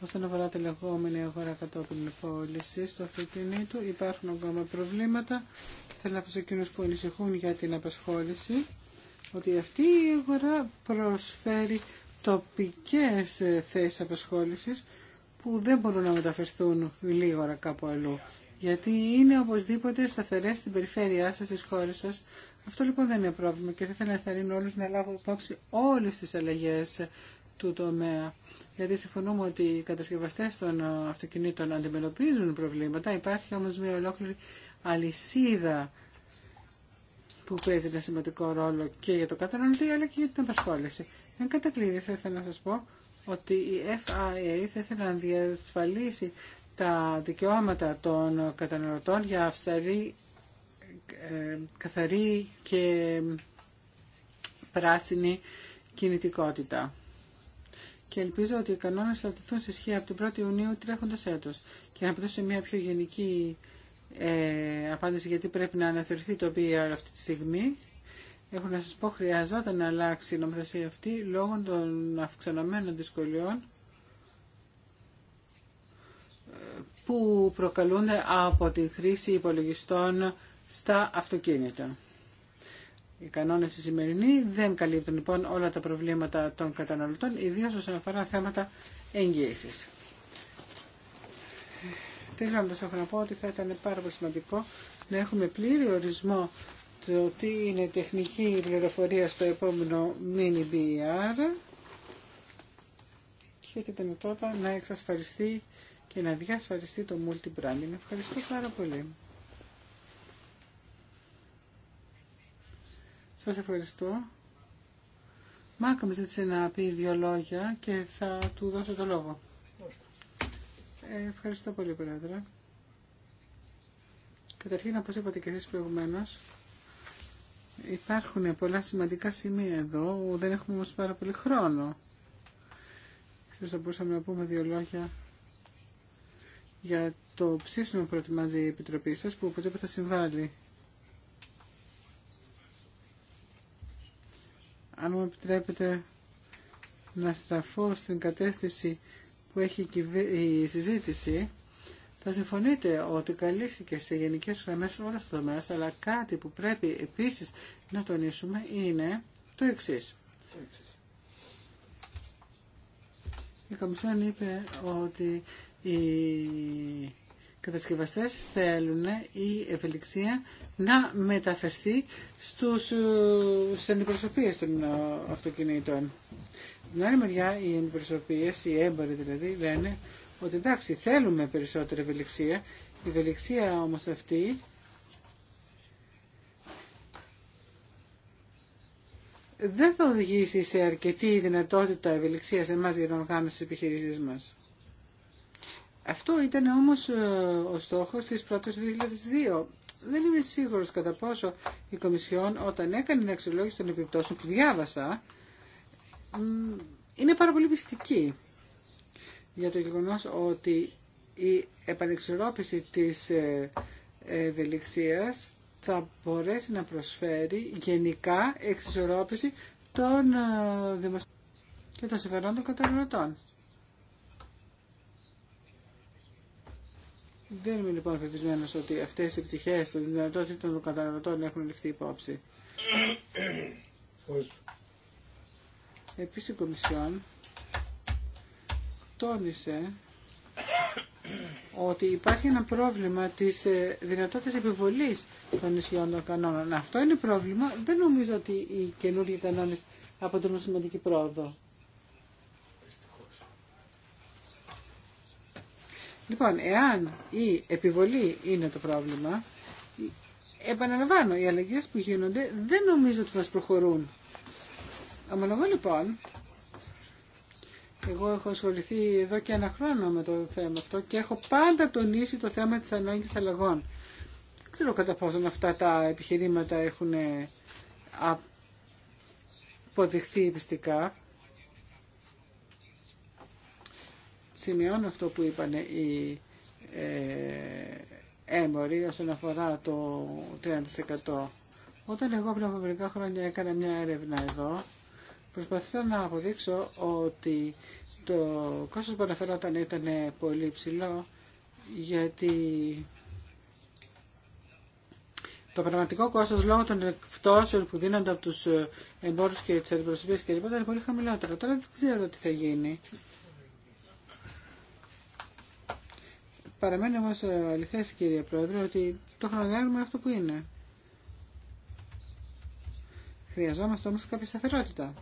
Όσον αφορά τη λεγόμενη αγορά κατόπιν πώληση στο του. υπάρχουν ακόμα προβλήματα. Θέλω να πω σε εκείνου που ανησυχούν για την απασχόληση ότι αυτή η αγορά προσφέρει τοπικέ ε, θέσει απασχόληση που δεν μπορούν να μεταφερθούν λίγορα κάπου αλλού γιατί είναι οπωσδήποτε σταθερέ στην περιφέρειά σα στις χώρε σα, Αυτό λοιπόν δεν είναι πρόβλημα και θα ήθελα να εθαρρύνω όλου να λάβω υπόψη όλε τι αλλαγέ του τομέα. Γιατί συμφωνούμε ότι οι κατασκευαστέ των αυτοκινήτων αντιμετωπίζουν προβλήματα, υπάρχει όμω μια ολόκληρη αλυσίδα που παίζει ένα σημαντικό ρόλο και για το καταναλωτή αλλά και για την απασχόληση. Εν κατακλείδη θα ήθελα να σας πω ότι η FIA θα ήθελα να διασφαλίσει τα δικαιώματα των καταναλωτών για αυστηρή, ε, καθαρή και πράσινη κινητικότητα. Και ελπίζω ότι οι κανόνες θα τεθούν σε ισχύ από την 1η Ιουνίου τρέχοντος έτος. Και να σε μια πιο γενική ε, απάντηση γιατί πρέπει να αναθεωρηθεί το BR αυτή τη στιγμή. Έχω να σας πω χρειαζόταν να αλλάξει η νομοθεσία αυτή λόγω των αυξανωμένων δυσκολιών που προκαλούνται από τη χρήση υπολογιστών στα αυτοκίνητα. Οι κανόνες οι σημερινοί δεν καλύπτουν λοιπόν όλα τα προβλήματα των καταναλωτών, ιδίως όσον αφορά θέματα εγγύησης. Τελειώνοντας έχω να πω ότι θα ήταν πάρα πολύ σημαντικό να έχουμε πλήρη ορισμό του τι είναι τεχνική πληροφορία στο επόμενο mini BR και την δυνατότητα να εξασφαλιστεί και να διασφαλιστεί το multi-branding. Ευχαριστώ πάρα πολύ. Σας ευχαριστώ. Μάκαμες μου ζήτησε να πει δύο λόγια και θα του δώσω το λόγο. Ε, ευχαριστώ πολύ, Πρόεδρε. Καταρχήν, όπως είπατε και εσείς προηγουμένως, υπάρχουν πολλά σημαντικά σημεία εδώ, δεν έχουμε όμως πάρα πολύ χρόνο. Ίσως θα μπορούσαμε να πούμε δύο λόγια για το ψήφισμα που προετοιμάζει η Επιτροπή σας που οπωσδήποτε θα συμβάλλει. Αν μου επιτρέπετε να στραφώ στην κατεύθυνση που έχει η συζήτηση, θα συμφωνείτε ότι καλύφθηκε σε γενικές γραμμές όλα τα δομέα, αλλά κάτι που πρέπει επίσης να τονίσουμε είναι το εξής. Η Κομισιόν είπε ότι οι κατασκευαστές θέλουν η ευελιξία να μεταφερθεί στους, στις αντιπροσωπείες των αυτοκινήτων. Την άλλη μεριά οι αντιπροσωπείες, οι έμποροι δηλαδή, λένε ότι εντάξει θέλουμε περισσότερη ευελιξία, η ευελιξία όμως αυτή δεν θα οδηγήσει σε αρκετή δυνατότητα ευελιξία σε εμάς για να κάνουμε στις επιχειρήσεις μας. Αυτό ήταν όμως ε, ο στόχος της πρώτης 2002. Δεν είμαι σίγουρος κατά πόσο η Κομισιόν όταν έκανε την αξιολόγηση των επιπτώσεων που διάβασα είναι πάρα πολύ πιστική για το γεγονός ότι η επανεξορρόπηση της ε, ευελιξίας θα μπορέσει να προσφέρει γενικά εξισορρόπηση των ε, δημοσιογράφων και των συμφερόντων καταναλωτών. Δεν είμαι λοιπόν φεβισμένος ότι αυτές οι πτυχές των δυνατότητων των καταναλωτών έχουν ληφθεί υπόψη. Επίσης η Κομισιόν τόνισε ότι υπάρχει ένα πρόβλημα της ε, δυνατότητας επιβολής των νησιών των κανόνων. Αυτό είναι πρόβλημα. Δεν νομίζω ότι οι καινούργιοι κανόνες αποτελούν σημαντική πρόοδο. Λοιπόν, εάν η επιβολή είναι το πρόβλημα, επαναλαμβάνω, οι αλλαγέ που γίνονται δεν νομίζω ότι μας προχωρούν. Ομολογώ λοιπόν, εγώ έχω ασχοληθεί εδώ και ένα χρόνο με το θέμα αυτό και έχω πάντα τονίσει το θέμα της ανάγκης αλλαγών. Δεν ξέρω κατά πόσον αυτά τα επιχειρήματα έχουν αποδειχθεί πιστικά. σημειώνω αυτό που είπαν οι ε, έμποροι όσον αφορά το 30%. Όταν εγώ πριν από μερικά χρόνια έκανα μια έρευνα εδώ, προσπαθήσα να αποδείξω ότι το κόστος που αναφερόταν ήταν πολύ ψηλό, γιατί το πραγματικό κόστος λόγω των εκπτώσεων που δίνονται από τους εμπόρους και τις αντιπροσωπείες και λοιπά ήταν πολύ χαμηλότερο. Τώρα δεν ξέρω τι θα γίνει. Παραμένει όμως ε, αληθές κύριε Πρόεδρε ότι το χρονοδιάγραμμα αυτό που είναι. Χρειαζόμαστε όμως κάποια σταθερότητα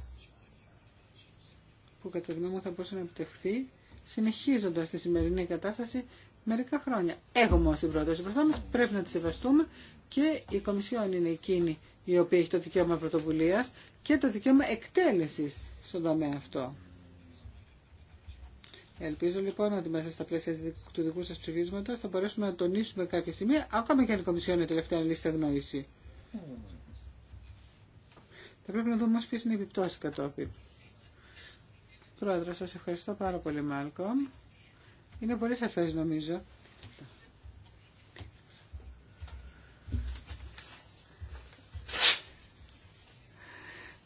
που κατά γνώμη θα μπορούσε να επιτευχθεί συνεχίζοντας τη σημερινή κατάσταση μερικά χρόνια. Έχουμε όμως την πρόταση μπροστά μας, πρέπει να τη σεβαστούμε και η Κομισιόν είναι εκείνη η οποία έχει το δικαίωμα πρωτοβουλίας και το δικαίωμα εκτέλεσης στον τομέα αυτό. Ελπίζω λοιπόν ότι μέσα στα πλαίσια του δικού σα ψηφίσματο θα μπορέσουμε να τονίσουμε κάποια σημεία, ακόμα και αν η Κομισιόν είναι τελευταία λύση αγνόηση. Θα πρέπει να δούμε όμω ποιε είναι οι επιπτώσει κατόπιν. Πρόεδρο, σα ευχαριστώ πάρα πολύ, Μάλκομ. Είναι πολύ σαφέ νομίζω.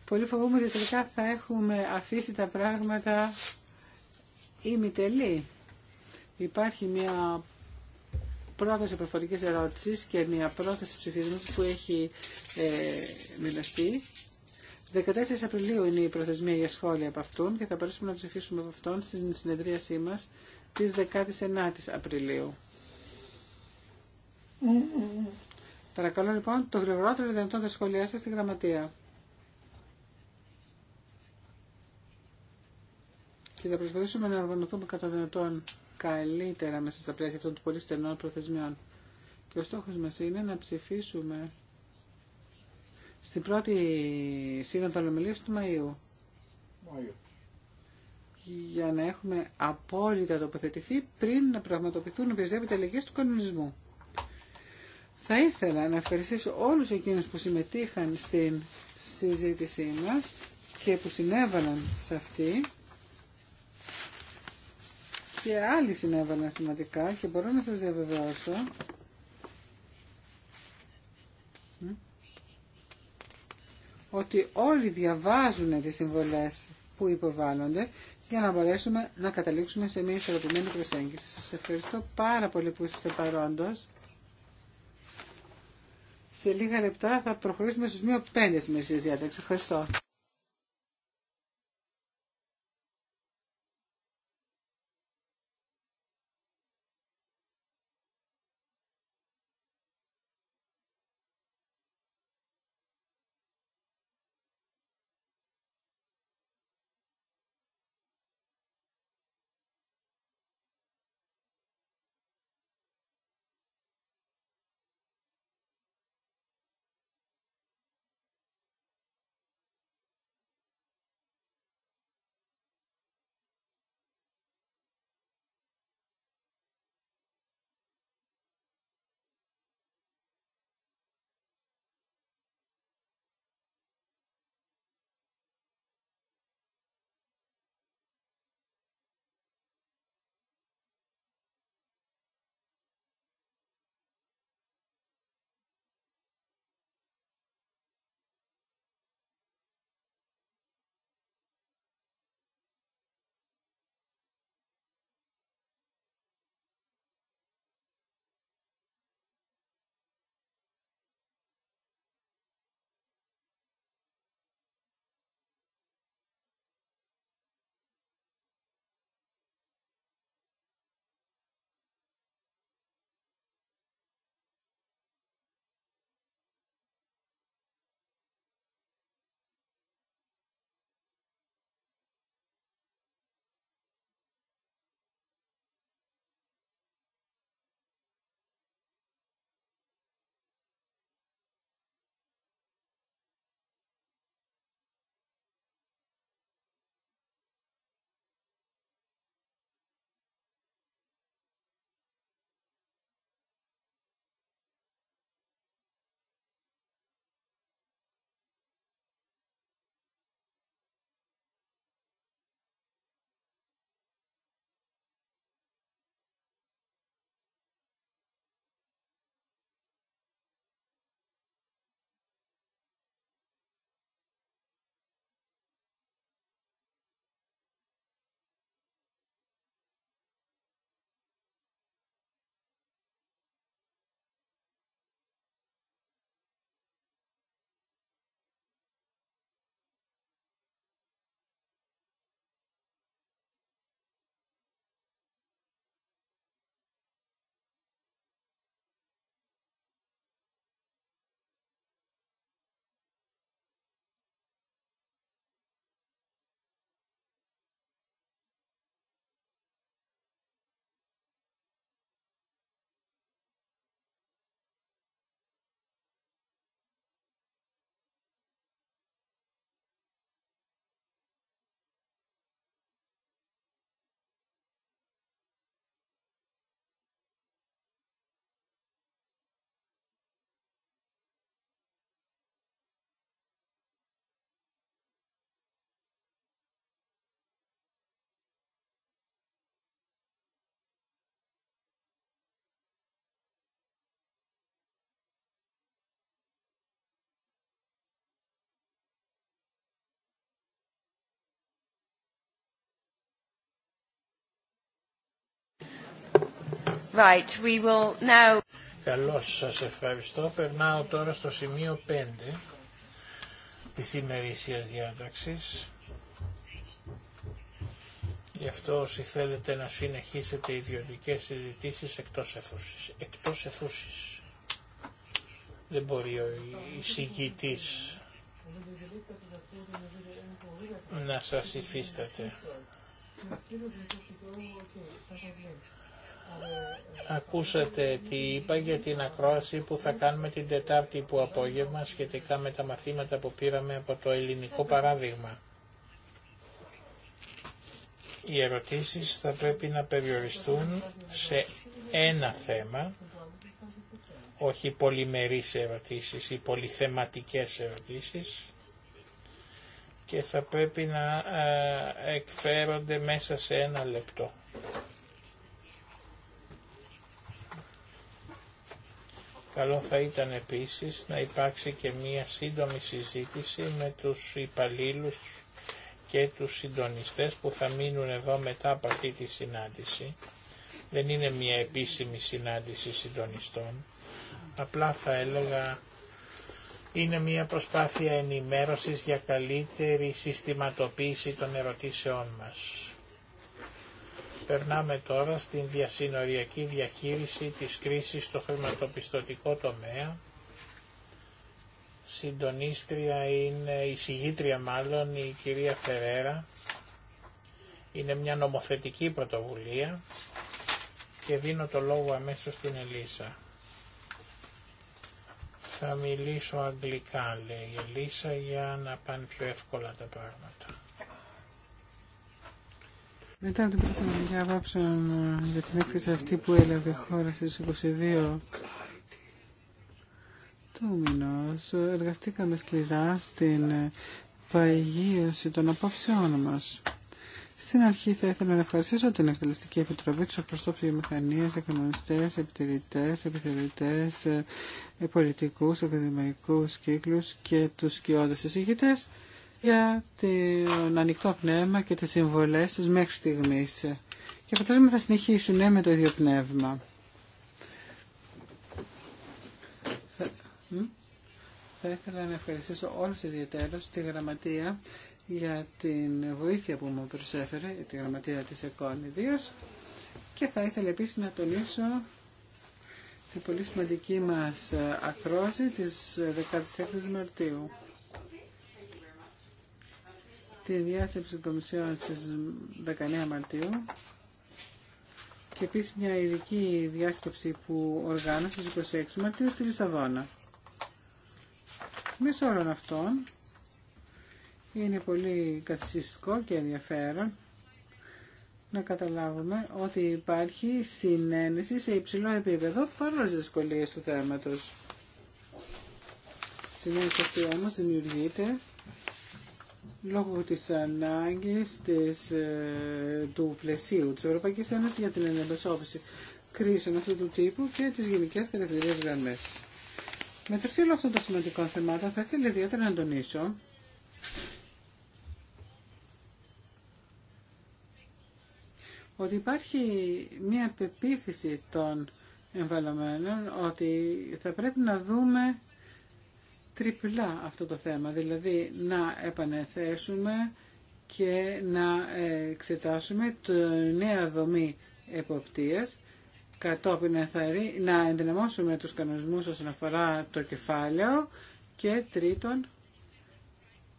Πολύ φοβούμαι ότι τελικά θα έχουμε αφήσει τα πράγματα ημιτελή. Υπάρχει μια πρόταση προφορικής ερώτησης και μια πρόταση ψηφίσματος που έχει ε, μοιραστεί. 14 Απριλίου είναι η προθεσμία για σχόλια από αυτόν και θα μπορέσουμε να ψηφίσουμε από αυτόν στην συνεδρίασή μας της 19ης Απριλίου. Mm -mm. Παρακαλώ λοιπόν το γρηγορότερο δυνατόν τα σχόλιά σας στη γραμματεία. και θα προσπαθήσουμε να οργανωθούμε κατά δυνατόν καλύτερα μέσα στα πλαίσια αυτών των πολύ στενών προθεσμιών. Και ο στόχο μα είναι να ψηφίσουμε στην πρώτη σύνοδο ολομιλίας του Μαΐου. Μαΐου. Για να έχουμε απόλυτα τοποθετηθεί πριν να πραγματοποιηθούν οποιασδήποτε αλλαγέ του κανονισμού. Θα ήθελα να ευχαριστήσω όλους εκείνους που συμμετείχαν στην συζήτησή μας και που συνέβαλαν σε αυτή και άλλοι συνέβαλαν σημαντικά και μπορώ να σας διαβεβαιώσω ότι όλοι διαβάζουν τις συμβολές που υποβάλλονται για να μπορέσουμε να καταλήξουμε σε μια ισορροπημένη προσέγγιση. Σας ευχαριστώ πάρα πολύ που είστε παρόντος. Σε λίγα λεπτά θα προχωρήσουμε στους μία πέντε σημερισίες διάταξεις. Ευχαριστώ. Right, we will Καλώς σας ευχαριστώ. Περνάω τώρα στο σημείο 5 της ημερήσιας διάταξης. Γι' αυτό όσοι θέλετε να συνεχίσετε ιδιωτικές συζητήσεις εκτός εθούσης. Εκτός Δεν μπορεί ο εισηγητής να σας υφίσταται. Ακούσατε τι είπα για την ακρόαση που θα κάνουμε την Τετάρτη που απόγευμα σχετικά με τα μαθήματα που πήραμε από το ελληνικό παράδειγμα. Οι ερωτήσεις θα πρέπει να περιοριστούν σε ένα θέμα, όχι πολυμερείς ερωτήσεις ή πολυθεματικές ερωτήσεις και θα πρέπει να ε, εκφέρονται μέσα σε ένα λεπτό. Καλό θα ήταν επίσης να υπάρξει και μία σύντομη συζήτηση με τους υπαλλήλου και τους συντονιστές που θα μείνουν εδώ μετά από αυτή τη συνάντηση. Δεν είναι μία επίσημη συνάντηση συντονιστών. Απλά θα έλεγα είναι μία προσπάθεια ενημέρωσης για καλύτερη συστηματοποίηση των ερωτήσεών μας. Περνάμε τώρα στην διασυνοριακή διαχείριση της κρίσης στο χρηματοπιστωτικό τομέα. Συντονίστρια είναι, η συγγήτρια μάλλον, η κυρία Φερέρα. Είναι μια νομοθετική πρωτοβουλία και δίνω το λόγο αμέσως στην Ελίσσα. Θα μιλήσω αγγλικά, λέει η Ελίσσα, για να πάνε πιο εύκολα τα πράγματα. Μετά την πρώτη μου βάψεων για την έκθεση αυτή που έλαβε χώρα στις 22 του μηνός, εργαστήκαμε σκληρά στην ε, παγίωση των απόψεών μας. Στην αρχή θα ήθελα να ευχαριστήσω την Εκτελεστική Επιτροπή, του εκπροσώπου βιομηχανία, εκκρεμονιστέ, επιτηρητέ, επιθεωρητέ, ε, πολιτικού, ακαδημαϊκού κύκλου και του κοιόδε εισηγητέ για τον ανοιχτό πνεύμα και τις συμβολές τους μέχρι στιγμής. Και αποτέλεσμα θα συνεχίσουν ναι, με το ίδιο πνεύμα. Θα, θα ήθελα να ευχαριστήσω όλους ιδιαίτερως τη γραμματεία για την βοήθεια που μου προσέφερε, τη γραμματεία της ΕΚΟΝ ιδίως. Και θα ήθελα επίσης να τονίσω την πολύ σημαντική μας ακρόση της 16 Μαρτίου τη διάσκεψη των Κομισιών στις 19 Μαρτίου και επίσης μια ειδική διάσκεψη που οργάνωσε στις 26 Μαρτίου στη Λισαβόνα. Μέσα όλων αυτών είναι πολύ καθυσιστικό και ενδιαφέρον να καταλάβουμε ότι υπάρχει συνένεση σε υψηλό επίπεδο παρόλες τις δυσκολίες του θέματος. Συνένεση αυτή όμως δημιουργείται λόγω της ανάγκης της, ε, του πλαισίου της Ευρωπαϊκής Ένωσης για την ενεμπεσόπιση κρίσεων αυτού του τύπου και τις γενικές κατευθυντικές γραμμές. Μεταξύ όλων αυτών των σημαντικών θεμάτων θα ήθελα ιδιαίτερα να τονίσω ότι υπάρχει μια πεποίθηση των εμβαλωμένων ότι θα πρέπει να δούμε τριπλά αυτό το θέμα, δηλαδή να επανεθέσουμε και να εξετάσουμε τη νέα δομή εποπτείας κατόπιν να ενδυναμώσουμε τους κανονισμούς όσον αφορά το κεφάλαιο και τρίτον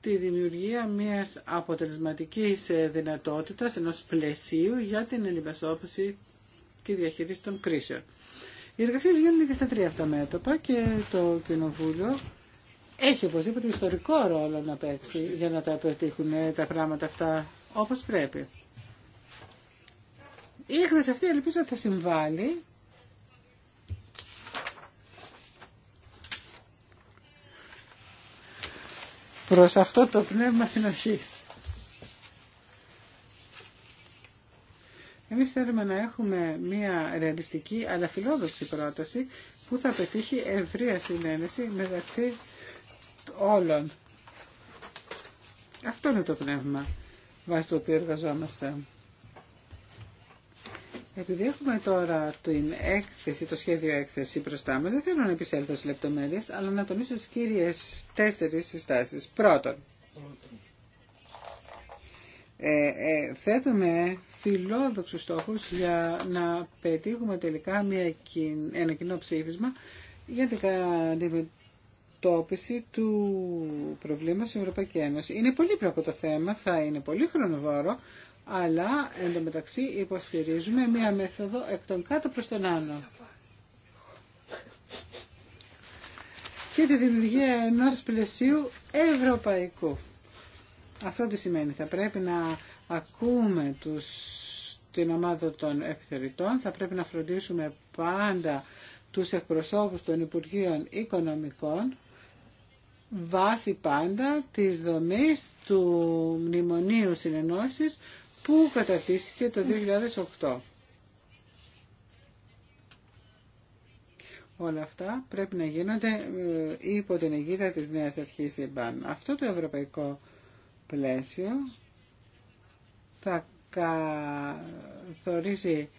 τη δημιουργία μιας αποτελεσματικής δυνατότητας ενός πλαισίου για την αντιμετώπιση και διαχείριση των κρίσεων. Οι εργασίε γίνονται και στα τρία αυτά μέτωπα και το Κοινοβούλιο έχει οπωσδήποτε ιστορικό ρόλο να παίξει για να τα πετύχουν ε, τα πράγματα αυτά όπως πρέπει. Η έκθεση αυτή ελπίζω θα συμβάλλει προς αυτό το πνεύμα συνοχής. Εμείς θέλουμε να έχουμε μια ρεαλιστική αλλά φιλόδοξη πρόταση που θα πετύχει ευρεία συνένεση μεταξύ όλων. Αυτό είναι το πνεύμα βάσει το οποίο εργαζόμαστε. Επειδή έχουμε τώρα την έκθεση, το σχέδιο έκθεση μπροστά μας, δεν θέλω να επισέλθω στις λεπτομέρειες, αλλά να τονίσω τις κύριες τέσσερις συστάσεις. Πρώτον, ε, ε, θέτουμε φιλόδοξους στόχους για να πετύχουμε τελικά μια, ένα κοινό ψήφισμα για την αντιμετώπιση του προβλήματος στην Ευρωπαϊκή Ένωση. Είναι πολύ πράγμα το θέμα, θα είναι πολύ χρονοβόρο, αλλά μεταξύ υποστηρίζουμε μία μέθοδο εκ των κάτω προς τον άνω. Και τη δημιουργία ενός πλαισίου ευρωπαϊκού. Αυτό τι σημαίνει, θα πρέπει να ακούμε τους, την ομάδα των επιθεωρητών, θα πρέπει να φροντίσουμε πάντα τους εκπροσώπους των Υπουργείων Οικονομικών βάση πάντα της δομής του Μνημονίου Συνεννόησης που καταρτίστηκε το 2008. Όλα αυτά πρέπει να γίνονται ε, υπό την αιγίδα της νέας αρχής ΕΜΠΑΝ. Αυτό το ευρωπαϊκό πλαίσιο θα καθορίζει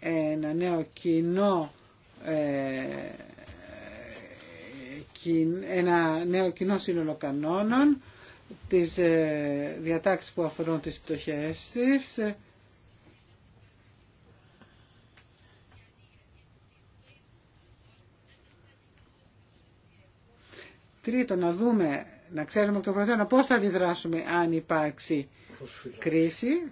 ένα νέο κοινό ε, ένα νέο κοινό σύνολο κανόνων, της ε, διατάξης που αφορούν τις πτωχές της, Τρίτο, να δούμε, να ξέρουμε το πώς θα αντιδράσουμε αν υπάρξει κρίση.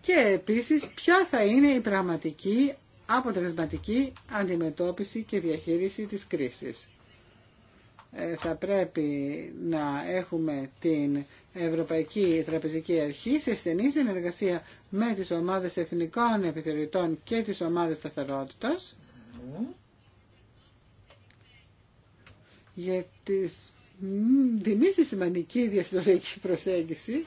Και επίσης, ποια θα είναι η πραγματική αποτελεσματική αντιμετώπιση και διαχείριση της κρίσης. Ε, θα πρέπει να έχουμε την Ευρωπαϊκή Τραπεζική Αρχή σε στενή συνεργασία με τις ομάδες εθνικών επιθεωρητών και τις ομάδες σταθερότητα για τις, τη μη συστηματική προσέγγιση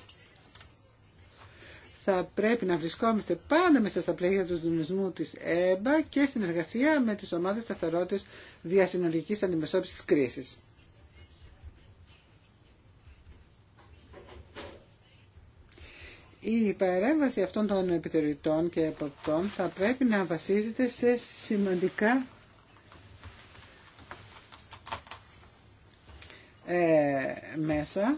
θα πρέπει να βρισκόμαστε πάντα μέσα στα πλαίσια του δομισμού της ΕΜΠΑ και στην εργασία με τις ομάδες σταθερότητας διασυνολικής αντιμετώπισης κρίσης. Η παρέμβαση αυτών των επιθεωρητών και εποπτών θα πρέπει να βασίζεται σε σημαντικά ε, μέσα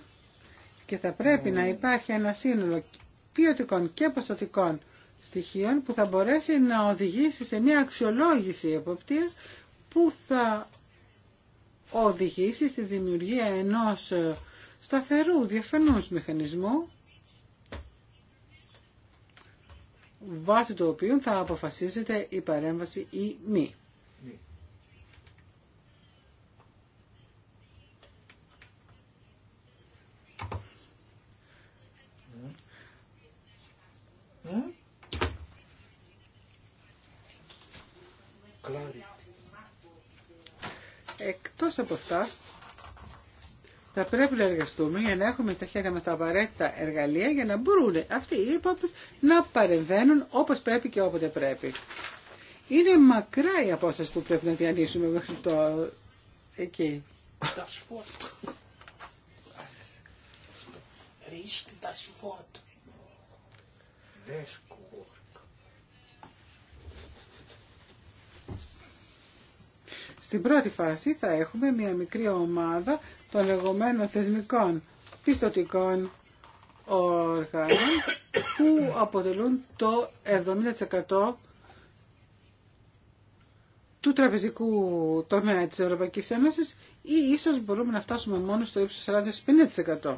και θα πρέπει να ναι. υπάρχει ένα σύνολο ποιοτικών και ποσοτικών στοιχείων που θα μπορέσει να οδηγήσει σε μια αξιολόγηση εποπτείας που θα οδηγήσει στη δημιουργία ενός σταθερού διαφανούς μηχανισμού βάσει του οποίου θα αποφασίζεται η παρέμβαση ή μη. Κλάδι. Εκτός από αυτά, θα πρέπει να εργαστούμε για να έχουμε στα χέρια μας τα απαραίτητα εργαλεία για να μπορούν αυτοί οι υπόπτες να παρεμβαίνουν όπως πρέπει και όποτε πρέπει. Είναι μακρά η απόσταση που πρέπει να διανύσουμε μέχρι το... εκεί. Τα Risk τα στην πρώτη φάση θα έχουμε μια μικρή ομάδα των λεγόμενων θεσμικών πιστοτικών οργάνων που αποτελούν το 70% του τραπεζικού τομέα της Ευρωπαϊκής Ένωσης ή ίσως μπορούμε να φτάσουμε μόνο στο ύψος 40-50%.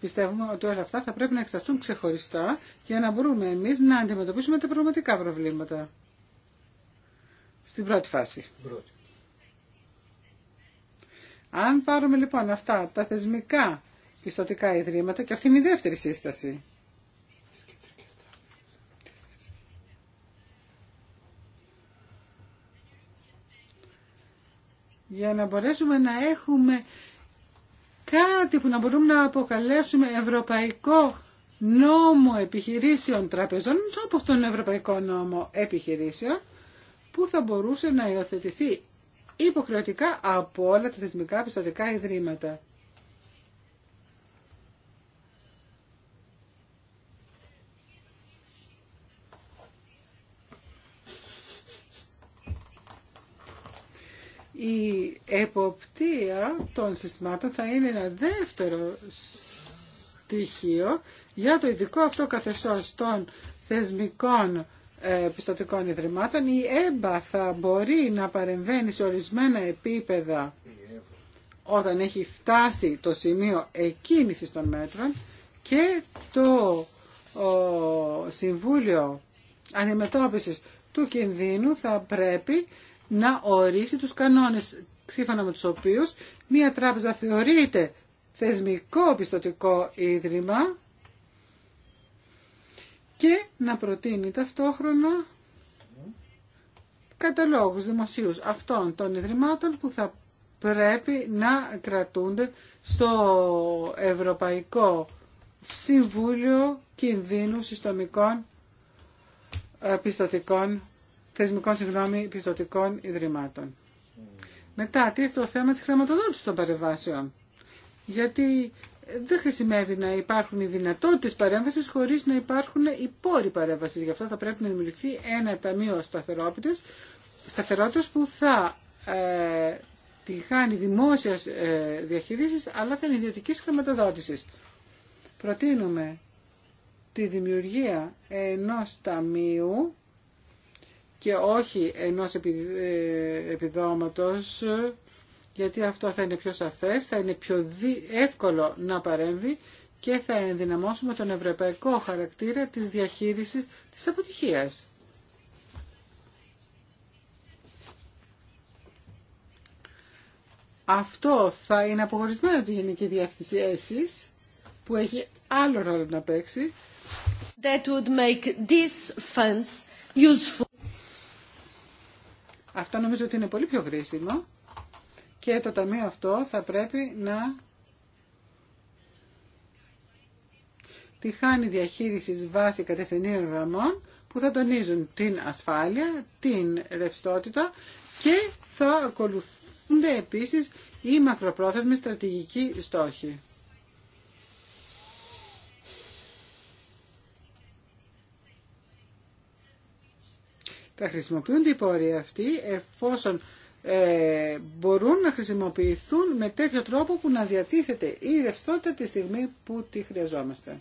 Πιστεύουμε ότι όλα αυτά θα πρέπει να εξεταστούν ξεχωριστά για να μπορούμε εμείς να αντιμετωπίσουμε τα πραγματικά προβλήματα. Στην πρώτη φάση. Αν πάρουμε λοιπόν αυτά τα θεσμικά πιστοτικά ιδρύματα και αυτή είναι η δεύτερη σύσταση. Για να μπορέσουμε να έχουμε κάτι που να μπορούμε να αποκαλέσουμε ευρωπαϊκό νόμο επιχειρήσεων τραπεζών, όπως τον ευρωπαϊκό νόμο επιχειρήσεων, που θα μπορούσε να υιοθετηθεί υποχρεωτικά από όλα τα θεσμικά πιστοτικά ιδρύματα. η εποπτεία των συστημάτων θα είναι ένα δεύτερο στοιχείο για το ειδικό αυτό καθεστώς των θεσμικών ε, πιστοτικών ιδρυμάτων. Η ΕΜΠΑ θα μπορεί να παρεμβαίνει σε ορισμένα επίπεδα όταν έχει φτάσει το σημείο εκκίνησης των μέτρων και το Συμβούλιο Αντιμετώπισης του Κινδύνου θα πρέπει να ορίσει τους κανόνες σύμφωνα με τους οποίους μία τράπεζα θεωρείται θεσμικό πιστοτικό ίδρυμα και να προτείνει ταυτόχρονα καταλόγους δημοσίους αυτών των ιδρυμάτων που θα πρέπει να κρατούνται στο Ευρωπαϊκό Συμβούλιο Κινδύνου Συστομικών ε, Πιστοτικών θεσμικών συγγνώμη πιστοτικών ιδρυμάτων. Μετά, τι το θέμα της χρηματοδότησης των παρεμβάσεων. Γιατί δεν χρησιμεύει να υπάρχουν οι δυνατότητες παρέμβασης χωρίς να υπάρχουν οι πόροι παρέμβασης. Γι' αυτό θα πρέπει να δημιουργηθεί ένα ταμείο σταθερότητας που θα ε, τη χάνει δημόσια ε, αλλά και ιδιωτικής χρηματοδότησης. Προτείνουμε τη δημιουργία ενός ταμείου και όχι ενός ε, επιδόματος γιατί αυτό θα είναι πιο σαφές, θα είναι πιο εύκολο να παρέμβει και θα ενδυναμώσουμε τον ευρωπαϊκό χαρακτήρα της διαχείρισης της αποτυχίας. Αυτό θα είναι απογορισμένο από τη Γενική Διεύθυνση ΕΣΥΣ, που έχει άλλο ρόλο να παίξει. That would make these funds αυτό νομίζω ότι είναι πολύ πιο χρήσιμο και το ταμείο αυτό θα πρέπει να τη χάνει διαχείρισης βάση κατευθυνίων γραμμών που θα τονίζουν την ασφάλεια, την ρευστότητα και θα ακολουθούνται επίσης οι μακροπρόθεσμοι στρατηγικοί στόχοι. Θα χρησιμοποιούνται οι πόροι αυτοί εφόσον ε, μπορούν να χρησιμοποιηθούν με τέτοιο τρόπο που να διατίθεται η ρευστότητα τη στιγμή που τη χρειαζόμαστε.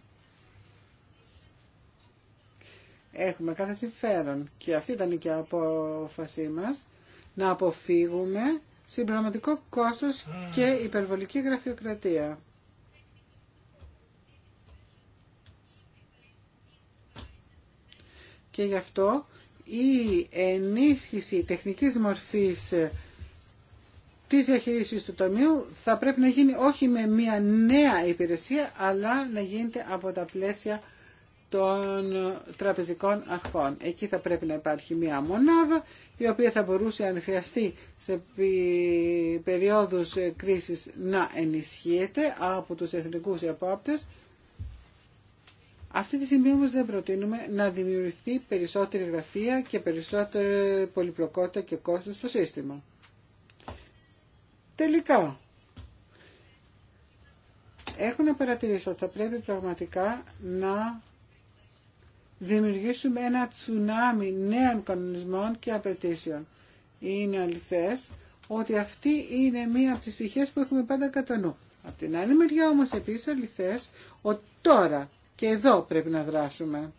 Έχουμε κάθε συμφέρον και αυτή ήταν και η απόφασή μας να αποφύγουμε συμπληρωματικό κόστος και υπερβολική γραφειοκρατία. Και γι' αυτό η ενίσχυση τεχνικής μορφής της διαχείρισης του τομείου θα πρέπει να γίνει όχι με μια νέα υπηρεσία, αλλά να γίνεται από τα πλαίσια των τραπεζικών αρχών. Εκεί θα πρέπει να υπάρχει μια μονάδα η οποία θα μπορούσε αν χρειαστεί σε περίοδους κρίσης να ενισχύεται από τους εθνικούς επόπτες αυτή τη στιγμή όμως δεν προτείνουμε να δημιουργηθεί περισσότερη γραφεία και περισσότερη πολυπλοκότητα και κόστος στο σύστημα. Τελικά, έχω να παρατηρήσω ότι θα πρέπει πραγματικά να δημιουργήσουμε ένα τσουνάμι νέων κανονισμών και απαιτήσεων. Είναι αληθές ότι αυτή είναι μία από τις πτυχές που έχουμε πάντα κατά νου. Από την άλλη μεριά όμως επίσης αληθές ότι τώρα και εδώ πρέπει να δράσουμε.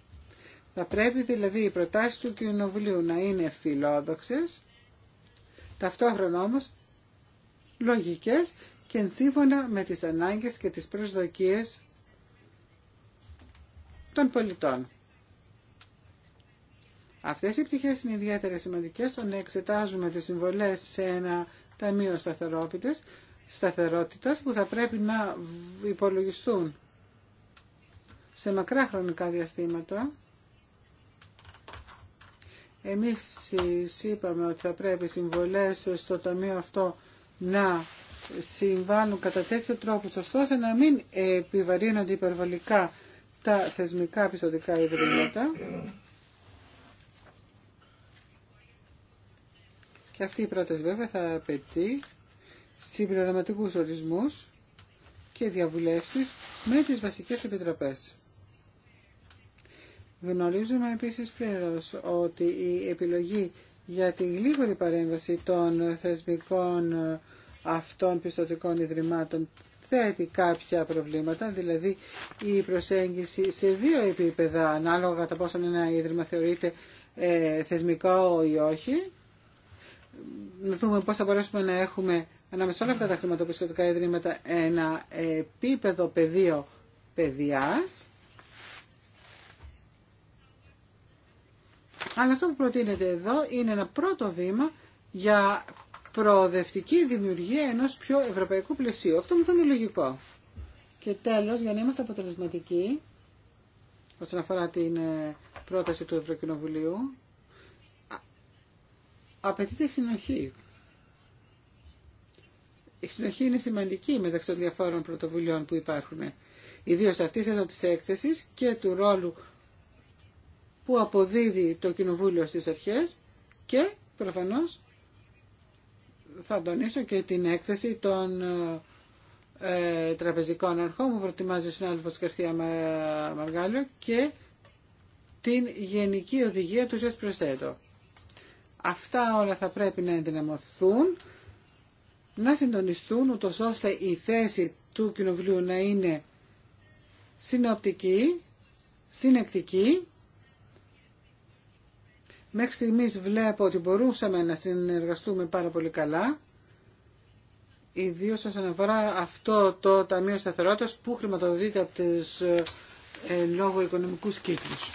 Θα πρέπει δηλαδή οι προτάσεις του Κοινοβουλίου να είναι φιλόδοξες, ταυτόχρονα όμως λογικές και σύμφωνα με τις ανάγκες και τις προσδοκίες των πολιτών. Αυτές οι πτυχές είναι ιδιαίτερα σημαντικές στο να εξετάζουμε τις συμβολές σε ένα ταμείο σταθερότητας που θα πρέπει να υπολογιστούν σε μακρά χρονικά διαστήματα. Εμείς είπαμε ότι θα πρέπει οι συμβολές στο ταμείο αυτό να συμβάνουν κατά τέτοιο τρόπο, ώστε να μην επιβαρύνονται υπερβολικά τα θεσμικά πιστοτικά ιδρύματα. Και αυτή η πρόταση βέβαια θα απαιτεί συμπληρωματικούς ορισμούς και διαβουλεύσεις με τις βασικές επιτροπές. Γνωρίζουμε επίσης πλήρως ότι η επιλογή για τη γλίγορη παρέμβαση των θεσμικών ε, αυτών πιστοτικών ιδρυμάτων θέτει κάποια προβλήματα, δηλαδή η προσέγγιση σε δύο επίπεδα, ανάλογα τα πόσο ένα ίδρυμα θεωρείται ε, θεσμικό ή όχι. Να δούμε πώς θα μπορέσουμε να έχουμε ανάμεσα όλα αυτά τα χρηματοπιστωτικά ιδρύματα ένα επίπεδο πεδίο παιδιάς Αλλά αυτό που προτείνεται εδώ είναι ένα πρώτο βήμα για προοδευτική δημιουργία ενός πιο ευρωπαϊκού πλαισίου. Αυτό μου φαίνεται λογικό. Και τέλος, για να είμαστε αποτελεσματικοί, όσον αφορά την ε, πρόταση του Ευρωκοινοβουλίου, απαιτείται συνοχή. Η συνοχή είναι σημαντική μεταξύ των διαφόρων πρωτοβουλειών που υπάρχουν, ιδίως αυτή εδώ της έκθεσης και του ρόλου που αποδίδει το Κοινοβούλιο στις αρχές και προφανώς θα τονίσω και την έκθεση των ε, τραπεζικών αρχών που προτιμάζει ο συνάδελφος Καρθία Μαργάλιο και την γενική οδηγία του ΖΕΣ προσέτο. Αυτά όλα θα πρέπει να ενδυναμωθούν, να συντονιστούν, ούτω ώστε η θέση του Κοινοβουλίου να είναι συνοπτική, συνεκτική Μέχρι στιγμής βλέπω ότι μπορούσαμε να συνεργαστούμε πάρα πολύ καλά, ιδίω όσον αφορά αυτό το Ταμείο Σταθερότητας που χρηματοδοτείται από τις ε, ε, λόγω οικονομικούς κύκλους.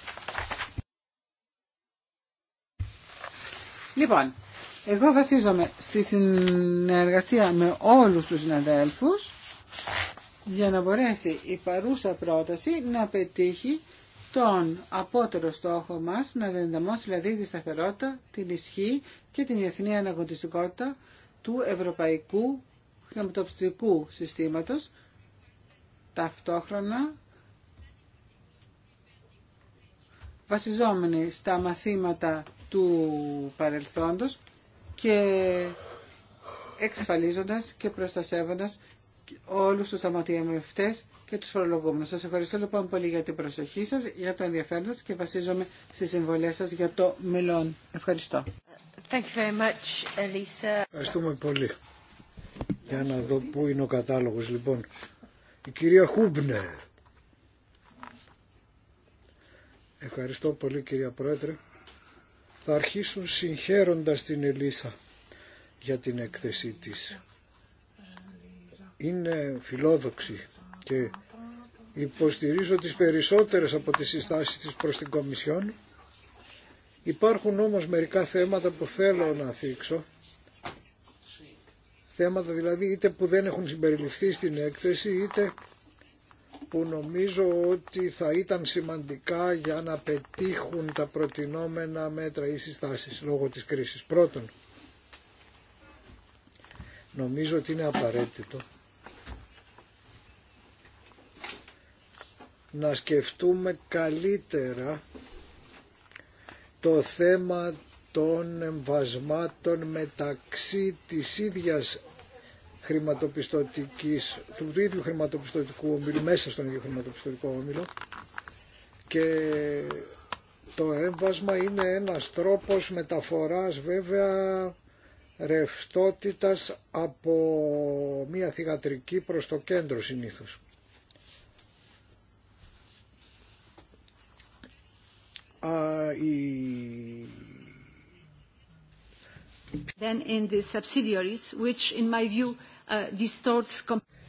Λοιπόν, εγώ βασίζομαι στη συνεργασία με όλους τους συναδέλφους για να μπορέσει η παρούσα πρόταση να πετύχει τον απότερο στόχο μας, να δυναμώσει δηλαδή τη σταθερότητα, την ισχύ και την εθνική αναγωνιστικότητα του ευρωπαϊκού χρηματοπιστικού συστήματος, ταυτόχρονα βασιζόμενοι στα μαθήματα του παρελθόντος και εξασφαλίζοντας και προστασεύοντας όλους τους αματιαμευτές και τους φορολογούμενους. Σας ευχαριστώ λοιπόν πολύ για την προσοχή σας, για το ενδιαφέρον σας και βασίζομαι στις συμβολές σας για το μελόν. Ευχαριστώ. Thank you very much, Elisa. Ευχαριστούμε πολύ. Για να δω πού είναι ο κατάλογος λοιπόν. Η κυρία Χούμπνερ. Ευχαριστώ πολύ κυρία Πρόεδρε. Θα αρχίσουν συγχαίροντας την Ελίσα για την έκθεσή της είναι φιλόδοξη και υποστηρίζω τις περισσότερες από τις συστάσεις της προς την Κομισιόν. Υπάρχουν όμως μερικά θέματα που θέλω να θίξω, θέματα δηλαδή είτε που δεν έχουν συμπεριληφθεί στην έκθεση είτε που νομίζω ότι θα ήταν σημαντικά για να πετύχουν τα προτινόμενα μέτρα ή συστάσεις λόγω της κρίσης. Πρώτον, νομίζω ότι είναι απαραίτητο να σκεφτούμε καλύτερα το θέμα των εμβασμάτων μεταξύ της ίδιας χρηματοπιστωτικής, του, ίδιου χρηματοπιστωτικού ομίλου, μέσα στον ίδιο χρηματοπιστωτικό όμιλο και το έμβασμα είναι ένας τρόπος μεταφοράς βέβαια ρευστότητας από μια θηγατρική προς το κέντρο συνήθως.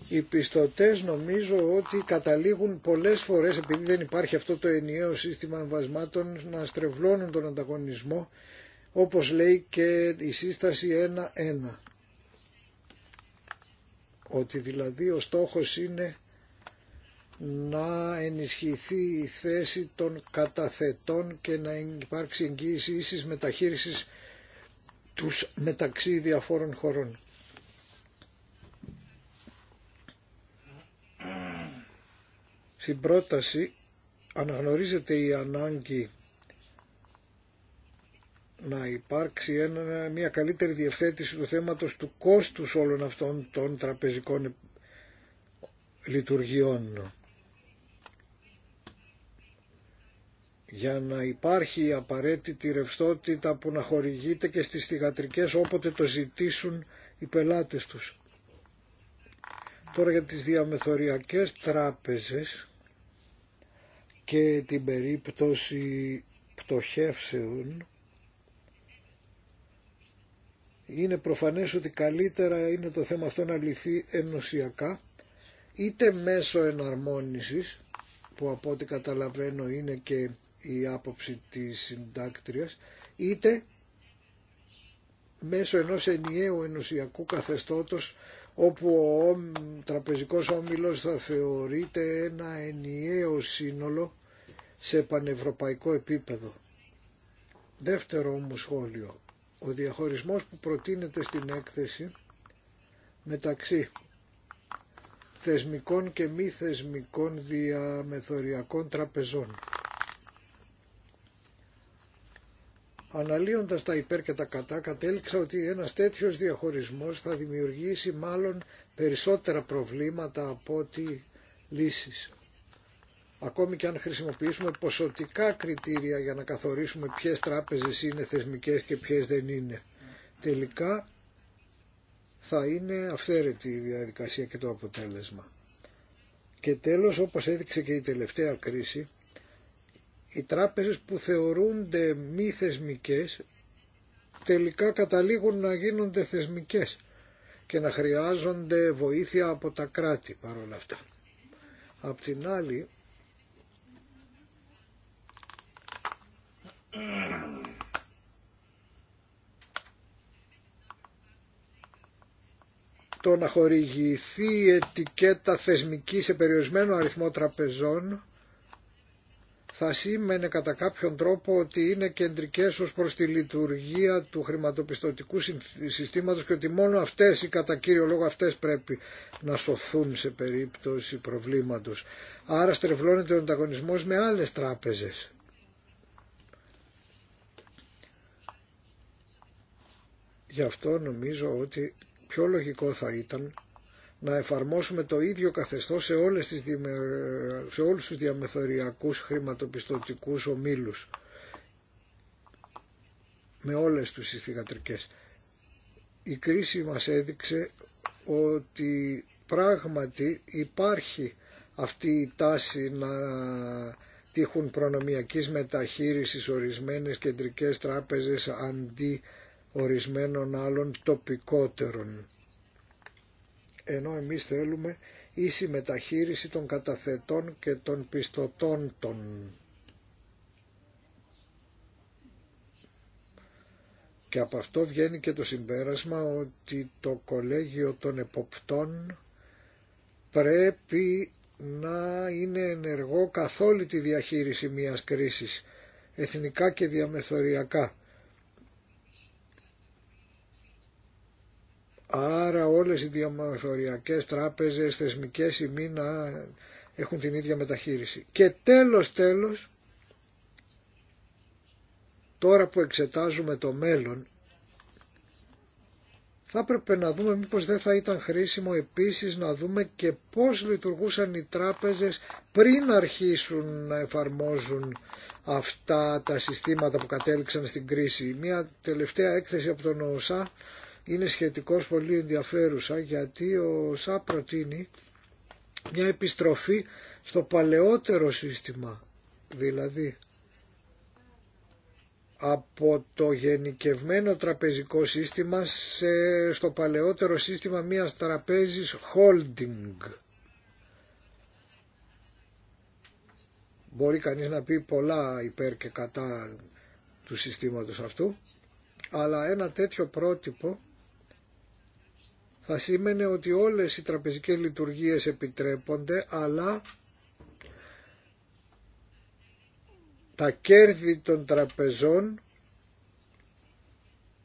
Οι πιστωτέ νομίζω ότι καταλήγουν πολλές φορέ επειδή δεν υπάρχει αυτό το ενιαίο σύστημα εμβασμάτων, να στρεβλώνουν τον ανταγωνισμό, όπως λέει και η σύσταση 1-1. Ότι δηλαδή ο στόχος είναι να ενισχυθεί η θέση των καταθετών και να υπάρξει εγγύηση ίσης μεταχείρισης τους μεταξύ διαφόρων χωρών. Στην πρόταση αναγνωρίζεται η ανάγκη να υπάρξει ένα, μια καλύτερη διευθέτηση του θέματος του κόστους όλων αυτών των τραπεζικών λειτουργιών. για να υπάρχει η απαραίτητη ρευστότητα που να χορηγείται και στις θηγατρικές όποτε το ζητήσουν οι πελάτες τους. Τώρα για τις διαμεθοριακές τράπεζες και την περίπτωση πτωχεύσεων είναι προφανές ότι καλύτερα είναι το θέμα αυτό να λυθεί ενωσιακά είτε μέσω εναρμόνισης που από ό,τι καταλαβαίνω είναι και η άποψη της συντάκτριας, είτε μέσω ενός ενιαίου ενωσιακού καθεστώτος όπου ο τραπεζικός όμιλος θα θεωρείται ένα ενιαίο σύνολο σε πανευρωπαϊκό επίπεδο. Δεύτερο όμως σχόλιο, ο διαχωρισμός που προτείνεται στην έκθεση μεταξύ θεσμικών και μη θεσμικών διαμεθοριακών τραπεζών. Αναλύοντας τα υπέρ και τα κατά κατέληξα ότι ένας τέτοιος διαχωρισμός θα δημιουργήσει μάλλον περισσότερα προβλήματα από ότι λύσεις. Ακόμη και αν χρησιμοποιήσουμε ποσοτικά κριτήρια για να καθορίσουμε ποιες τράπεζες είναι θεσμικές και ποιες δεν είναι. Τελικά θα είναι αυθαίρετη η διαδικασία και το αποτέλεσμα. Και τέλος όπως έδειξε και η τελευταία κρίση οι τράπεζες που θεωρούνται μη θεσμικές τελικά καταλήγουν να γίνονται θεσμικές και να χρειάζονται βοήθεια από τα κράτη παρόλα αυτά. Απ' την άλλη, το να χορηγηθεί η ετικέτα θεσμική σε περιορισμένο αριθμό τραπεζών θα σήμαινε κατά κάποιον τρόπο ότι είναι κεντρικές ως προς τη λειτουργία του χρηματοπιστωτικού συστήματος και ότι μόνο αυτές ή κατά κύριο λόγο αυτές πρέπει να σωθούν σε περίπτωση προβλήματος. Άρα στρεβλώνεται ο ανταγωνισμός με άλλες τράπεζες. Γι' αυτό νομίζω ότι πιο λογικό θα ήταν να εφαρμόσουμε το ίδιο καθεστώς σε, όλες τις, σε όλους τους διαμεθοριακούς χρηματοπιστωτικούς ομίλους με όλες τους συστηγατρικές. Η κρίση μας έδειξε ότι πράγματι υπάρχει αυτή η τάση να τύχουν προνομιακής μεταχείρισης ορισμένες κεντρικές τράπεζες αντί ορισμένων άλλων τοπικότερων ενώ εμείς θέλουμε ίση μεταχείριση των καταθετών και των πιστωτών των. Και από αυτό βγαίνει και το συμπέρασμα ότι το κολέγιο των εποπτών πρέπει να είναι ενεργό καθ' τη διαχείριση μιας κρίσης, εθνικά και διαμεθοριακά. Άρα όλες οι διαμεθοριακές τράπεζες, θεσμικές ή μήνα έχουν την ίδια μεταχείριση. Και τέλος τέλος, τώρα που εξετάζουμε το μέλλον, θα έπρεπε να δούμε μήπως δεν θα ήταν χρήσιμο επίσης να δούμε και πώς λειτουργούσαν οι τράπεζες πριν αρχίσουν να εφαρμόζουν αυτά τα συστήματα που κατέληξαν στην κρίση. Μια τελευταία έκθεση από τον ΟΣΑ είναι σχετικός πολύ ενδιαφέρουσα γιατί ο ΣΑ προτείνει μια επιστροφή στο παλαιότερο σύστημα, δηλαδή από το γενικευμένο τραπεζικό σύστημα σε, στο παλαιότερο σύστημα μιας τραπέζης holding. Μπορεί κανείς να πει πολλά υπέρ και κατά του συστήματος αυτού, αλλά ένα τέτοιο πρότυπο θα σήμαινε ότι όλες οι τραπεζικές λειτουργίες επιτρέπονται, αλλά τα κέρδη των τραπεζών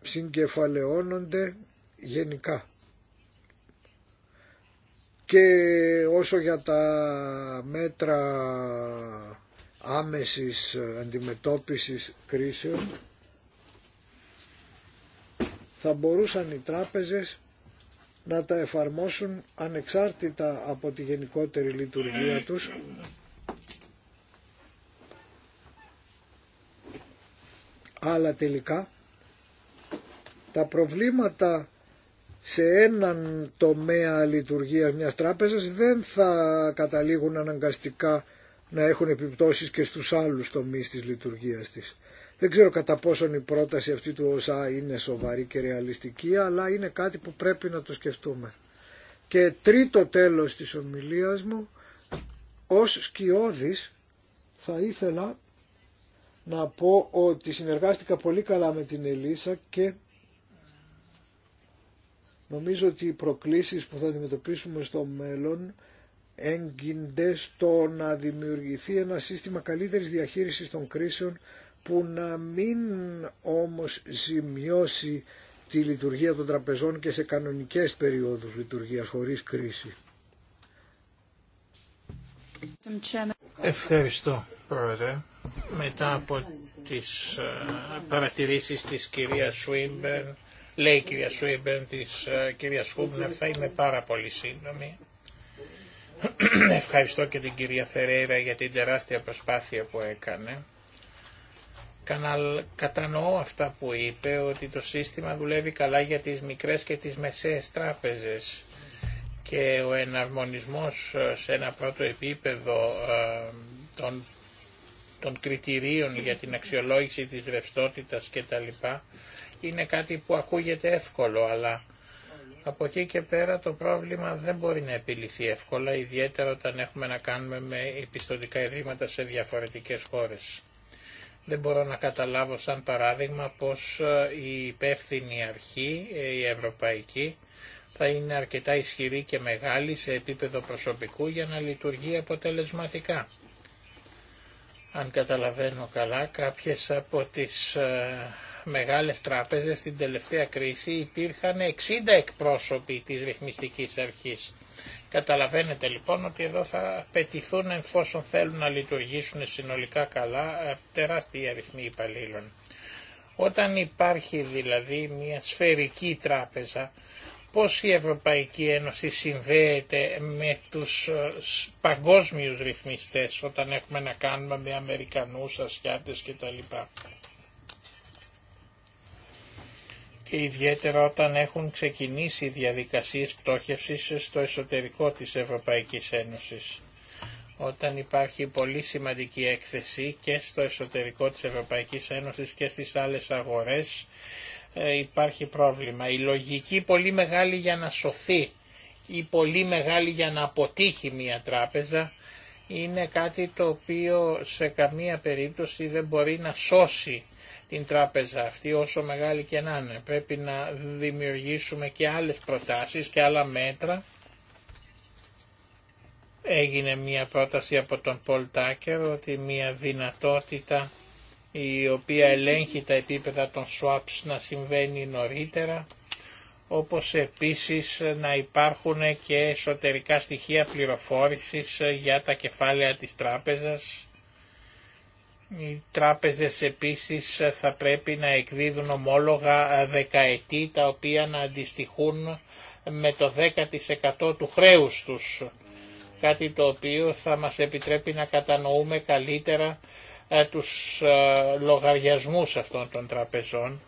συγκεφαλαιώνονται γενικά. Και όσο για τα μέτρα άμεσης αντιμετώπισης κρίσεων, θα μπορούσαν οι τράπεζες να τα εφαρμόσουν ανεξάρτητα από τη γενικότερη λειτουργία τους αλλά τελικά τα προβλήματα σε έναν τομέα λειτουργίας μιας τράπεζας δεν θα καταλήγουν αναγκαστικά να έχουν επιπτώσεις και στους άλλους τομείς της λειτουργίας της. Δεν ξέρω κατά πόσον η πρόταση αυτή του ΩΣΑ είναι σοβαρή και ρεαλιστική, αλλά είναι κάτι που πρέπει να το σκεφτούμε. Και τρίτο τέλος της ομιλίας μου, ως σκιώδης θα ήθελα να πω ότι συνεργάστηκα πολύ καλά με την Ελίσσα και νομίζω ότι οι προκλήσεις που θα αντιμετωπίσουμε στο μέλλον έγκυνται στο να δημιουργηθεί ένα σύστημα καλύτερης διαχείρισης των κρίσεων που να μην όμως ζημιώσει τη λειτουργία των τραπεζών και σε κανονικές περιόδους λειτουργίας χωρίς κρίση. Ευχαριστώ Πρόεδρε. Μετά από τις ε, παρατηρήσεις της κυρία Σουίμπερ, λέει η κυρία Σουίμπερ της ε, κυρία Χούμπνερ, θα είμαι πάρα πολύ σύντομη. Ευχαριστώ και την κυρία Φερέιρα για την τεράστια προσπάθεια που έκανε κατανοώ αυτά που είπε ότι το σύστημα δουλεύει καλά για τις μικρές και τις μεσαίες τράπεζες και ο εναρμονισμός ε, σε ένα πρώτο επίπεδο ε, των, κριτηρίων για την αξιολόγηση της ρευστότητας κτλ. είναι κάτι που ακούγεται εύκολο αλλά από εκεί και πέρα το πρόβλημα δεν μπορεί να επιληθεί εύκολα, ιδιαίτερα όταν έχουμε να κάνουμε με επιστοτικά ειδήματα σε διαφορετικές χώρες. Δεν μπορώ να καταλάβω σαν παράδειγμα πως ε, η υπεύθυνη αρχή, ε, η ευρωπαϊκή, θα είναι αρκετά ισχυρή και μεγάλη σε επίπεδο προσωπικού για να λειτουργεί αποτελεσματικά. Αν καταλαβαίνω καλά, κάποιες από τις ε, μεγάλες τράπεζες στην τελευταία κρίση υπήρχαν 60 εκπρόσωποι της ρυθμιστικής αρχής. Καταλαβαίνετε λοιπόν ότι εδώ θα πετηθούν εφόσον θέλουν να λειτουργήσουν συνολικά καλά ε, τεράστιοι αριθμοί υπαλλήλων. Όταν υπάρχει δηλαδή μια σφαιρική τράπεζα, πώς η Ευρωπαϊκή Ένωση συνδέεται με τους ε, παγκόσμιους ρυθμιστές όταν έχουμε να κάνουμε με Αμερικανούς, Ασιάτες κτλ ιδιαίτερα όταν έχουν ξεκινήσει διαδικασίες πτώχευσης στο εσωτερικό της Ευρωπαϊκής Ένωσης. Όταν υπάρχει πολύ σημαντική έκθεση και στο εσωτερικό της Ευρωπαϊκής Ένωσης και στις άλλες αγορές ε, υπάρχει πρόβλημα. Η λογική πολύ μεγάλη για να σωθεί ή πολύ μεγάλη για να αποτύχει μια τράπεζα είναι κάτι το οποίο σε καμία περίπτωση δεν μπορεί να σώσει την τράπεζα αυτή όσο μεγάλη και να είναι. Πρέπει να δημιουργήσουμε και άλλες προτάσεις και άλλα μέτρα. Έγινε μια πρόταση από τον Πολ Τάκερ ότι μια δυνατότητα η οποία ελέγχει τα επίπεδα των swaps να συμβαίνει νωρίτερα όπως επίσης να υπάρχουν και εσωτερικά στοιχεία πληροφόρησης για τα κεφάλαια της τράπεζας. Οι τράπεζες επίσης θα πρέπει να εκδίδουν ομόλογα δεκαετή τα οποία να αντιστοιχούν με το 10% του χρέους τους. Κάτι το οποίο θα μας επιτρέπει να κατανοούμε καλύτερα ε, τους ε, λογαριασμούς αυτών των τραπεζών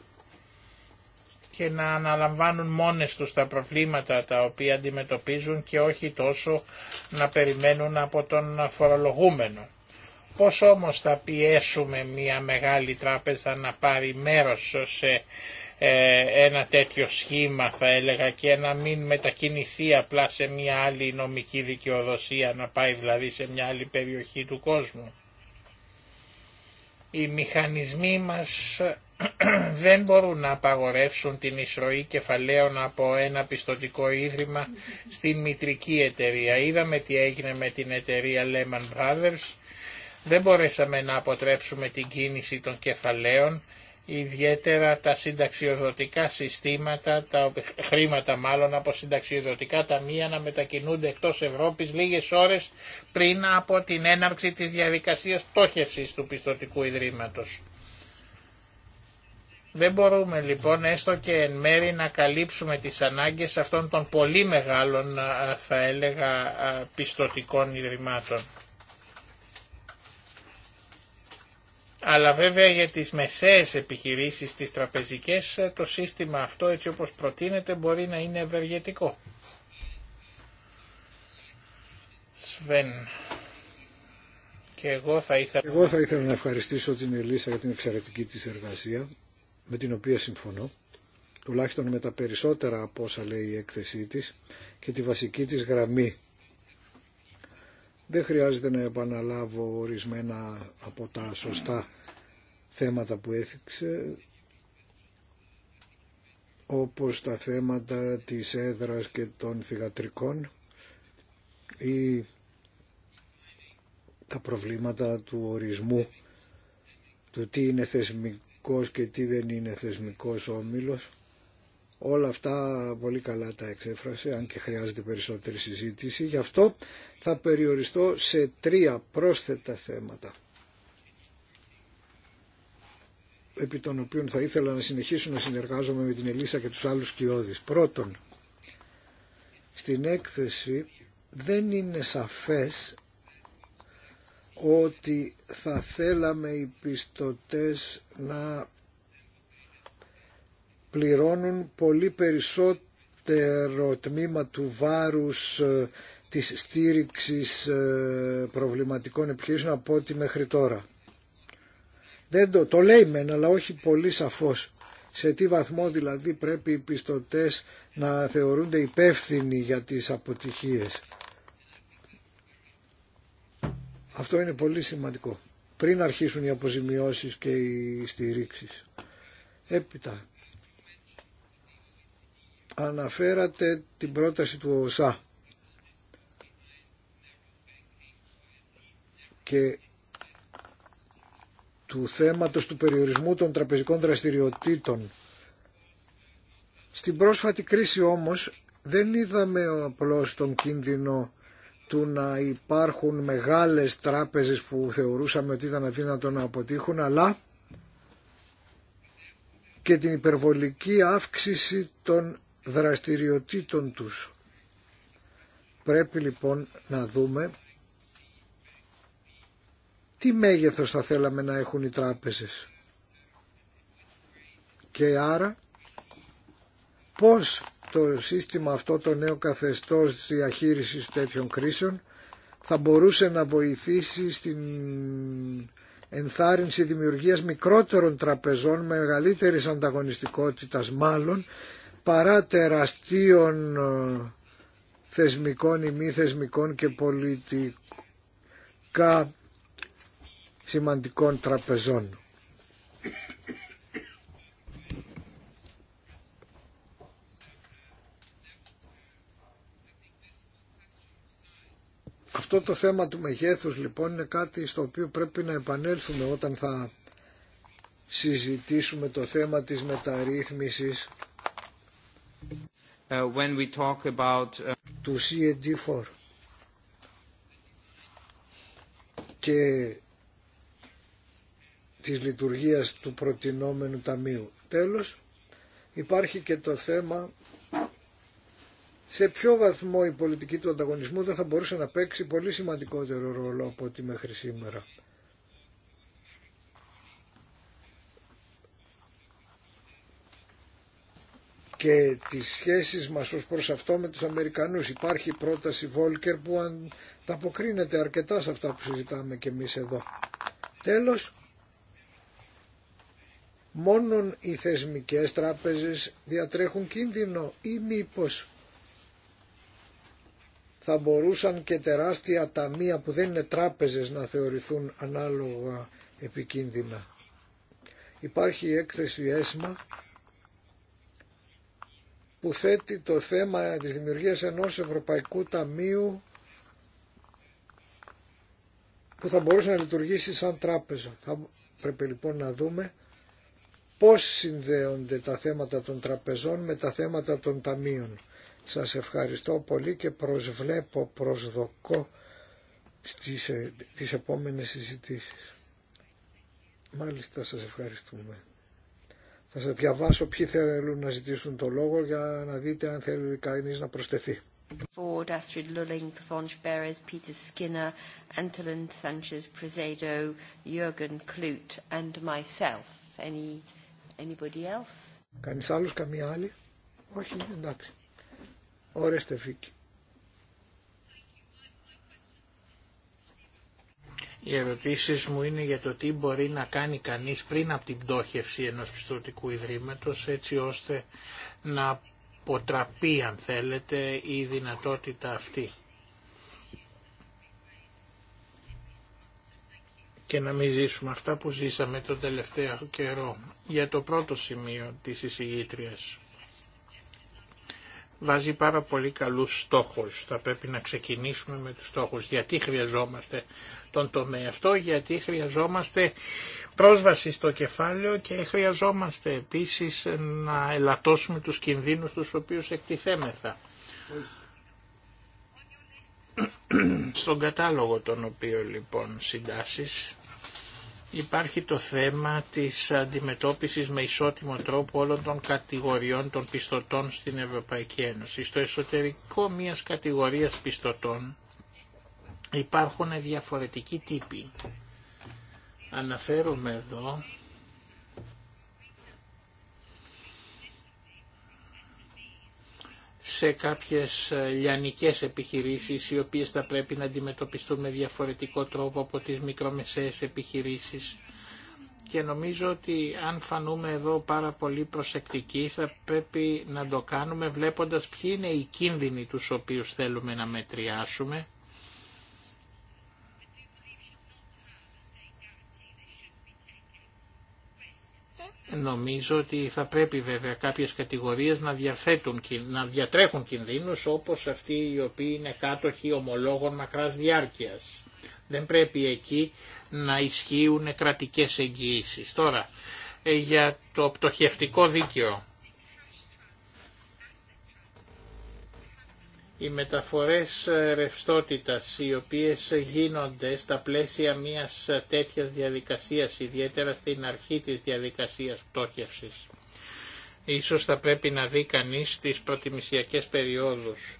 και να αναλαμβάνουν μόνες τους τα προβλήματα τα οποία αντιμετωπίζουν και όχι τόσο να περιμένουν από τον φορολογούμενο. Πώς όμως θα πιέσουμε μια μεγάλη τράπεζα να πάρει μέρος σε ε, ένα τέτοιο σχήμα θα έλεγα και να μην μετακινηθεί απλά σε μια άλλη νομική δικαιοδοσία, να πάει δηλαδή σε μια άλλη περιοχή του κόσμου. Οι μηχανισμοί μας δεν μπορούν να απαγορεύσουν την εισρωή κεφαλαίων από ένα πιστοτικό ίδρυμα στην μητρική εταιρεία. Είδαμε τι έγινε με την εταιρεία Lehman Brothers. Δεν μπορέσαμε να αποτρέψουμε την κίνηση των κεφαλαίων, ιδιαίτερα τα συνταξιοδοτικά συστήματα, τα χρήματα μάλλον από συνταξιοδοτικά ταμεία να μετακινούνται εκτός Ευρώπης λίγες ώρες πριν από την έναρξη της διαδικασίας πτώχευσης του πιστοτικού ιδρύματος. Δεν μπορούμε λοιπόν έστω και εν μέρη να καλύψουμε τις ανάγκες αυτών των πολύ μεγάλων θα έλεγα πιστοτικών ιδρυμάτων. Αλλά βέβαια για τις μεσαίες επιχειρήσεις, τις τραπεζικές, ε, το σύστημα αυτό έτσι όπως προτείνεται μπορεί να είναι ευεργετικό. Σβέν. Και εγώ θα ήθελα... Εγώ θα ήθελα να ευχαριστήσω την Ελίσσα για την εξαιρετική της εργασία με την οποία συμφωνώ, τουλάχιστον με τα περισσότερα από όσα λέει η έκθεσή της και τη βασική της γραμμή. Δεν χρειάζεται να επαναλάβω ορισμένα από τα σωστά θέματα που έθιξε, όπως τα θέματα της έδρας και των θυγατρικών ή τα προβλήματα του ορισμού του τι είναι θεσμικό θεσμικός και τι δεν είναι θεσμικός όμιλος. Όλα αυτά πολύ καλά τα εξέφρασε, αν και χρειάζεται περισσότερη συζήτηση. Γι' αυτό θα περιοριστώ σε τρία πρόσθετα θέματα, επί των οποίων θα ήθελα να συνεχίσω να συνεργάζομαι με την Ελίσσα και τους άλλους κοιόδης. Πρώτον, στην έκθεση δεν είναι σαφές ότι θα θέλαμε οι πιστωτές να πληρώνουν πολύ περισσότερο τμήμα του βάρους ε, της στήριξης ε, προβληματικών επιχειρήσεων από ό,τι μέχρι τώρα. Δεν το, το λέει μεν, αλλά όχι πολύ σαφώς. Σε τι βαθμό δηλαδή πρέπει οι πιστωτές να θεωρούνται υπεύθυνοι για τις αποτυχίες. Αυτό είναι πολύ σημαντικό. Πριν αρχίσουν οι αποζημιώσεις και οι στηρίξεις. Έπειτα, αναφέρατε την πρόταση του ΟΣΑ και του θέματος του περιορισμού των τραπεζικών δραστηριοτήτων. Στην πρόσφατη κρίση όμως δεν είδαμε απλώς τον κίνδυνο του να υπάρχουν μεγάλες τράπεζες που θεωρούσαμε ότι ήταν αδύνατο να αποτύχουν, αλλά και την υπερβολική αύξηση των δραστηριοτήτων τους. Πρέπει λοιπόν να δούμε τι μέγεθος θα θέλαμε να έχουν οι τράπεζες και άρα πώς το σύστημα αυτό, το νέο καθεστώς διαχείρισης τέτοιων κρίσεων θα μπορούσε να βοηθήσει στην ενθάρρυνση δημιουργίας μικρότερων τραπεζών μεγαλύτερης ανταγωνιστικότητας μάλλον παρά τεραστίων ε, θεσμικών ή μη θεσμικών και πολιτικά σημαντικών τραπεζών. Αυτό το θέμα του μεγέθους λοιπόν είναι κάτι στο οποίο πρέπει να επανέλθουμε όταν θα συζητήσουμε το θέμα της μεταρρύθμισης ε, when we talk about... Ε, του cd 4 και της λειτουργίας του προτινόμενου ταμείου. Τέλος, υπάρχει και το θέμα σε ποιο βαθμό η πολιτική του ανταγωνισμού δεν θα μπορούσε να παίξει πολύ σημαντικότερο ρόλο από ό,τι μέχρι σήμερα. και τις σχέσεις μας ως προς αυτό με τους Αμερικανούς. Υπάρχει πρόταση Βόλκερ που ανταποκρίνεται αρκετά σε αυτά που συζητάμε και εμείς εδώ. Τέλος, μόνον οι θεσμικές τράπεζες διατρέχουν κίνδυνο ή μήπως θα μπορούσαν και τεράστια ταμεία που δεν είναι τράπεζες να θεωρηθούν ανάλογα επικίνδυνα. Υπάρχει η έκθεση ΕΣΜΑ που θέτει το θέμα της δημιουργίας ενός Ευρωπαϊκού Ταμείου που θα μπορούσε να λειτουργήσει σαν τράπεζα. Θα πρέπει λοιπόν να δούμε πώς συνδέονται τα θέματα των τραπεζών με τα θέματα των ταμείων. Σας ευχαριστώ πολύ και προσβλέπω, προσδοκώ στις, ε, τις επόμενες συζητήσεις. Μάλιστα σας ευχαριστούμε. Θα σας διαβάσω ποιοι θέλουν να ζητήσουν το λόγο για να δείτε αν θέλει κανείς να προσθεθεί. Ford, Astrid Lulling, Pavanche Beres, Peter Skinner, Antolin Sanchez Prezado, Jürgen Klut and myself. Any, anybody else? Κανείς άλλος, καμία άλλη? Όχι, εντάξει. Ωραία. τεφίκη. Οι ερωτήσει μου είναι για το τι μπορεί να κάνει κανείς πριν από την πτώχευση ενός πιστοτικού ιδρύματος έτσι ώστε να αποτραπεί αν θέλετε η δυνατότητα αυτή. και να μην ζήσουμε αυτά που ζήσαμε τον τελευταίο καιρό. Για το πρώτο σημείο της εισηγήτριας βάζει πάρα πολύ καλούς στόχους. Θα πρέπει να ξεκινήσουμε με τους στόχους. Γιατί χρειαζόμαστε τον τομέα αυτό, γιατί χρειαζόμαστε πρόσβαση στο κεφάλαιο και χρειαζόμαστε επίσης να ελαττώσουμε τους κινδύνους τους οποίους εκτιθέμεθα. Στον κατάλογο τον οποίο λοιπόν συντάσεις, Υπάρχει το θέμα της αντιμετώπισης με ισότιμο τρόπο όλων των κατηγοριών των πιστωτών στην Ευρωπαϊκή Ένωση. Στο εσωτερικό μιας κατηγορίας πιστωτών υπάρχουν διαφορετικοί τύποι. Αναφέρομαι εδώ σε κάποιες ε, λιανικές επιχειρήσεις οι οποίες θα πρέπει να αντιμετωπιστούν με διαφορετικό τρόπο από τις μικρομεσαίες επιχειρήσεις. Και νομίζω ότι αν φανούμε εδώ πάρα πολύ προσεκτικοί θα πρέπει να το κάνουμε βλέποντας ποιοι είναι οι κίνδυνοι τους οποίους θέλουμε να μετριάσουμε νομίζω ότι θα πρέπει βέβαια κάποιες κατηγορίες να, διαθέτουν, να διατρέχουν κινδύνους όπως αυτοί οι οποίοι είναι κάτοχοι ομολόγων μακράς διάρκειας. Δεν πρέπει εκεί να ισχύουν κρατικές εγγυήσεις. Τώρα, ε, για το πτωχευτικό δίκαιο Οι μεταφορές ε, ρευστότητας οι οποίες γίνονται στα πλαίσια μιας ε, τέτοιας διαδικασίας, ιδιαίτερα στην αρχή της διαδικασίας πτώχευσης. Ίσως θα πρέπει να δει κανείς τις προτιμησιακές περιόδους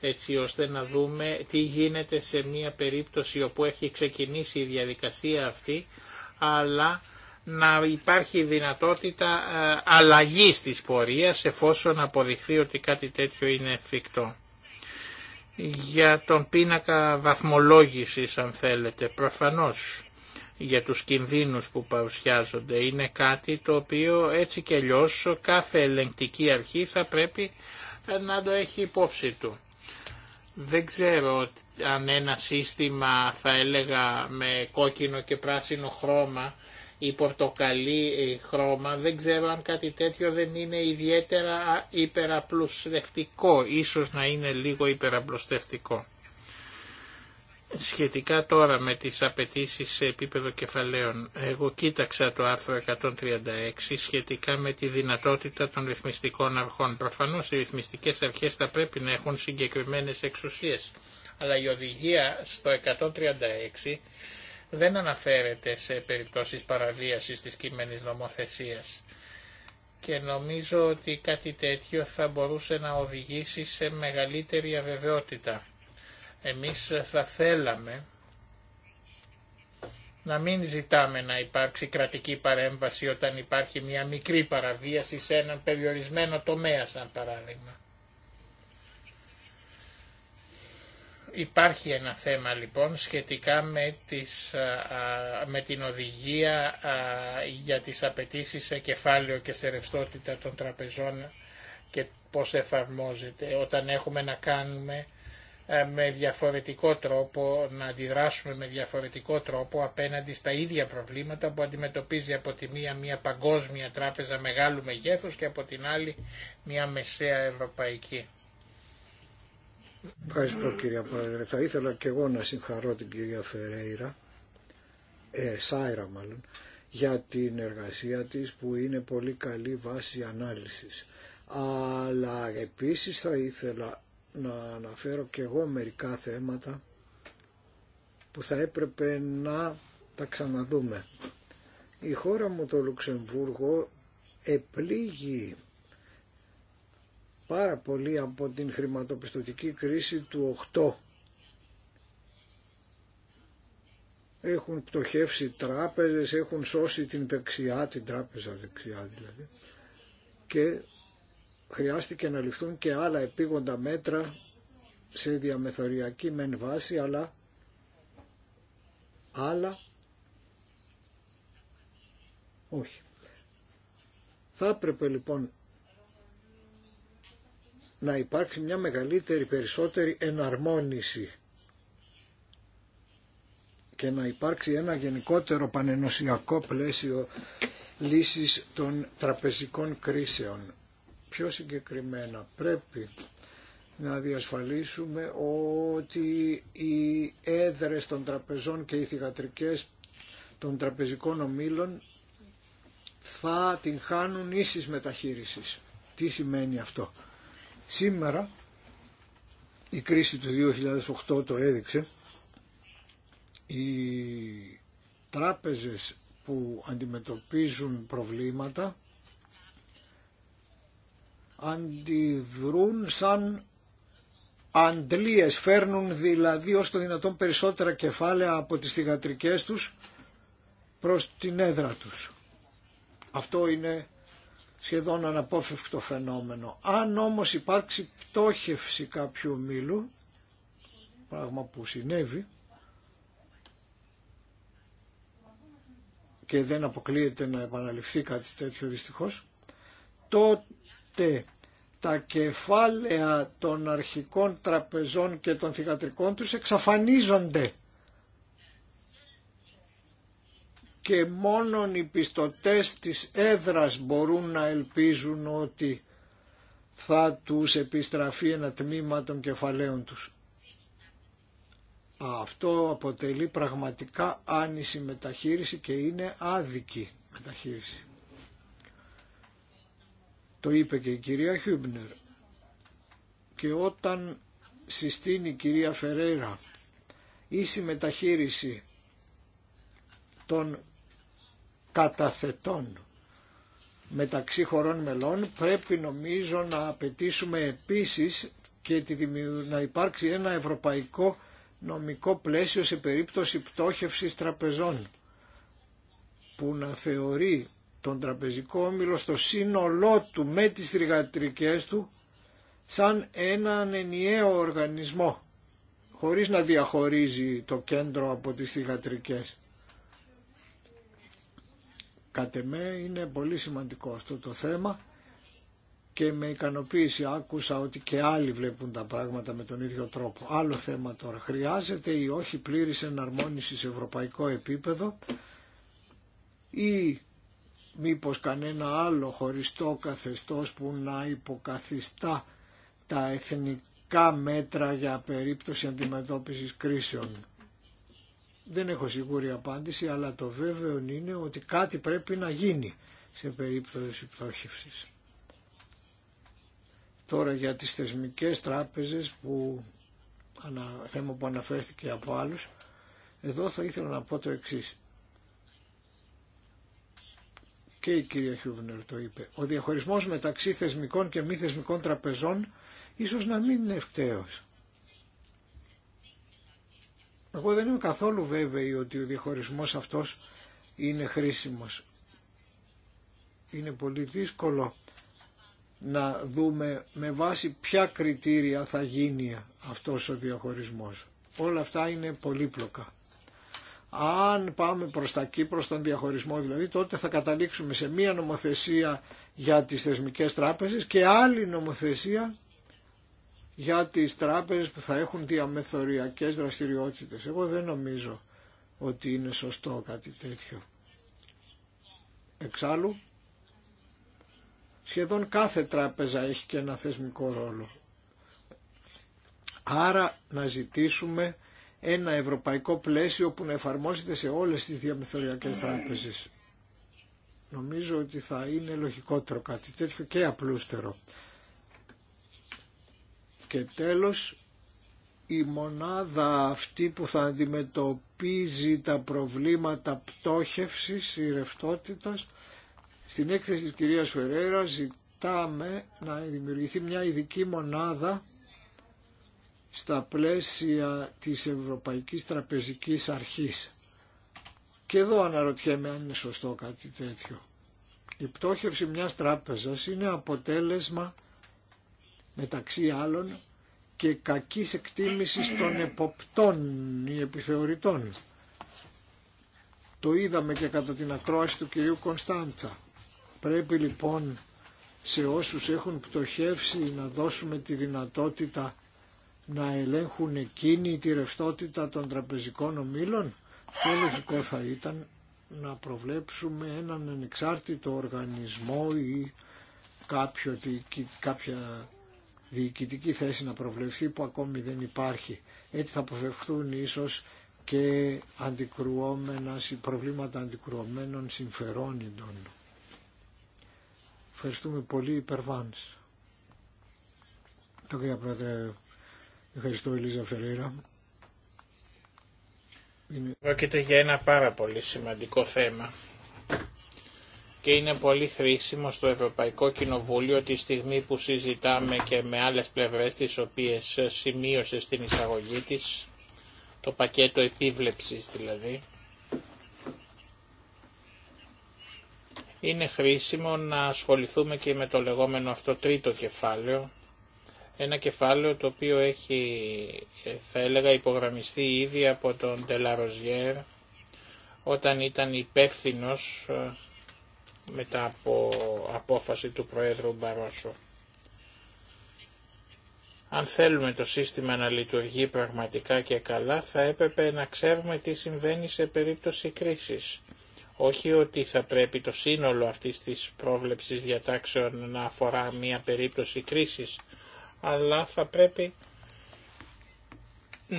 έτσι ώστε να δούμε τι γίνεται σε μια περίπτωση όπου έχει ξεκινήσει η διαδικασία αυτή, αλλά να υπάρχει δυνατότητα ε, αλλαγής της πορείας εφόσον αποδειχθεί ότι κάτι τέτοιο είναι εφικτό για τον πίνακα βαθμολόγησης αν θέλετε. Προφανώς για τους κινδύνους που παρουσιάζονται είναι κάτι το οποίο έτσι και αλλιώ κάθε ελεγκτική αρχή θα πρέπει ε, να το έχει υπόψη του. Δεν ξέρω αν ένα σύστημα θα έλεγα με κόκκινο και πράσινο χρώμα η πορτοκαλί χρώμα, δεν ξέρω αν κάτι τέτοιο δεν είναι ιδιαίτερα υπεραπλουστευτικό, ίσως να είναι λίγο υπεραπλουστευτικό. Σχετικά τώρα με τις απαιτήσει σε επίπεδο κεφαλαίων, εγώ κοίταξα το άρθρο 136 σχετικά με τη δυνατότητα των ρυθμιστικών αρχών. Προφανώς οι ρυθμιστικές αρχές θα πρέπει να έχουν συγκεκριμένες εξουσίες, αλλά η οδηγία στο 136 δεν αναφέρεται σε περιπτώσεις παραβίασης της κείμενης νομοθεσίας. Και νομίζω ότι κάτι τέτοιο θα μπορούσε να οδηγήσει σε μεγαλύτερη αβεβαιότητα. Εμείς θα θέλαμε να μην ζητάμε να υπάρξει κρατική παρέμβαση όταν υπάρχει μια μικρή παραβίαση σε έναν περιορισμένο τομέα, σαν παράδειγμα. Υπάρχει ένα θέμα λοιπόν σχετικά με, την οδηγία για τις απαιτήσει σε κεφάλαιο και σε ρευστότητα των τραπεζών και πώς εφαρμόζεται όταν έχουμε να κάνουμε με διαφορετικό τρόπο, να αντιδράσουμε με διαφορετικό τρόπο απέναντι στα ίδια προβλήματα που αντιμετωπίζει από τη μία μια παγκόσμια τράπεζα μεγάλου μεγέθους και από την άλλη μια μεσαία ευρωπαϊκή. Ευχαριστώ κυρία Πρόεδρε. Θα ήθελα και εγώ να συγχαρώ την κυρία Φερέιρα, ε, Σάιρα μάλλον, για την εργασία της που είναι πολύ καλή βάση ανάλυσης. Αλλά επίσης θα ήθελα να αναφέρω και εγώ μερικά θέματα που θα έπρεπε να τα ξαναδούμε. Η χώρα μου το Λουξεμβούργο επλήγει πάρα πολύ από την χρηματοπιστωτική κρίση του 8. Έχουν πτωχεύσει τράπεζες, έχουν σώσει την δεξιά, την τράπεζα δεξιά δηλαδή. Και χρειάστηκε να ληφθούν και άλλα επίγοντα μέτρα σε διαμεθοριακή μεν βάση, αλλά άλλα όχι. Θα έπρεπε λοιπόν να υπάρξει μια μεγαλύτερη, περισσότερη εναρμόνιση και να υπάρξει ένα γενικότερο πανενοσιακό πλαίσιο λύσης των τραπεζικών κρίσεων. Πιο συγκεκριμένα πρέπει να διασφαλίσουμε ότι οι έδρες των τραπεζών και οι θηγατρικές των τραπεζικών ομίλων θα την χάνουν ίσης μεταχείρισης. Τι σημαίνει αυτό. Σήμερα η κρίση του 2008 το έδειξε. Οι τράπεζες που αντιμετωπίζουν προβλήματα αντιδρούν σαν αντλίες, φέρνουν δηλαδή ως το δυνατόν περισσότερα κεφάλαια από τις θηγατρικές τους προς την έδρα τους. Αυτό είναι σχεδόν αναπόφευκτο φαινόμενο. Αν όμως υπάρξει πτώχευση κάποιου μήλου, πράγμα που συνέβη, και δεν αποκλείεται να επαναληφθεί κάτι τέτοιο δυστυχώς, τότε τα κεφάλαια των αρχικών τραπεζών και των θηγατρικών τους εξαφανίζονται. και μόνον οι πιστωτές της έδρας μπορούν να ελπίζουν ότι θα τους επιστραφεί ένα τμήμα των κεφαλαίων τους. Αυτό αποτελεί πραγματικά άνηση μεταχείριση και είναι άδικη μεταχείριση. Το είπε και η κυρία Χιούμπνερ. Και όταν συστήνει η κυρία Φερέρα ίση μεταχείριση των καταθετών μεταξύ χωρών μελών πρέπει νομίζω να απαιτήσουμε επίσης και να υπάρξει ένα ευρωπαϊκό νομικό πλαίσιο σε περίπτωση πτώχευσης τραπεζών που να θεωρεί τον τραπεζικό όμιλο στο σύνολό του με τις θρηγατρικές του σαν έναν ενιαίο οργανισμό χωρίς να διαχωρίζει το κέντρο από τις θηγατρικές. Κατ' εμέ είναι πολύ σημαντικό αυτό το θέμα και με ικανοποίηση άκουσα ότι και άλλοι βλέπουν τα πράγματα με τον ίδιο τρόπο. Άλλο θέμα τώρα. Χρειάζεται ή όχι πλήρης εναρμόνιση σε ευρωπαϊκό επίπεδο ή μήπως κανένα άλλο χωριστό καθεστώς που να υποκαθιστά τα εθνικά μέτρα για περίπτωση αντιμετώπισης κρίσεων. Δεν έχω σίγουρη απάντηση, αλλά το βέβαιο είναι ότι κάτι πρέπει να γίνει σε περίπτωση πτώχευσης. Τώρα για τις θεσμικές τράπεζες, που, θέμα που αναφέρθηκε από άλλους, εδώ θα ήθελα να πω το εξής. Και η κυρία Χιούβνερ το είπε. Ο διαχωρισμός μεταξύ θεσμικών και μη θεσμικών τραπεζών ίσως να μην είναι ευκταίος. Εγώ δεν είμαι καθόλου βέβαιη ότι ο διαχωρισμός αυτός είναι χρήσιμος. Είναι πολύ δύσκολο να δούμε με βάση ποια κριτήρια θα γίνει αυτός ο διαχωρισμός. Όλα αυτά είναι πολύπλοκα. Αν πάμε προς τα Κύπρο, στον τον διαχωρισμό δηλαδή, τότε θα καταλήξουμε σε μία νομοθεσία για τις θεσμικές τράπεζες και άλλη νομοθεσία για τις τράπεζες που θα έχουν διαμεθοριακές δραστηριότητες. Εγώ δεν νομίζω ότι είναι σωστό κάτι τέτοιο. Εξάλλου, σχεδόν κάθε τράπεζα έχει και ένα θεσμικό ρόλο. Άρα να ζητήσουμε ένα ευρωπαϊκό πλαίσιο που να εφαρμόζεται σε όλες τις διαμεθοριακές τράπεζες. Νομίζω ότι θα είναι λογικότερο κάτι τέτοιο και απλούστερο. Και τέλος, η μονάδα αυτή που θα αντιμετωπίζει τα προβλήματα πτώχευσης, η ρευτότητας, στην έκθεση της κυρίας Φεραίρα ζητάμε να δημιουργηθεί μια ειδική μονάδα στα πλαίσια της Ευρωπαϊκής Τραπεζικής Αρχής. Και εδώ αναρωτιέμαι αν είναι σωστό κάτι τέτοιο. Η πτώχευση μιας τράπεζας είναι αποτέλεσμα μεταξύ άλλων και κακής εκτίμησης των εποπτών ή επιθεωρητών. Το είδαμε και κατά την ακρόαση του κυρίου Κωνσταντσα. Πρέπει λοιπόν σε όσους έχουν πτωχεύσει να δώσουμε τη δυνατότητα να ελέγχουν εκείνη τη ρευστότητα των τραπεζικών ομήλων. Το λογικό θα ήταν να προβλέψουμε έναν ανεξάρτητο οργανισμό ή κάποιο, κάποια διοικητική θέση να προβλεφθεί που ακόμη δεν υπάρχει. Έτσι θα αποφευχθούν ίσως και αντικρουόμενα, προβλήματα αντικρουωμένων συμφερόνιντων. Ευχαριστούμε πολύ υπερβάνς. Το κύριε Πρόεδρε, ευχαριστώ Ελίζα Φερέρα. Πρόκειται για ένα πάρα πολύ σημαντικό θέμα και είναι πολύ χρήσιμο στο Ευρωπαϊκό Κοινοβούλιο τη στιγμή που συζητάμε και με άλλες πλευρές τις οποίες σημείωσε στην εισαγωγή της, το πακέτο επίβλεψης δηλαδή. Είναι χρήσιμο να ασχοληθούμε και με το λεγόμενο αυτό τρίτο κεφάλαιο, ένα κεφάλαιο το οποίο έχει, θα έλεγα, υπογραμμιστεί ήδη από τον Τελαροζιέρ, όταν ήταν υπεύθυνο ε, μετά από απόφαση του Προέδρου Μπαρόσο. Αν θέλουμε το σύστημα να λειτουργεί πραγματικά και καλά, θα έπρεπε να ξέρουμε τι συμβαίνει σε περίπτωση κρίσης. Όχι ότι θα πρέπει το σύνολο αυτής της πρόβλεψης διατάξεων να αφορά μία περίπτωση κρίσης, αλλά θα πρέπει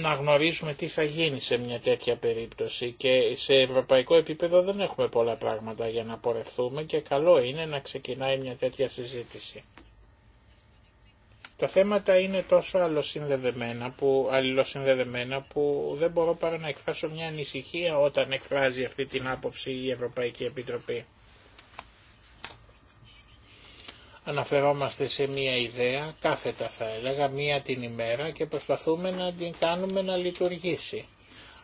να γνωρίζουμε τι θα γίνει σε μια τέτοια περίπτωση και σε ευρωπαϊκό επίπεδο δεν έχουμε πολλά πράγματα για να πορευθούμε και καλό είναι να ξεκινάει μια τέτοια συζήτηση. Τα θέματα είναι τόσο αλληλοσυνδεδεμένα που, αλληλοσυνδεδεμένα που δεν μπορώ παρά να εκφράσω μια ανησυχία όταν εκφράζει αυτή την άποψη η Ευρωπαϊκή Επιτροπή. αναφερόμαστε σε μία ιδέα, κάθετα θα έλεγα, μία την ημέρα και προσπαθούμε να την κάνουμε να λειτουργήσει.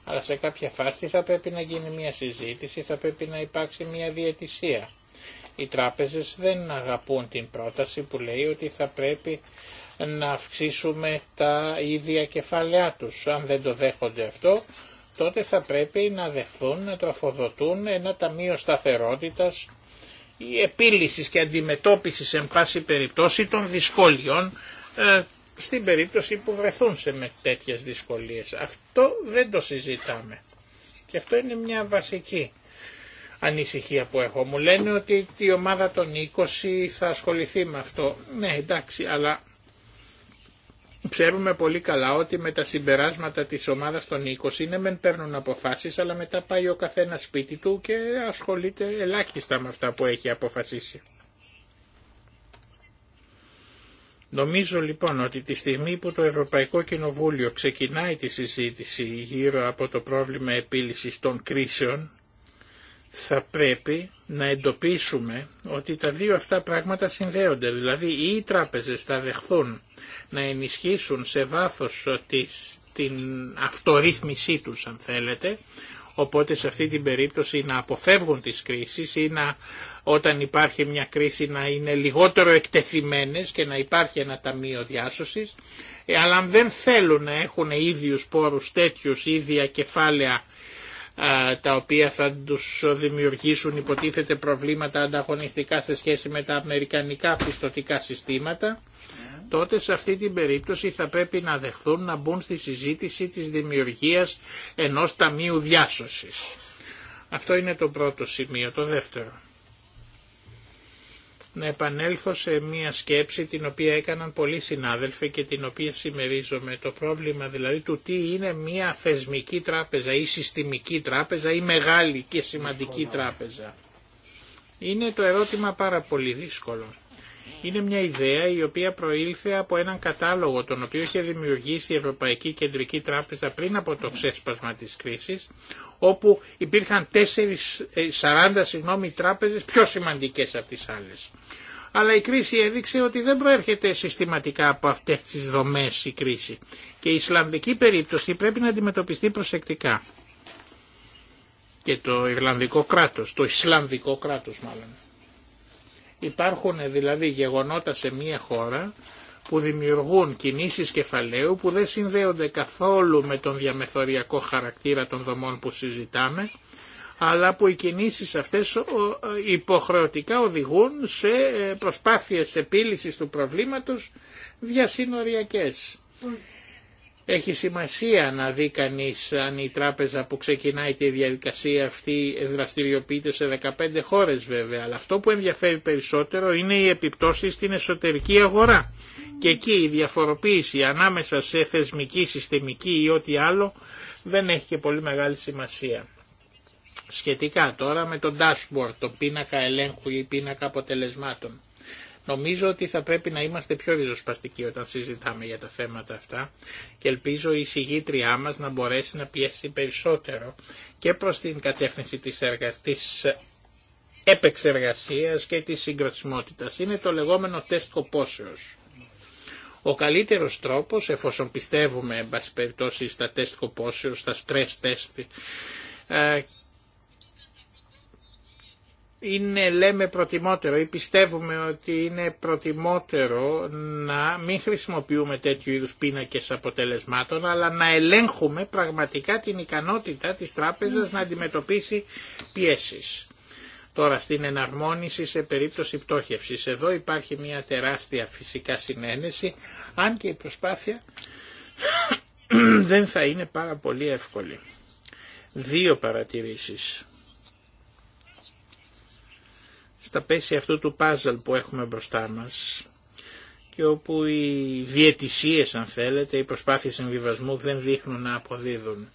Αλλά σε κάποια φάση θα πρέπει να γίνει μία συζήτηση, θα πρέπει να υπάρξει μία διαιτησία. Οι τράπεζες δεν αγαπούν την πρόταση που λέει ότι θα πρέπει να αυξήσουμε τα ίδια κεφαλαία τους. Αν δεν το δέχονται αυτό, τότε θα πρέπει να δεχθούν να τροφοδοτούν ένα ταμείο σταθερότητας η επίλυσης και αντιμετώπισης εν πάση περιπτώσει των δυσκολιών ε, στην περίπτωση που βρεθούν σε με τέτοιες δυσκολίες. Αυτό δεν το συζητάμε. Και αυτό είναι μια βασική ανησυχία που έχω. Μου λένε ότι η ομάδα των 20 θα ασχοληθεί με αυτό. Ναι εντάξει, αλλά Ξέρουμε πολύ καλά ότι με τα συμπεράσματα της ομάδας των 20 είναι μεν παίρνουν αποφάσεις αλλά μετά πάει ο καθένα σπίτι του και ασχολείται ελάχιστα με αυτά που έχει αποφασίσει. Νομίζω λοιπόν ότι τη στιγμή που το Ευρωπαϊκό Κοινοβούλιο ξεκινάει τη συζήτηση γύρω από το πρόβλημα επίλυσης των κρίσεων θα πρέπει να εντοπίσουμε ότι τα δύο αυτά πράγματα συνδέονται. Δηλαδή ή οι τράπεζες θα δεχθούν να ενισχύσουν σε βάθος την αυτορύθμισή τους αν θέλετε, οπότε σε αυτή την περίπτωση να αποφεύγουν τις κρίσεις ή να, όταν υπάρχει μια κρίση να είναι λιγότερο εκτεθειμένες και να υπάρχει ένα ταμείο διάσωσης, ε, αλλά αν δεν θέλουν να έχουν ίδιους πόρους τέτοιους ίδια κεφάλαια τα οποία θα τους δημιουργήσουν υποτίθεται προβλήματα ανταγωνιστικά σε σχέση με τα αμερικανικά πιστοτικά συστήματα, τότε σε αυτή την περίπτωση θα πρέπει να δεχθούν να μπουν στη συζήτηση της δημιουργίας ενός ταμείου διάσωσης. Αυτό είναι το πρώτο σημείο. Το δεύτερο να επανέλθω σε μία σκέψη την οποία έκαναν πολλοί συνάδελφοι και την οποία συμμερίζομαι. Το πρόβλημα δηλαδή του τι είναι μία θεσμική τράπεζα ή συστημική τράπεζα ή μεγάλη και σημαντική τράπεζα. Είναι το ερώτημα πάρα πολύ δύσκολο. Είναι μια ιδέα η οποία προήλθε από έναν κατάλογο τον οποίο είχε δημιουργήσει η Ευρωπαϊκή Κεντρική Τράπεζα πριν από το ξέσπασμα της κρίσης όπου υπήρχαν 40 ε, συγγνώμη, τράπεζες πιο σημαντικές από τις άλλες. Αλλά η κρίση έδειξε ότι δεν προέρχεται συστηματικά από αυτές τις δομές η κρίση. Και η Ισλανδική περίπτωση πρέπει να αντιμετωπιστεί προσεκτικά. Και το Ιρλανδικό κράτος, το Ισλανδικό κράτος μάλλον. Υπάρχουν ε, δηλαδή γεγονότα σε μία χώρα που δημιουργούν κινήσεις κεφαλαίου που δεν συνδέονται καθόλου με τον διαμεθοριακό χαρακτήρα των δομών που συζητάμε, αλλά που οι κινήσεις αυτές υποχρεωτικά οδηγούν σε ε, προσπάθειες επίλυσης του προβλήματος διασυνοριακές. Mm. Έχει σημασία να δει κανεί αν η τράπεζα που ξεκινάει τη διαδικασία αυτή δραστηριοποιείται σε 15 χώρε βέβαια, αλλά αυτό που ενδιαφέρει περισσότερο είναι οι επιπτώσεις στην εσωτερική αγορά. Και εκεί η διαφοροποίηση ανάμεσα σε θεσμική, συστημική ή ό,τι άλλο δεν έχει και πολύ μεγάλη σημασία. Σχετικά τώρα με το dashboard, το πίνακα ελέγχου ή πίνακα αποτελεσμάτων. Νομίζω ότι θα πρέπει να είμαστε πιο ριζοσπαστικοί όταν συζητάμε για τα θέματα αυτά και ελπίζω η συγγήτριά μας να μπορέσει να πιέσει περισσότερο και προς την κατεύθυνση της, εργα... επεξεργασίας και της συγκροσιμότητας. Είναι το λεγόμενο τεστ κοπόσεως. Ο καλύτερος τρόπος, εφόσον πιστεύουμε, εν πάση στα τεστ κοπόσεως, στα stress test ε, είναι λέμε προτιμότερο ή πιστεύουμε ότι είναι προτιμότερο να μην χρησιμοποιούμε τέτοιου είδους πίνακες αποτελεσμάτων αλλά να ελέγχουμε πραγματικά την ικανότητα της τράπεζας να αντιμετωπίσει πιέσεις. Τώρα στην εναρμόνιση σε περίπτωση πτώχευσης. Εδώ υπάρχει μια τεράστια φυσικά συνένεση αν και η προσπάθεια δεν θα είναι πάρα πολύ εύκολη. Δύο παρατηρήσεις στα πέση αυτού του πάζλ που έχουμε μπροστά μας και όπου οι διαιτησίες αν θέλετε, οι προσπάθειες συμβιβασμού δεν δείχνουν να αποδίδουν.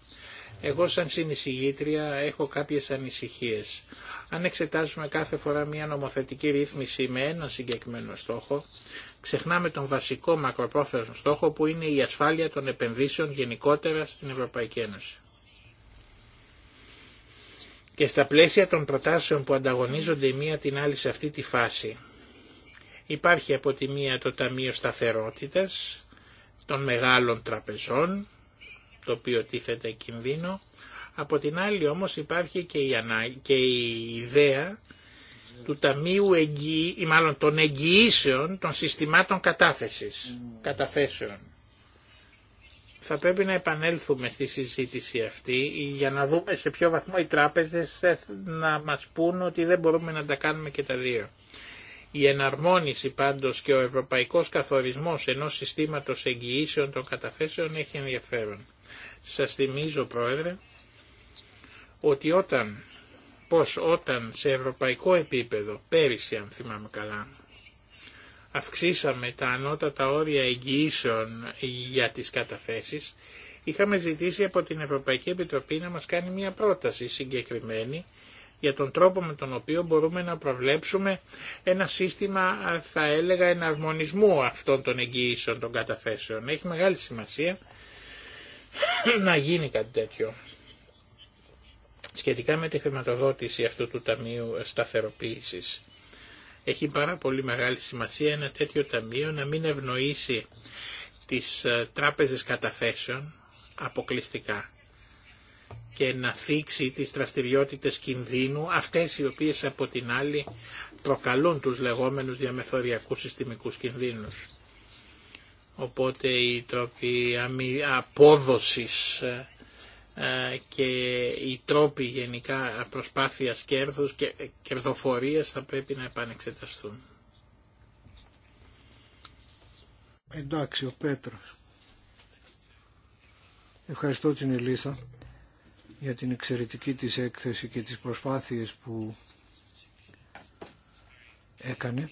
Εγώ σαν συνεισηγήτρια έχω κάποιες ανησυχίες. Αν εξετάζουμε κάθε φορά μια νομοθετική ρύθμιση με ένα συγκεκριμένο στόχο, ξεχνάμε τον βασικό μακροπρόθεσμο στόχο που είναι η ασφάλεια των επενδύσεων γενικότερα στην Ευρωπαϊκή Ένωση. Και στα πλαίσια των προτάσεων που ανταγωνίζονται η μία την άλλη σε αυτή τη φάση, υπάρχει από τη μία το Ταμείο Σταθερότητας των Μεγάλων Τραπεζών, το οποίο τίθεται κινδύνο, από την άλλη όμως υπάρχει και η, ιδέα του Ταμείου εγγύ, ή μάλλον των εγγυήσεων των συστημάτων κατάθεσης, καταθέσεων θα πρέπει να επανέλθουμε στη συζήτηση αυτή για να δούμε σε ποιο βαθμό οι τράπεζες να μας πούν ότι δεν μπορούμε να τα κάνουμε και τα δύο. Η εναρμόνιση πάντως και ο ευρωπαϊκός καθορισμός ενός συστήματος εγγυήσεων των καταθέσεων έχει ενδιαφέρον. Σας θυμίζω Πρόεδρε ότι όταν, πως όταν σε ευρωπαϊκό επίπεδο, πέρυσι αν θυμάμαι καλά, αυξήσαμε τα ανώτατα όρια εγγυήσεων για τις καταθέσεις, είχαμε ζητήσει από την Ευρωπαϊκή Επιτροπή να μας κάνει μια πρόταση συγκεκριμένη για τον τρόπο με τον οποίο μπορούμε να προβλέψουμε ένα σύστημα, θα έλεγα, εναρμονισμού αυτών των εγγυήσεων των καταθέσεων. Έχει μεγάλη σημασία να γίνει κάτι τέτοιο. Σχετικά με τη χρηματοδότηση αυτού του Ταμείου Σταθεροποίησης. Έχει πάρα πολύ μεγάλη σημασία ένα τέτοιο ταμείο να μην ευνοήσει τις ε, τράπεζες καταθέσεων αποκλειστικά και να θίξει τις δραστηριότητε κινδύνου, αυτές οι οποίες από την άλλη προκαλούν τους λεγόμενους διαμεθοριακούς συστημικούς κινδύνους. Οπότε η τροπή απόδοσης ε, ε, και οι τρόποι γενικά προσπάθειας κέρδους και κερδοφορίας θα πρέπει να επανεξεταστούν. Εντάξει, ο Πέτρος. Ευχαριστώ την Ελίσσα για την εξαιρετική της έκθεση και τις προσπάθειες που έκανε.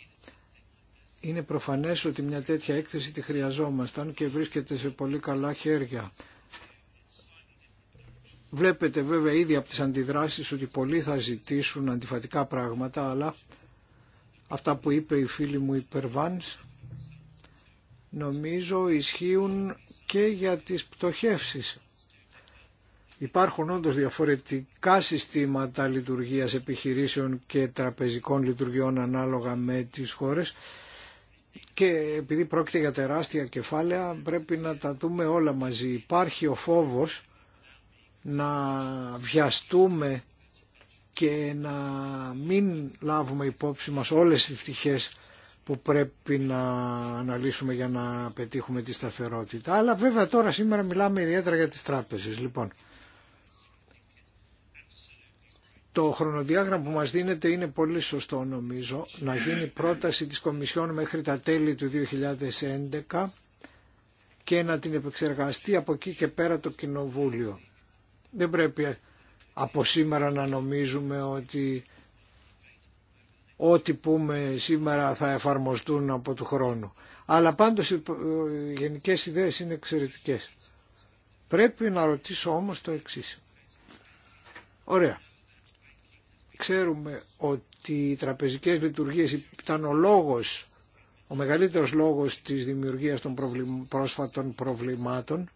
Είναι προφανές ότι μια τέτοια έκθεση τη χρειαζόμασταν και βρίσκεται σε πολύ καλά χέρια Βλέπετε βέβαια ήδη από τις αντιδράσεις ότι πολλοί θα ζητήσουν αντιφατικά πράγματα, αλλά αυτά που είπε η φίλη μου η Περβάνς, νομίζω ισχύουν και για τις πτωχεύσεις. Υπάρχουν όντως διαφορετικά συστήματα λειτουργίας επιχειρήσεων και τραπεζικών λειτουργιών ανάλογα με τις χώρες και επειδή πρόκειται για τεράστια κεφάλαια πρέπει να τα δούμε όλα μαζί. Υπάρχει ο φόβος να βιαστούμε και να μην λάβουμε υπόψη μας όλες τις πτυχές που πρέπει να αναλύσουμε για να πετύχουμε τη σταθερότητα. Αλλά βέβαια τώρα σήμερα μιλάμε ιδιαίτερα για τις τράπεζες. Λοιπόν, το χρονοδιάγραμμα που μας δίνεται είναι πολύ σωστό νομίζω να γίνει πρόταση της Κομισιόν μέχρι τα τέλη του 2011 και να την επεξεργαστεί από εκεί και πέρα το Κοινοβούλιο. Δεν πρέπει από σήμερα να νομίζουμε ότι ό,τι πούμε σήμερα θα εφαρμοστούν από του χρόνου. Αλλά πάντως οι γενικές ιδέες είναι εξαιρετικές. Πρέπει να ρωτήσω όμως το εξής. Ωραία. Ξέρουμε ότι οι τραπεζικές λειτουργίες ήταν ο λόγος, ο μεγαλύτερος λόγος της δημιουργίας των πρόσφατων προβλημάτων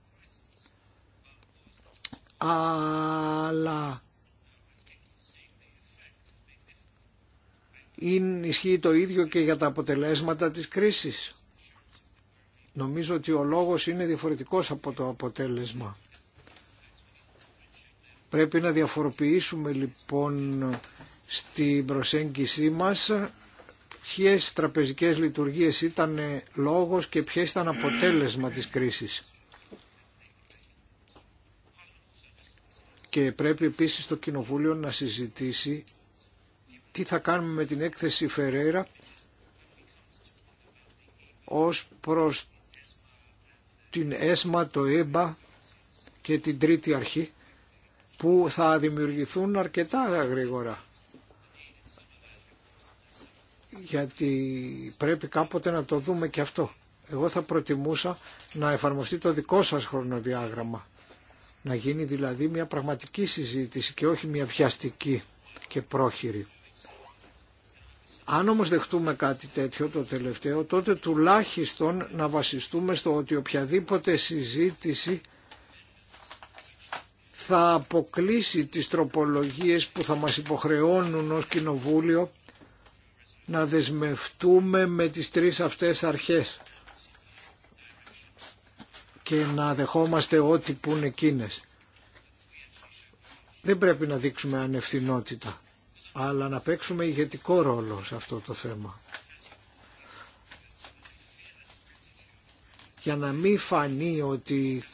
αλλά είναι, ισχύει το ίδιο και για τα αποτελέσματα της κρίσης. Νομίζω ότι ο λόγος είναι διαφορετικός από το αποτέλεσμα. Πρέπει να διαφοροποιήσουμε λοιπόν στην προσέγγιση μας ποιες τραπεζικές λειτουργίες ήταν λόγος και ποιες ήταν αποτέλεσμα της κρίσης. και πρέπει επίσης το Κοινοβούλιο να συζητήσει τι θα κάνουμε με την έκθεση Φερέρα ως προς την ΕΣΜΑ, το ΕΜΠΑ και την τρίτη αρχή που θα δημιουργηθούν αρκετά γρήγορα. Γιατί πρέπει κάποτε να το δούμε και αυτό. Εγώ θα προτιμούσα να εφαρμοστεί το δικό σας χρονοδιάγραμμα να γίνει δηλαδή μια πραγματική συζήτηση και όχι μια βιαστική και πρόχειρη. Αν όμως δεχτούμε κάτι τέτοιο το τελευταίο, τότε τουλάχιστον να βασιστούμε στο ότι οποιαδήποτε συζήτηση θα αποκλείσει τις τροπολογίες που θα μας υποχρεώνουν ως Κοινοβούλιο να δεσμευτούμε με τις τρεις αυτές αρχές και να δεχόμαστε ό,τι πουν εκείνες. Δεν πρέπει να δείξουμε ανευθυνότητα, αλλά να παίξουμε ηγετικό ρόλο σε αυτό το θέμα. Για να μην φανεί ότι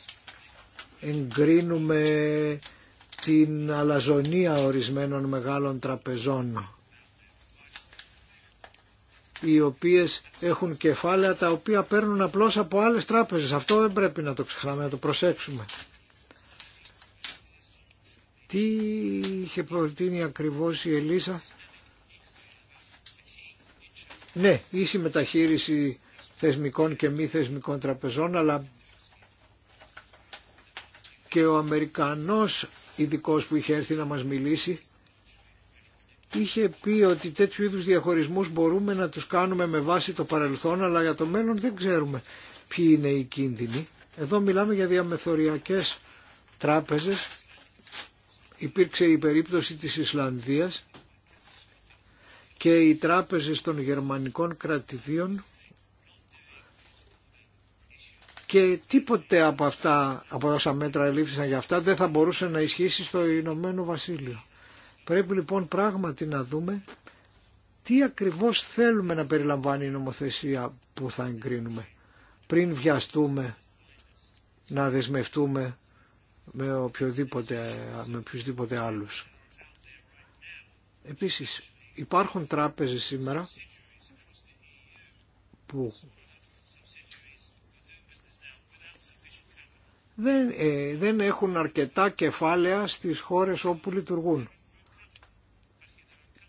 εγκρίνουμε την αλαζονία ορισμένων μεγάλων τραπεζών οι οποίες έχουν κεφάλαια τα οποία παίρνουν απλώς από άλλες τράπεζες. Αυτό δεν πρέπει να το ξεχνάμε, να το προσέξουμε. Τι είχε προτείνει ακριβώς η Ελίσσα. Ναι, ίση μεταχείριση θεσμικών και μη θεσμικών τραπεζών, αλλά και ο Αμερικανός ειδικό που είχε έρθει να μας μιλήσει είχε πει ότι τέτοιου είδους διαχωρισμούς μπορούμε να τους κάνουμε με βάση το παρελθόν, αλλά για το μέλλον δεν ξέρουμε ποιοι είναι οι κίνδυνοι. Εδώ μιλάμε για διαμεθοριακές τράπεζες. Υπήρξε η περίπτωση της Ισλανδίας και οι τράπεζες των γερμανικών κρατηδίων και τίποτε από αυτά, από όσα μέτρα ελήφθησαν για αυτά, δεν θα μπορούσε να ισχύσει στο Ηνωμένο Βασίλειο. Πρέπει λοιπόν πράγματι να δούμε τι ακριβώς θέλουμε να περιλαμβάνει η νομοθεσία που θα εγκρίνουμε πριν βιαστούμε να δεσμευτούμε με, οποιοδήποτε, με οποιοδήποτε άλλους. Επίσης υπάρχουν τράπεζες σήμερα που δεν, ε, δεν έχουν αρκετά κεφάλαια στις χώρες όπου λειτουργούν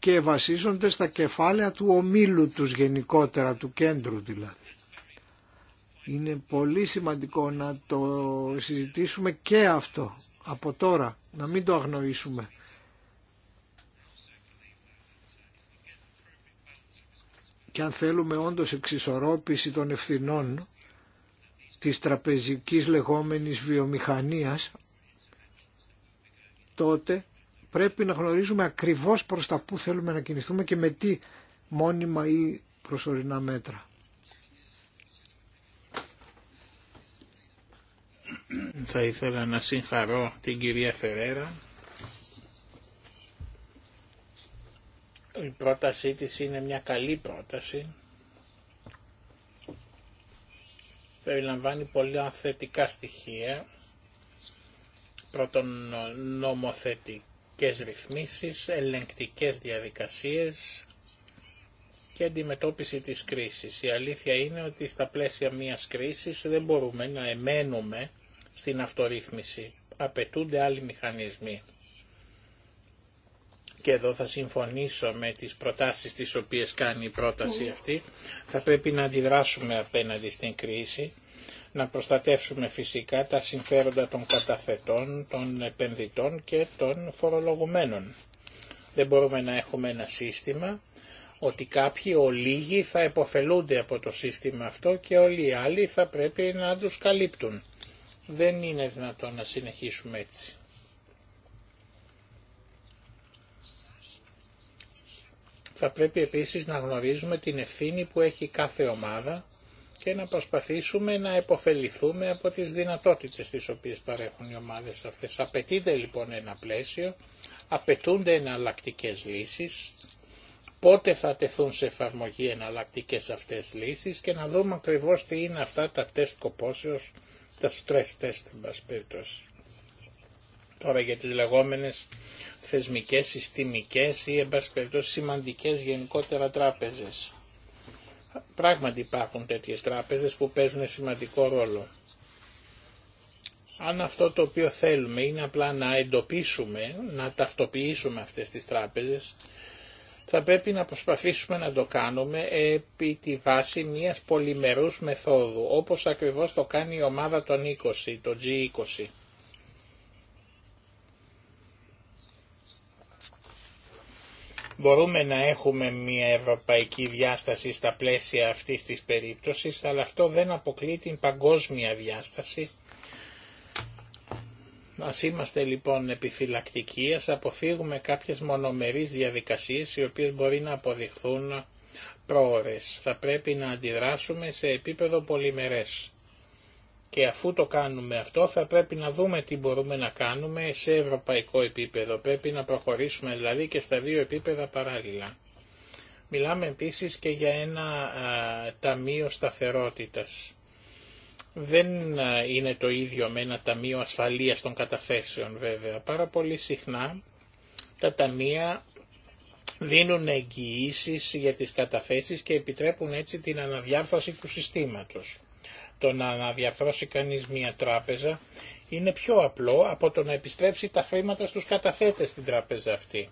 και βασίζονται στα κεφάλαια του ομίλου τους γενικότερα, του κέντρου δηλαδή. Είναι πολύ σημαντικό να το συζητήσουμε και αυτό από τώρα, να μην το αγνοήσουμε. Και αν θέλουμε όντως εξισορρόπηση των ευθυνών της τραπεζικής λεγόμενης βιομηχανίας, τότε πρέπει να γνωρίζουμε ακριβώς προς τα που θέλουμε να κινηθούμε και με τι μόνιμα ή προσωρινά μέτρα. Θα ήθελα να συγχαρώ την κυρία Φερέρα. Η πρότασή της είναι μια καλή πρόταση. Περιλαμβάνει πολλά θετικά στοιχεία. Πρώτον νομοθετικά και ρυθμίσεις, ελεγκτικές διαδικασίες και αντιμετώπιση της κρίσης. Η αλήθεια είναι ότι στα πλαίσια μιας κρίσης δεν μπορούμε να εμένουμε στην αυτορύθμιση. Απαιτούνται άλλοι μηχανισμοί. Και εδώ θα συμφωνήσω με τις προτάσεις τις οποίες κάνει η πρόταση αυτή. Θα πρέπει να αντιδράσουμε απέναντι στην κρίση να προστατεύσουμε φυσικά τα συμφέροντα των καταθετών, των επενδυτών και των φορολογουμένων. Δεν μπορούμε να έχουμε ένα σύστημα ότι κάποιοι ολίγοι θα επωφελούνται από το σύστημα αυτό και όλοι οι άλλοι θα πρέπει να τους καλύπτουν. Δεν είναι δυνατόν να συνεχίσουμε έτσι. Θα πρέπει επίσης να γνωρίζουμε την ευθύνη που έχει κάθε ομάδα και να προσπαθήσουμε να επωφεληθούμε από τις δυνατότητες τις οποίες παρέχουν οι ομάδες αυτές. Απαιτείται λοιπόν ένα πλαίσιο, απαιτούνται εναλλακτικέ λύσεις, πότε θα τεθούν σε εφαρμογή εναλλακτικέ αυτές λύσεις και να δούμε ακριβώς τι είναι αυτά τα τεστ κοπόσεως, τα stress test εν πάση Τώρα για τις λεγόμενες θεσμικές, συστημικές ή εν σημαντικές γενικότερα τράπεζες Πράγματι υπάρχουν τέτοιες τράπεζες που παίζουν σημαντικό ρόλο. Αν αυτό το οποίο θέλουμε είναι απλά να εντοπίσουμε, να ταυτοποιήσουμε αυτές τις τράπεζες, θα πρέπει να προσπαθήσουμε να το κάνουμε επί τη βάση μιας πολυμερούς μεθόδου, όπως ακριβώς το κάνει η ομάδα των 20, το G20. Μπορούμε να έχουμε μια ευρωπαϊκή διάσταση στα πλαίσια αυτής της περίπτωσης, αλλά αυτό δεν αποκλεί την παγκόσμια διάσταση. Ας είμαστε λοιπόν επιφυλακτικοί, ας αποφύγουμε κάποιες μονομερείς διαδικασίες οι οποίες μπορεί να αποδειχθούν πρόορες. Θα πρέπει να αντιδράσουμε σε επίπεδο πολυμερές. Και αφού το κάνουμε αυτό θα πρέπει να δούμε τι μπορούμε να κάνουμε σε ευρωπαϊκό επίπεδο. Πρέπει να προχωρήσουμε δηλαδή και στα δύο επίπεδα παράλληλα. Μιλάμε επίσης και για ένα ταμείο σταθερότητας. Δεν είναι το ίδιο με ένα ταμείο ασφαλείας των καταθέσεων βέβαια. Πάρα πολύ συχνά τα ταμεία δίνουν εγγυήσει για τις καταθέσεις και επιτρέπουν έτσι την αναδιάρθρωση του συστήματος το να αναδιαφρώσει κανείς μια τράπεζα είναι πιο απλό από το να επιστρέψει τα χρήματα στους καταθέτες στην τράπεζα αυτή.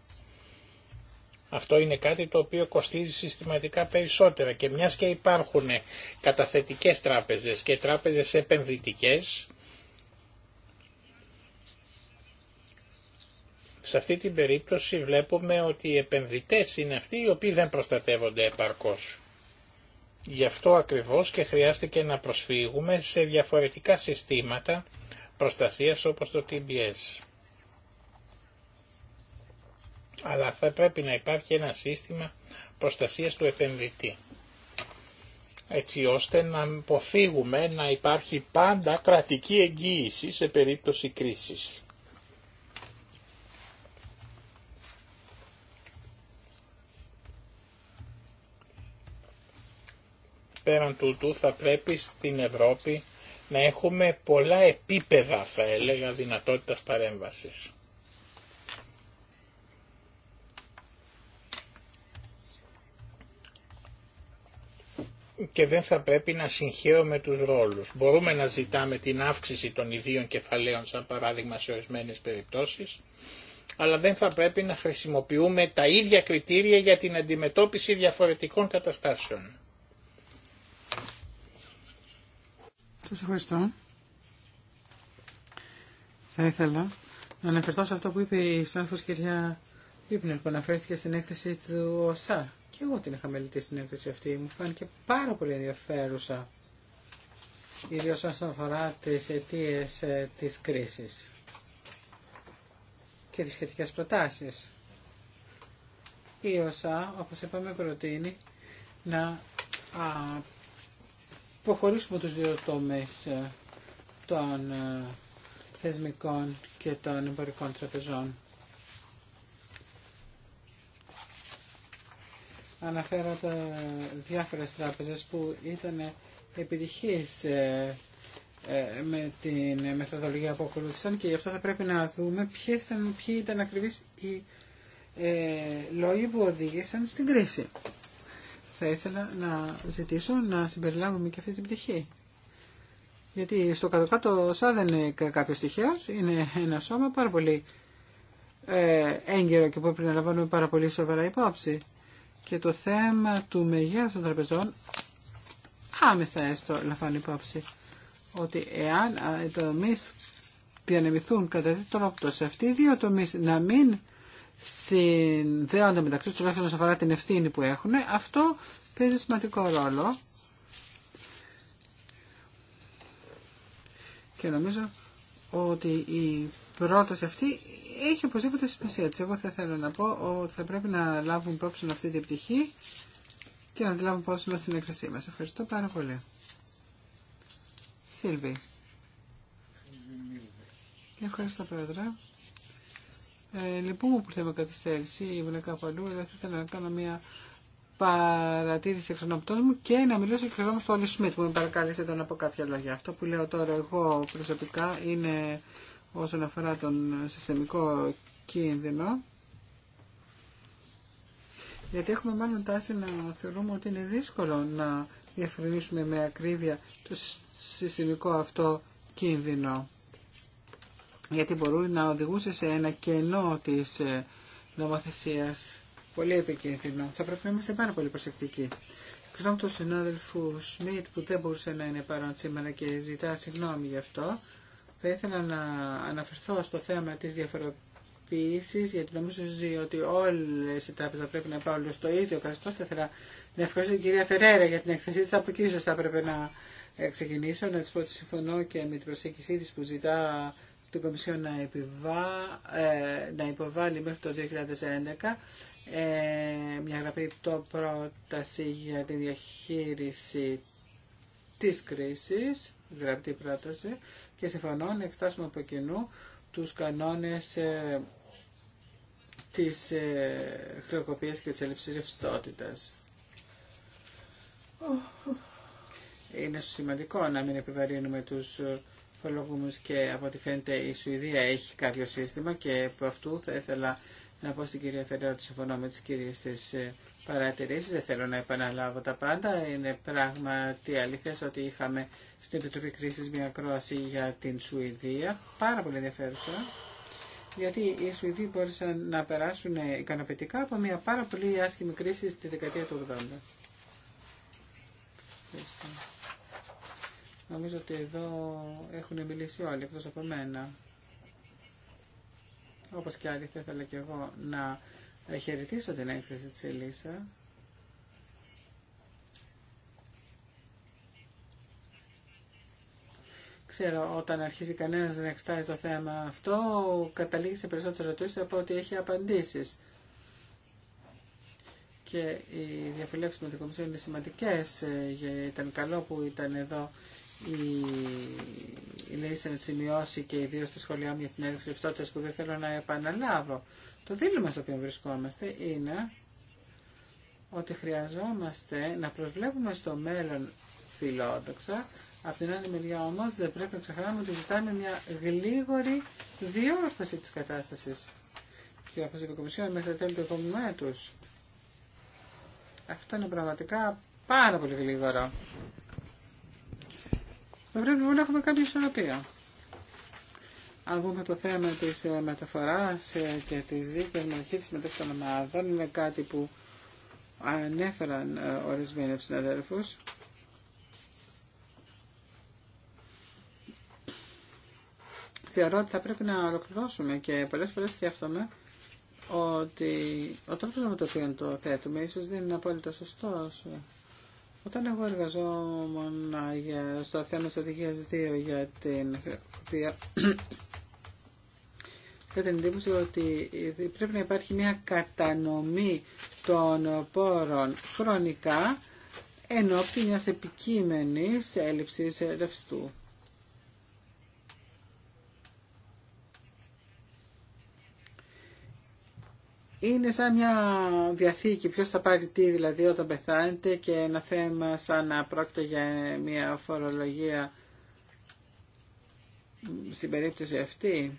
Αυτό είναι κάτι το οποίο κοστίζει συστηματικά περισσότερα και μιας και υπάρχουν καταθετικές τράπεζες και τράπεζες επενδυτικές, σε αυτή την περίπτωση βλέπουμε ότι οι επενδυτές είναι αυτοί οι οποίοι δεν προστατεύονται επαρκώς. Γι' αυτό ακριβώς και χρειάστηκε να προσφύγουμε σε διαφορετικά συστήματα προστασίας όπως το TBS. Αλλά θα πρέπει να υπάρχει ένα σύστημα προστασίας του επενδυτή έτσι ώστε να αποφύγουμε να υπάρχει πάντα κρατική εγγύηση σε περίπτωση κρίσης. πέραν τούτου θα πρέπει στην Ευρώπη να έχουμε πολλά επίπεδα θα έλεγα δυνατότητας παρέμβασης. και δεν θα πρέπει να συγχαίρουμε τους ρόλους. Μπορούμε να ζητάμε την αύξηση των ιδίων κεφαλαίων σαν παράδειγμα σε ορισμένες περιπτώσεις, αλλά δεν θα πρέπει να χρησιμοποιούμε τα ίδια κριτήρια για την αντιμετώπιση διαφορετικών καταστάσεων. Σας ευχαριστώ. Θα ήθελα να αναφερθώ σε αυτό που είπε η συνάδελφος κυρία Ήπνερ που αναφέρθηκε στην έκθεση του ΟΣΑ. Και εγώ την είχα μελετήσει στην έκθεση αυτή. Μου φάνηκε πάρα πολύ ενδιαφέρουσα. Ιδίω όσον αφορά τι αιτίε ε, τη κρίση και τι σχετικέ προτάσει. Η ΩΣΑ, όπω είπαμε, προτείνει να προχωρήσουμε τους δύο τομείς ε, των ε, θεσμικών και των εμπορικών τραπεζών. Αναφέρατε διάφορες τράπεζες που ήταν επιτυχής ε, με την μεθοδολογία που ακολούθησαν και γι' αυτό θα πρέπει να δούμε ποιες ήταν, ποιοι ήταν ακριβώς οι λόγοι που οδήγησαν στην κρίση θα ήθελα να ζητήσω να συμπεριλάβουμε και αυτή την πτυχή. Γιατί στο κάτω-κάτω ΣΑ δεν είναι κάποιο τυχαίο, είναι ένα σώμα πάρα πολύ ε, έγκαιρο και που πρέπει να λαμβάνουμε πάρα πολύ σοβαρά υπόψη. Και το θέμα του μεγέθου των τραπεζών άμεσα έστω λαμβάνει υπόψη ότι εάν ε, οι τομεί διανεμηθούν κατά τέτοιο τρόπο σε αυτοί οι δύο τομεί να μην συνδέονται μεταξύ τους, τουλάχιστον όσον αφορά την ευθύνη που έχουν, αυτό παίζει σημαντικό ρόλο. Και νομίζω ότι η πρόταση αυτή έχει οπωσδήποτε σημασία έτσι Εγώ θα θέλω να πω ότι θα πρέπει να λάβουν υπόψη αυτή την πτυχή και να τη λάβουν υπόψη μας στην έκθεσή μας. Ευχαριστώ πάρα πολύ. Σίλβη. Ευχαριστώ, Πρόεδρε. Ε, μου λοιπόν, που θέλω καθυστέρηση, ήμουν κάπου αλλού, αλλά θα ήθελα να κάνω μια παρατήρηση εξ μου και να μιλήσω και χρειαζόμαστε στο Όλη Σμιτ που με παρακάλεσε να πω κάποια λόγια. Αυτό που λέω τώρα εγώ προσωπικά είναι όσον αφορά τον συστημικό κίνδυνο. Γιατί έχουμε μάλλον τάση να θεωρούμε ότι είναι δύσκολο να διαφρυνήσουμε με ακρίβεια το συστημικό αυτό κίνδυνο γιατί μπορούν να οδηγούσε σε ένα κενό της ε, νομοθεσίας πολύ επικίνδυνο. Θα πρέπει να είμαστε πάρα πολύ προσεκτικοί. Ξέρω του συνάδελφο Σμιτ που δεν μπορούσε να είναι παρόν σήμερα και ζητά συγγνώμη γι' αυτό. Θα ήθελα να αναφερθώ στο θέμα της διαφοροποίησης, γιατί νομίζω ότι όλες οι τράπεζες θα πρέπει να πάρουν στο ίδιο καθεστώ. Θα ήθελα να ευχαριστήσω την κυρία Φεραίρα για την εκθεσή της. Από εκεί ίσως θα έπρεπε να ε, ξεκινήσω, να τη πω ότι συμφωνώ και με την προσέγγιση τη που ζητά την Κομισιόν να, επιβά, ε, να υποβάλει μέχρι το 2011 ε, μια γραπτή πρόταση για τη διαχείριση της κρίσης, γραπτή πρόταση, και συμφωνώ να εξτάσουμε από κοινού τους κανόνες ε, της ε, χρεοκοπίας και της έλλειψης ρευστότητας. Είναι σημαντικό να μην επιβαρύνουμε τους ε, Φελογούμους και από ό,τι φαίνεται η Σουηδία έχει κάποιο σύστημα και από αυτού θα ήθελα να πω στην κυρία Φερέρα ότι συμφωνώ με τι κυρίε τη ε, παρατηρήσει. Δεν θέλω να επαναλάβω τα πάντα. Είναι πράγματι αλήθεια ότι είχαμε στην Επιτροπή κρίση μια ακρόαση για την Σουηδία. Πάρα πολύ ενδιαφέρουσα. Γιατί οι Σουηδοί μπόρεσαν να περάσουν ικανοποιητικά από μια πάρα πολύ άσχημη κρίση στη δεκαετία του 80. Νομίζω ότι εδώ έχουν μιλήσει όλοι εκτός από μένα. Όπως και άλλοι θα ήθελα και εγώ να χαιρετήσω την έκθεση της Ελίσσα. Ξέρω, όταν αρχίζει κανένας να εξετάζει το θέμα αυτό, καταλήγει σε περισσότερες ερωτήσεις από ότι έχει απαντήσεις. Και οι διαφυλέψεις με την Κομισιόν είναι σημαντικές. Ε, ήταν καλό που ήταν εδώ η η να σημειώσει και ιδίω στη σχολιά μου για την έλεξη ρευστότητα που δεν θέλω να επαναλάβω. Το δίλημα στο οποίο βρισκόμαστε είναι ότι χρειαζόμαστε να προσβλέπουμε στο μέλλον φιλόδοξα. Από την άλλη μεριά όμω δεν πρέπει να ξεχνάμε ότι ζητάμε μια γλίγορη διόρθωση τη κατάσταση. Και όπω είπε η Κομισιόν μέχρι τα τέλη του επόμενου έτου. Αυτό είναι πραγματικά πάρα πολύ γλίγορο. Θα πρέπει λοιπόν να έχουμε κάποια ισορροπία. Αν δούμε το θέμα της ε, μεταφοράς ε, και της δίκαιης μοναχής μεταξύ των ομάδων, είναι κάτι που ανέφεραν ε, ορισμένοι από συναδέλφους. Θεωρώ ότι θα πρέπει να ολοκληρώσουμε και πολλές φορές σκέφτομαι ότι ο τρόπος με τον οποίο το θέτουμε ίσως δεν είναι απόλυτα σωστό. Όταν εγώ εργαζόμουν για, στο θέμα στρατηγίας 2 για την χρηματοδοτία, είχα την εντύπωση ότι πρέπει να υπάρχει μια κατανομή των πόρων χρονικά εν ώψη μιας επικείμενης έλλειψης ρευστού. είναι σαν μια διαθήκη, ποιος θα πάρει τι δηλαδή όταν πεθάνετε και ένα θέμα σαν να πρόκειται για μια φορολογία στην περίπτωση αυτή.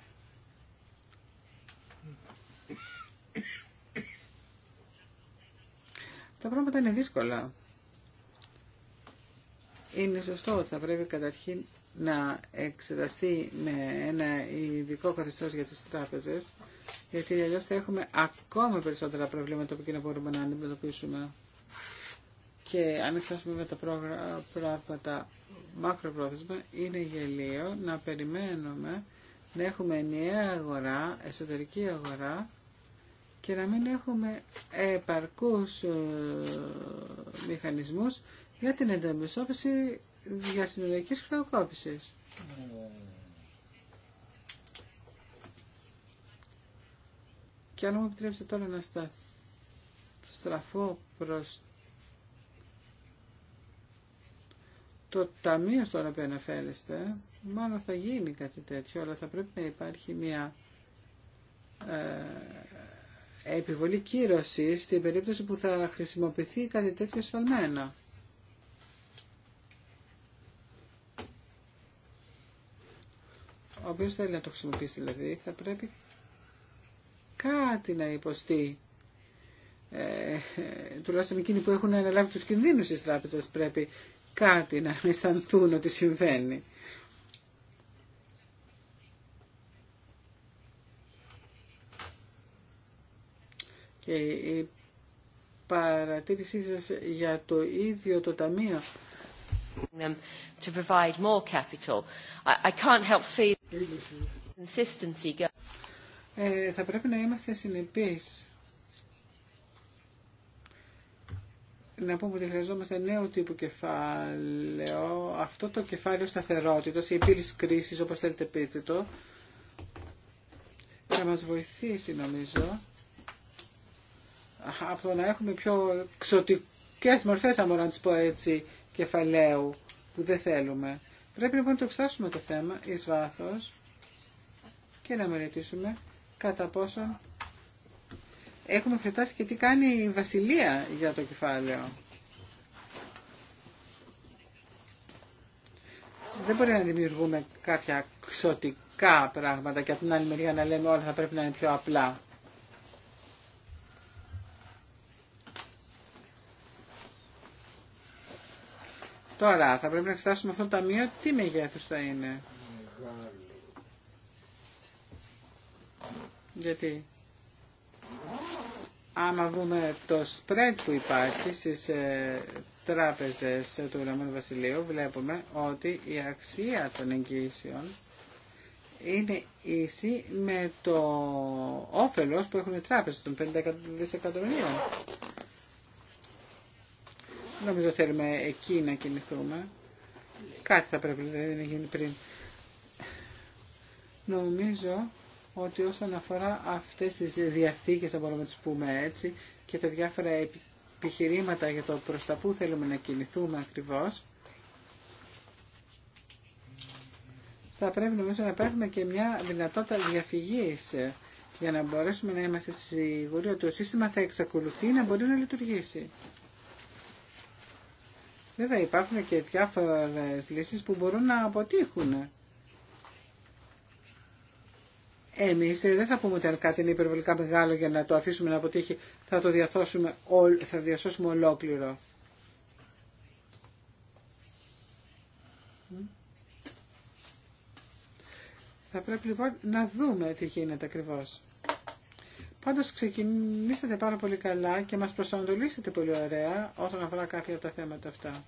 Τα πράγματα είναι δύσκολα. Είναι σωστό ότι θα πρέπει καταρχήν να εξεταστεί με ένα ειδικό καθεστώ για τις τράπεζες, γιατί αλλιώ θα έχουμε ακόμα περισσότερα προβλήματα που και να μπορούμε να αντιμετωπίσουμε. Και αν εξετάσουμε με τα πράγματα μακροπρόθεσμα, είναι γελίο να περιμένουμε να έχουμε ενιαία αγορά, εσωτερική αγορά, και να μην έχουμε επαρκούς ε, μηχανισμούς για την ενταμισόπιση χρεοκόπησες. χρεοκόπησης. Και αν μου επιτρέψετε τώρα να στραφώ προς το ταμείο στο οποίο αναφέρεστε, μάλλον θα γίνει κάτι τέτοιο, αλλά θα πρέπει να υπάρχει μια ε, επιβολή κύρωση στην περίπτωση που θα χρησιμοποιηθεί κάτι τέτοιο σφαλμένα. ο οποίο θέλει να το χρησιμοποιήσει δηλαδή, θα πρέπει κάτι να υποστεί. Ε, τουλάχιστον εκείνοι που έχουν αναλάβει τους κινδύνους της τράπεζας πρέπει κάτι να αισθανθούν ότι συμβαίνει. Και η παρατήρησή σας για το ίδιο το ταμείο. Um, ε, θα πρέπει να είμαστε συνεπείς. Να πούμε ότι χρειαζόμαστε νέο τύπου κεφάλαιο. Αυτό το κεφάλαιο σταθερότητας, η επίλυση κρίσης, όπως θέλετε πείτε το, θα μας βοηθήσει νομίζω από το να έχουμε πιο ξωτικές μορφές, αν μπορώ να τις πω έτσι, κεφαλαίου που δεν θέλουμε. Πρέπει λοιπόν να το εξετάσουμε το θέμα εις βάθος και να μελετήσουμε κατά πόσον έχουμε εξετάσει και τι κάνει η Βασιλεία για το κεφάλαιο. Δεν μπορεί να δημιουργούμε κάποια ξωτικά πράγματα και από την άλλη μεριά να λέμε όλα θα πρέπει να είναι πιο απλά. Τώρα θα πρέπει να εξετάσουμε αυτό το ταμείο τι μεγέθους θα είναι. Γιατί άμα δούμε το spread που υπάρχει στις ε, τράπεζες του Ρωμανού Βασιλείου βλέπουμε ότι η αξία των εγγύσεων είναι ίση με το όφελος που έχουν οι τράπεζες των 50 δισεκατομμυρίων νομίζω θέλουμε εκεί να κινηθούμε. Κάτι θα πρέπει δηλαδή, να γίνει πριν. Νομίζω ότι όσον αφορά αυτές τις διαθήκες, θα μπορούμε να τις πούμε έτσι, και τα διάφορα επιχειρήματα για το προς τα που θέλουμε να κινηθούμε ακριβώς, θα πρέπει νομίζω να παίρνουμε και μια δυνατότητα διαφυγής για να μπορέσουμε να είμαστε σίγουροι ότι το σύστημα θα εξακολουθεί να μπορεί να λειτουργήσει. Βέβαια υπάρχουν και διάφορες λύσεις που μπορούν να αποτύχουν. Εμείς δεν θα πούμε ότι αν κάτι είναι υπερβολικά μεγάλο για να το αφήσουμε να αποτύχει, θα το διαθώσουμε θα διασώσουμε ολόκληρο. Θα πρέπει λοιπόν να δούμε τι γίνεται ακριβώς. Πάντως ξεκινήσατε πάρα πολύ καλά και μας προσανατολίσατε πολύ ωραία όσον αφορά κάποια από τα θέματα αυτά.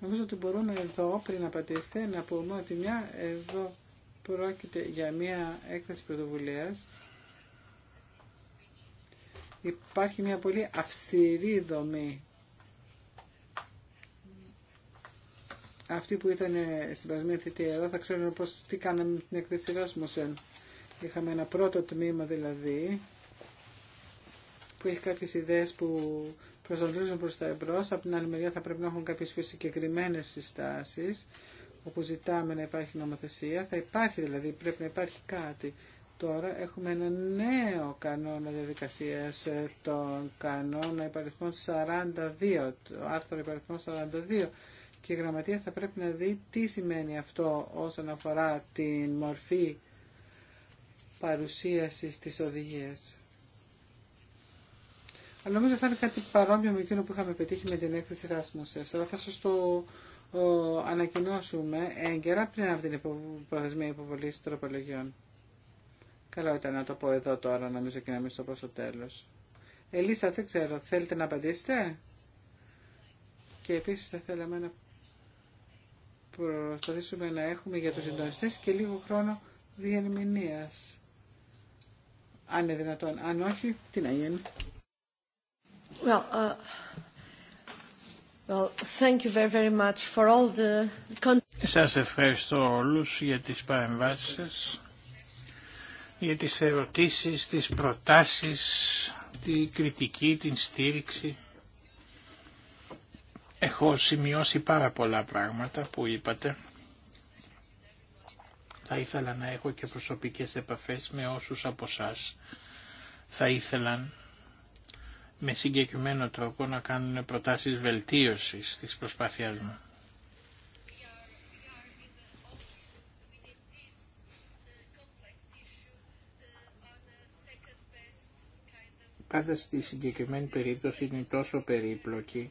Νομίζω ότι μπορούμε εδώ, πριν απαντήσετε, να πούμε ότι μια εδώ πρόκειται για μια έκθεση πρωτοβουλία. Υπάρχει μια πολύ αυστηρή δομή. Αυτοί που ήταν στην παρασμένη θητεία εδώ θα ξέρουν πώς, τι κάναμε την έκθεση Ράσμουσεν. Είχαμε ένα πρώτο τμήμα δηλαδή που έχει κάποιες ιδέες που προσανατολίζουν προς τα εμπρός. Από την άλλη μεριά θα πρέπει να έχουν κάποιες πιο συγκεκριμένε συστάσεις όπου ζητάμε να υπάρχει νομοθεσία. Θα υπάρχει δηλαδή, πρέπει να υπάρχει κάτι. Τώρα έχουμε ένα νέο κανόνα διαδικασίας, ε, των κανόνα υπαριθμών 42, το άρθρο υπαριθμών 42 και η γραμματεία θα πρέπει να δει τι σημαίνει αυτό όσον αφορά την μορφή παρουσίασης της οδηγίας. Αλλά νομίζω θα είναι κάτι παρόμοιο με εκείνο που είχαμε πετύχει με την έκθεση Rasmus. Αλλά θα σας το ανακοινώσουμε έγκαιρα πριν από την προθεσμία υποβολή τροπολογιών. Καλό ήταν να το πω εδώ τώρα, νομίζω και να μην στο πω στο τέλος. Ελίσσα, δεν ξέρω, θέλετε να απαντήσετε? Και επίση θα θέλαμε να προσπαθήσουμε να έχουμε για του συντονιστέ και λίγο χρόνο διερμηνίας αν είναι δυνατόν. Αν όχι, τι να γίνει. Well, Σας ευχαριστώ όλους για τις παρεμβάσεις σας, για τις ερωτήσεις, τις προτάσεις, την κριτική, την στήριξη. Έχω σημειώσει πάρα πολλά πράγματα που είπατε. Θα ήθελα να έχω και προσωπικές επαφές με όσους από εσά θα ήθελαν με συγκεκριμένο τρόπο να κάνουν προτάσεις βελτίωσης της προσπάθειάς μου. Πάντα στη συγκεκριμένη περίπτωση είναι τόσο περίπλοκη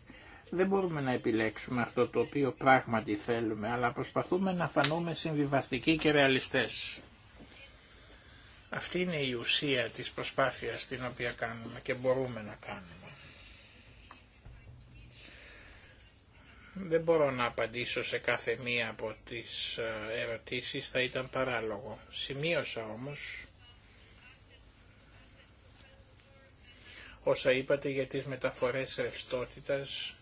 δεν μπορούμε να επιλέξουμε αυτό το οποίο πράγματι θέλουμε, αλλά προσπαθούμε να φανούμε συμβιβαστικοί και ρεαλιστές. Αυτή είναι η ουσία της προσπάθειας την οποία κάνουμε και μπορούμε να κάνουμε. Δεν μπορώ να απαντήσω σε κάθε μία από τις ε, ερωτήσεις, θα ήταν παράλογο. Σημείωσα όμως όσα είπατε για τις μεταφορές ρευστότητας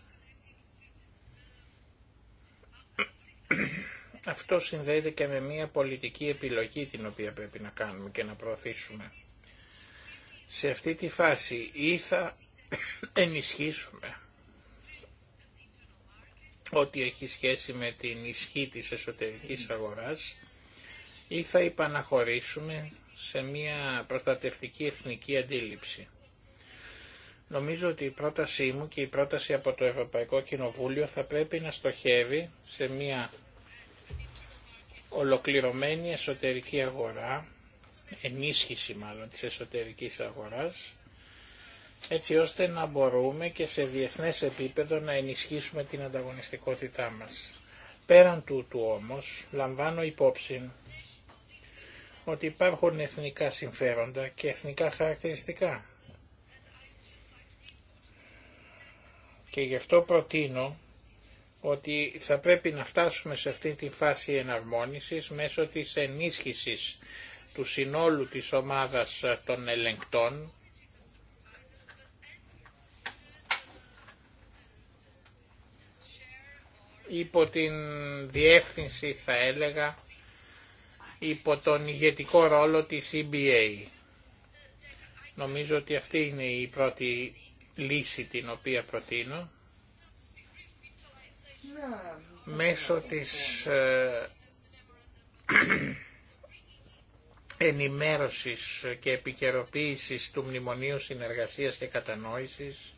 Αυτό συνδέεται και με μια πολιτική επιλογή την οποία πρέπει να κάνουμε και να προωθήσουμε. Σε αυτή τη φάση ή θα ενισχύσουμε ό,τι έχει σχέση με την ισχύ της εσωτερικής αγοράς ή θα υπαναχωρήσουμε σε μια προστατευτική εθνική αντίληψη. Νομίζω ότι η πρότασή μου και η πρόταση από το Ευρωπαϊκό Κοινοβούλιο θα πρέπει να στοχεύει σε μια ολοκληρωμένη εσωτερική αγορά, ενίσχυση μάλλον της εσωτερικής αγοράς, έτσι ώστε να μπορούμε και σε διεθνές επίπεδο να ενισχύσουμε την ανταγωνιστικότητά μας. Πέραν τούτου όμως, λαμβάνω υπόψη ότι υπάρχουν εθνικά συμφέροντα και εθνικά χαρακτηριστικά. Και γι' αυτό προτείνω ότι θα πρέπει να φτάσουμε σε αυτή τη φάση εναρμόνισης μέσω της ενίσχυσης του συνόλου της ομάδας των ελεγκτών υπό την διεύθυνση θα έλεγα υπό τον ηγετικό ρόλο της EBA. Νομίζω ότι αυτή είναι η πρώτη λύση την οποία προτείνω μέσω της ε, ενημέρωσης και επικαιροποίησης του Μνημονίου Συνεργασίας και Κατανόησης,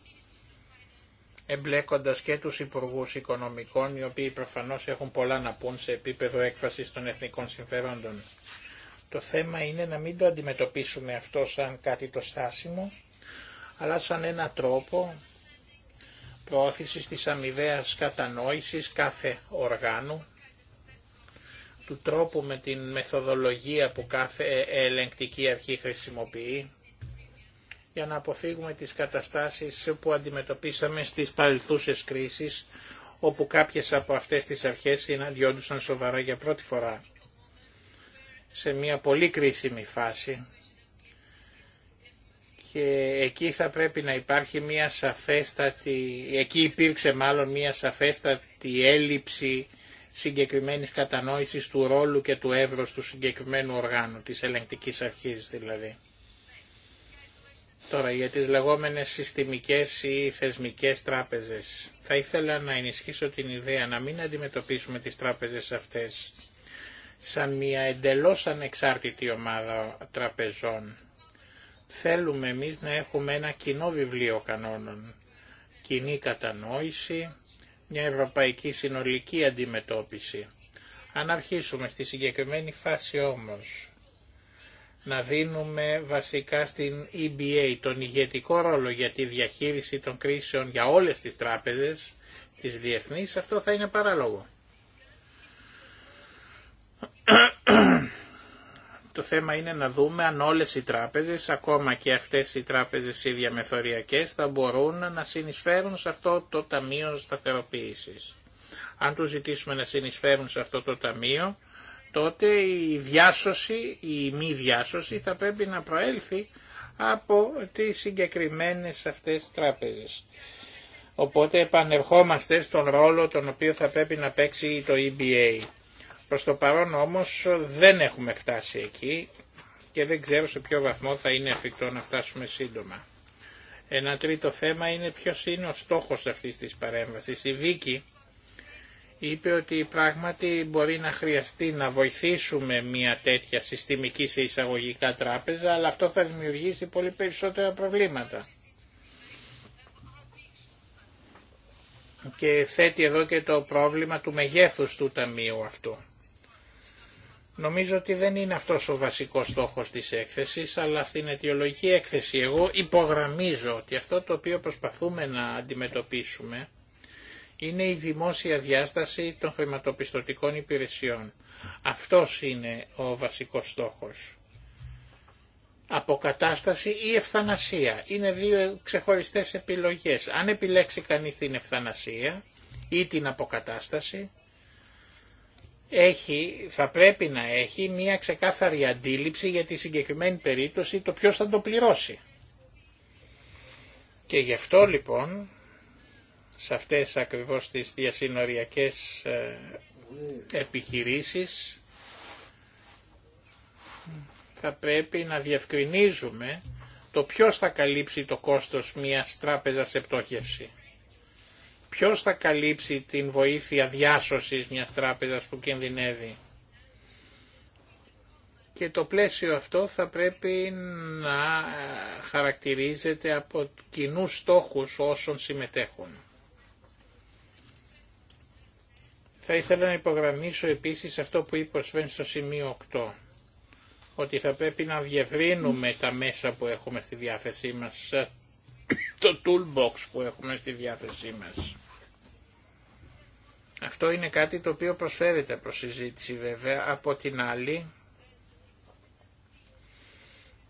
εμπλέκοντας και τους Υπουργούς Οικονομικών, οι οποίοι προφανώς έχουν πολλά να πούν σε επίπεδο έκφρασης των εθνικών συμφερόντων. Το θέμα είναι να μην το αντιμετωπίσουμε αυτό σαν κάτι το στάσιμο, αλλά σαν ένα τρόπο προώθησης της αμοιβαίας κατανόησης κάθε οργάνου, του τρόπου με την μεθοδολογία που κάθε ε, ελεγκτική αρχή χρησιμοποιεί, για να αποφύγουμε τις καταστάσεις που αντιμετωπίσαμε στις παρελθούσες κρίσεις, όπου κάποιες από αυτές τις αρχές συναντιόντουσαν σοβαρά για πρώτη φορά. Σε μια πολύ κρίσιμη φάση, και εκεί θα πρέπει να υπάρχει μια σαφέστατη, εκεί υπήρξε μάλλον μια σαφέστατη έλλειψη συγκεκριμένης κατανόησης του ρόλου και του εύρους του συγκεκριμένου οργάνου, της ελεγκτικής αρχής δηλαδή. Τώρα για τις λεγόμενες συστημικές ή θεσμικές τράπεζες. Θα ήθελα να ενισχύσω την ιδέα να μην αντιμετωπίσουμε τις τράπεζες αυτές σαν μια εντελώς ανεξάρτητη ομάδα τραπεζών Θέλουμε εμείς να έχουμε ένα κοινό βιβλίο κανόνων, κοινή κατανόηση, μια ευρωπαϊκή συνολική αντιμετώπιση. Αν αρχίσουμε στη συγκεκριμένη φάση όμως να δίνουμε βασικά στην EBA τον ηγετικό ρόλο για τη διαχείριση των κρίσεων για όλες τις τράπεζες, τις διεθνείς, αυτό θα είναι παράλογο. Το θέμα είναι να δούμε αν όλες οι τράπεζες, ακόμα και αυτές οι τράπεζες οι διαμεθοριακές, θα μπορούν να συνεισφέρουν σε αυτό το Ταμείο Σταθεροποίησης. Αν τους ζητήσουμε να συνεισφέρουν σε αυτό το Ταμείο, τότε η διάσωση, η μη διάσωση θα πρέπει να προέλθει από τις συγκεκριμένες αυτές τράπεζες. Οπότε επανερχόμαστε στον ρόλο τον οποίο θα πρέπει να παίξει το EBA. Προς το παρόν όμως δεν έχουμε φτάσει εκεί και δεν ξέρω σε ποιο βαθμό θα είναι εφικτό να φτάσουμε σύντομα. Ένα τρίτο θέμα είναι ποιος είναι ο στόχος αυτής της παρέμβασης. Η Βίκη είπε ότι πράγματι μπορεί να χρειαστεί να βοηθήσουμε μια τέτοια συστημική σε εισαγωγικά τράπεζα, αλλά αυτό θα δημιουργήσει πολύ περισσότερα προβλήματα. Και θέτει εδώ και το πρόβλημα του μεγέθους του ταμείου αυτού. Νομίζω ότι δεν είναι αυτός ο βασικός στόχος της έκθεσης, αλλά στην αιτιολογική έκθεση εγώ υπογραμμίζω ότι αυτό το οποίο προσπαθούμε να αντιμετωπίσουμε είναι η δημόσια διάσταση των χρηματοπιστωτικών υπηρεσιών. Αυτός είναι ο βασικός στόχος. Αποκατάσταση ή ευθανασία. Είναι δύο ξεχωριστές επιλογές. Αν επιλέξει κανείς την ευθανασία ή την αποκατάσταση, έχει, θα πρέπει να έχει μια ξεκάθαρη αντίληψη για τη συγκεκριμένη περίπτωση το ποιος θα το πληρώσει. Και γι' αυτό λοιπόν σε αυτές ακριβώς τις διασυνοριακές ε, επιχειρήσεις θα πρέπει να διευκρινίζουμε το ποιος θα καλύψει το κόστος μιας τράπεζας επτόχευσης. Ποιος θα καλύψει την βοήθεια διάσωσης μιας τράπεζας που κινδυνεύει. Και το πλαίσιο αυτό θα πρέπει να ε, χαρακτηρίζεται από κοινού στόχους όσων συμμετέχουν. Θα ήθελα να υπογραμμίσω επίσης αυτό που είπε ο Σβέν στο σημείο 8, ότι θα πρέπει να διευρύνουμε τα μέσα που έχουμε στη διάθεσή μας το toolbox που έχουμε στη διάθεσή μας. Αυτό είναι κάτι το οποίο προσφέρεται προς συζήτηση βέβαια. Από την άλλη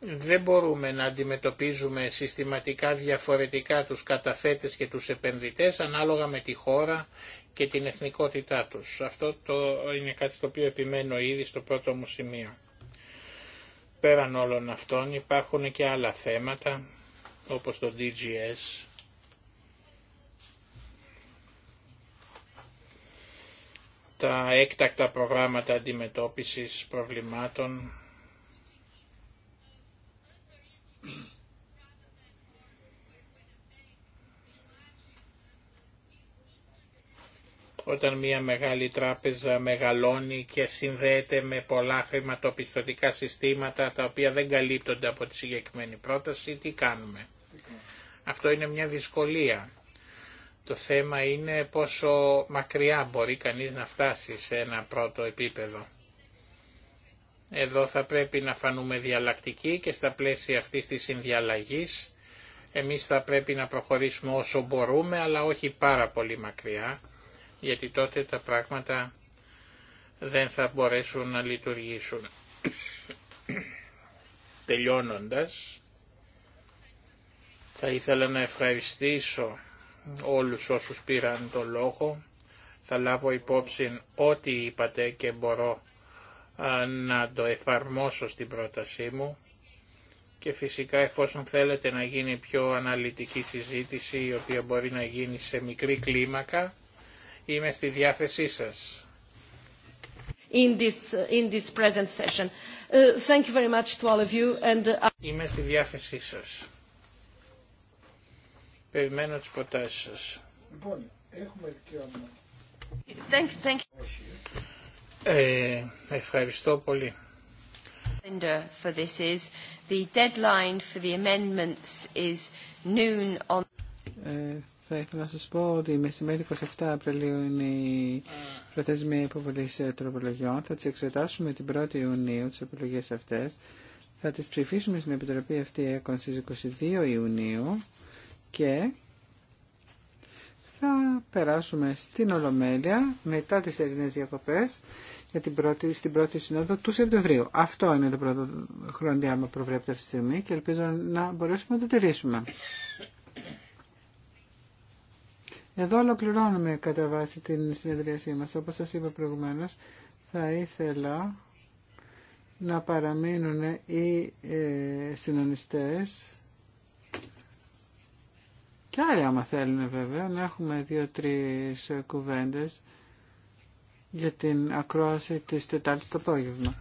δεν μπορούμε να αντιμετωπίζουμε συστηματικά διαφορετικά τους καταθέτες και τους επενδυτές ανάλογα με τη χώρα και την εθνικότητά τους. Αυτό το είναι κάτι το οποίο επιμένω ήδη στο πρώτο μου σημείο. Πέραν όλων αυτών υπάρχουν και άλλα θέματα όπως το DGS, τα έκτακτα προγράμματα αντιμετώπισης προβλημάτων, όταν μια μεγάλη τράπεζα μεγαλώνει και συνδέεται με πολλά χρηματοπιστωτικά συστήματα τα οποία δεν καλύπτονται από τη συγκεκριμένη πρόταση, τι κάνουμε. Αυτό είναι μια δυσκολία. Το θέμα είναι πόσο μακριά μπορεί κανείς να φτάσει σε ένα πρώτο επίπεδο. Εδώ θα πρέπει να φανούμε διαλλακτικοί και στα πλαίσια αυτής της συνδιαλλαγής εμείς θα πρέπει να προχωρήσουμε όσο μπορούμε αλλά όχι πάρα πολύ μακριά γιατί τότε τα πράγματα δεν θα μπορέσουν να λειτουργήσουν. Τελειώνοντας, θα ήθελα να ευχαριστήσω όλους όσους πήραν το λόγο. Θα λάβω υπόψη ό,τι είπατε και μπορώ να το εφαρμόσω στην πρότασή μου και φυσικά εφόσον θέλετε να γίνει πιο αναλυτική συζήτηση η οποία μπορεί να γίνει σε μικρή κλίμακα είμαι στη διάθεσή σας. In this, in this present session. Uh, thank you very much to all of you and... Uh, είμαι στη διάθεσή σας. Περιμένω τις προτάσεις σας. Λοιπόν, έχουμε δικαίωμα. Ε, ευχαριστώ πολύ. For this is the deadline for the amendments is noon on. Ε, θα ήθελα να σας πω ότι μεσημέρι 27 Απριλίου είναι η προθεσμία υποβολής ε, τροπολογιών. Θα τις εξετάσουμε την 1η Ιουνίου, τις επιλογές αυτές. Θα τις ψηφίσουμε στην Επιτροπή αυτή έκον στις 22 Ιουνίου και θα περάσουμε στην Ολομέλεια μετά τις ελληνές διακοπές για την πρώτη, στην πρώτη συνόδο του Σεπτεμβρίου. Αυτό είναι το πρώτο χρόνο που προβλέπεται αυτή τη στιγμή και ελπίζω να μπορέσουμε να το τηρήσουμε. Εδώ ολοκληρώνουμε κατά βάση την συνεδρίασή μας. Όπως σας είπα προηγουμένως, θα ήθελα να παραμείνουν οι ε, και άλλοι άμα θέλουν βέβαια να έχουμε δύο-τρεις κουβέντες για την ακρόαση της Τετάρτης το απόγευμα.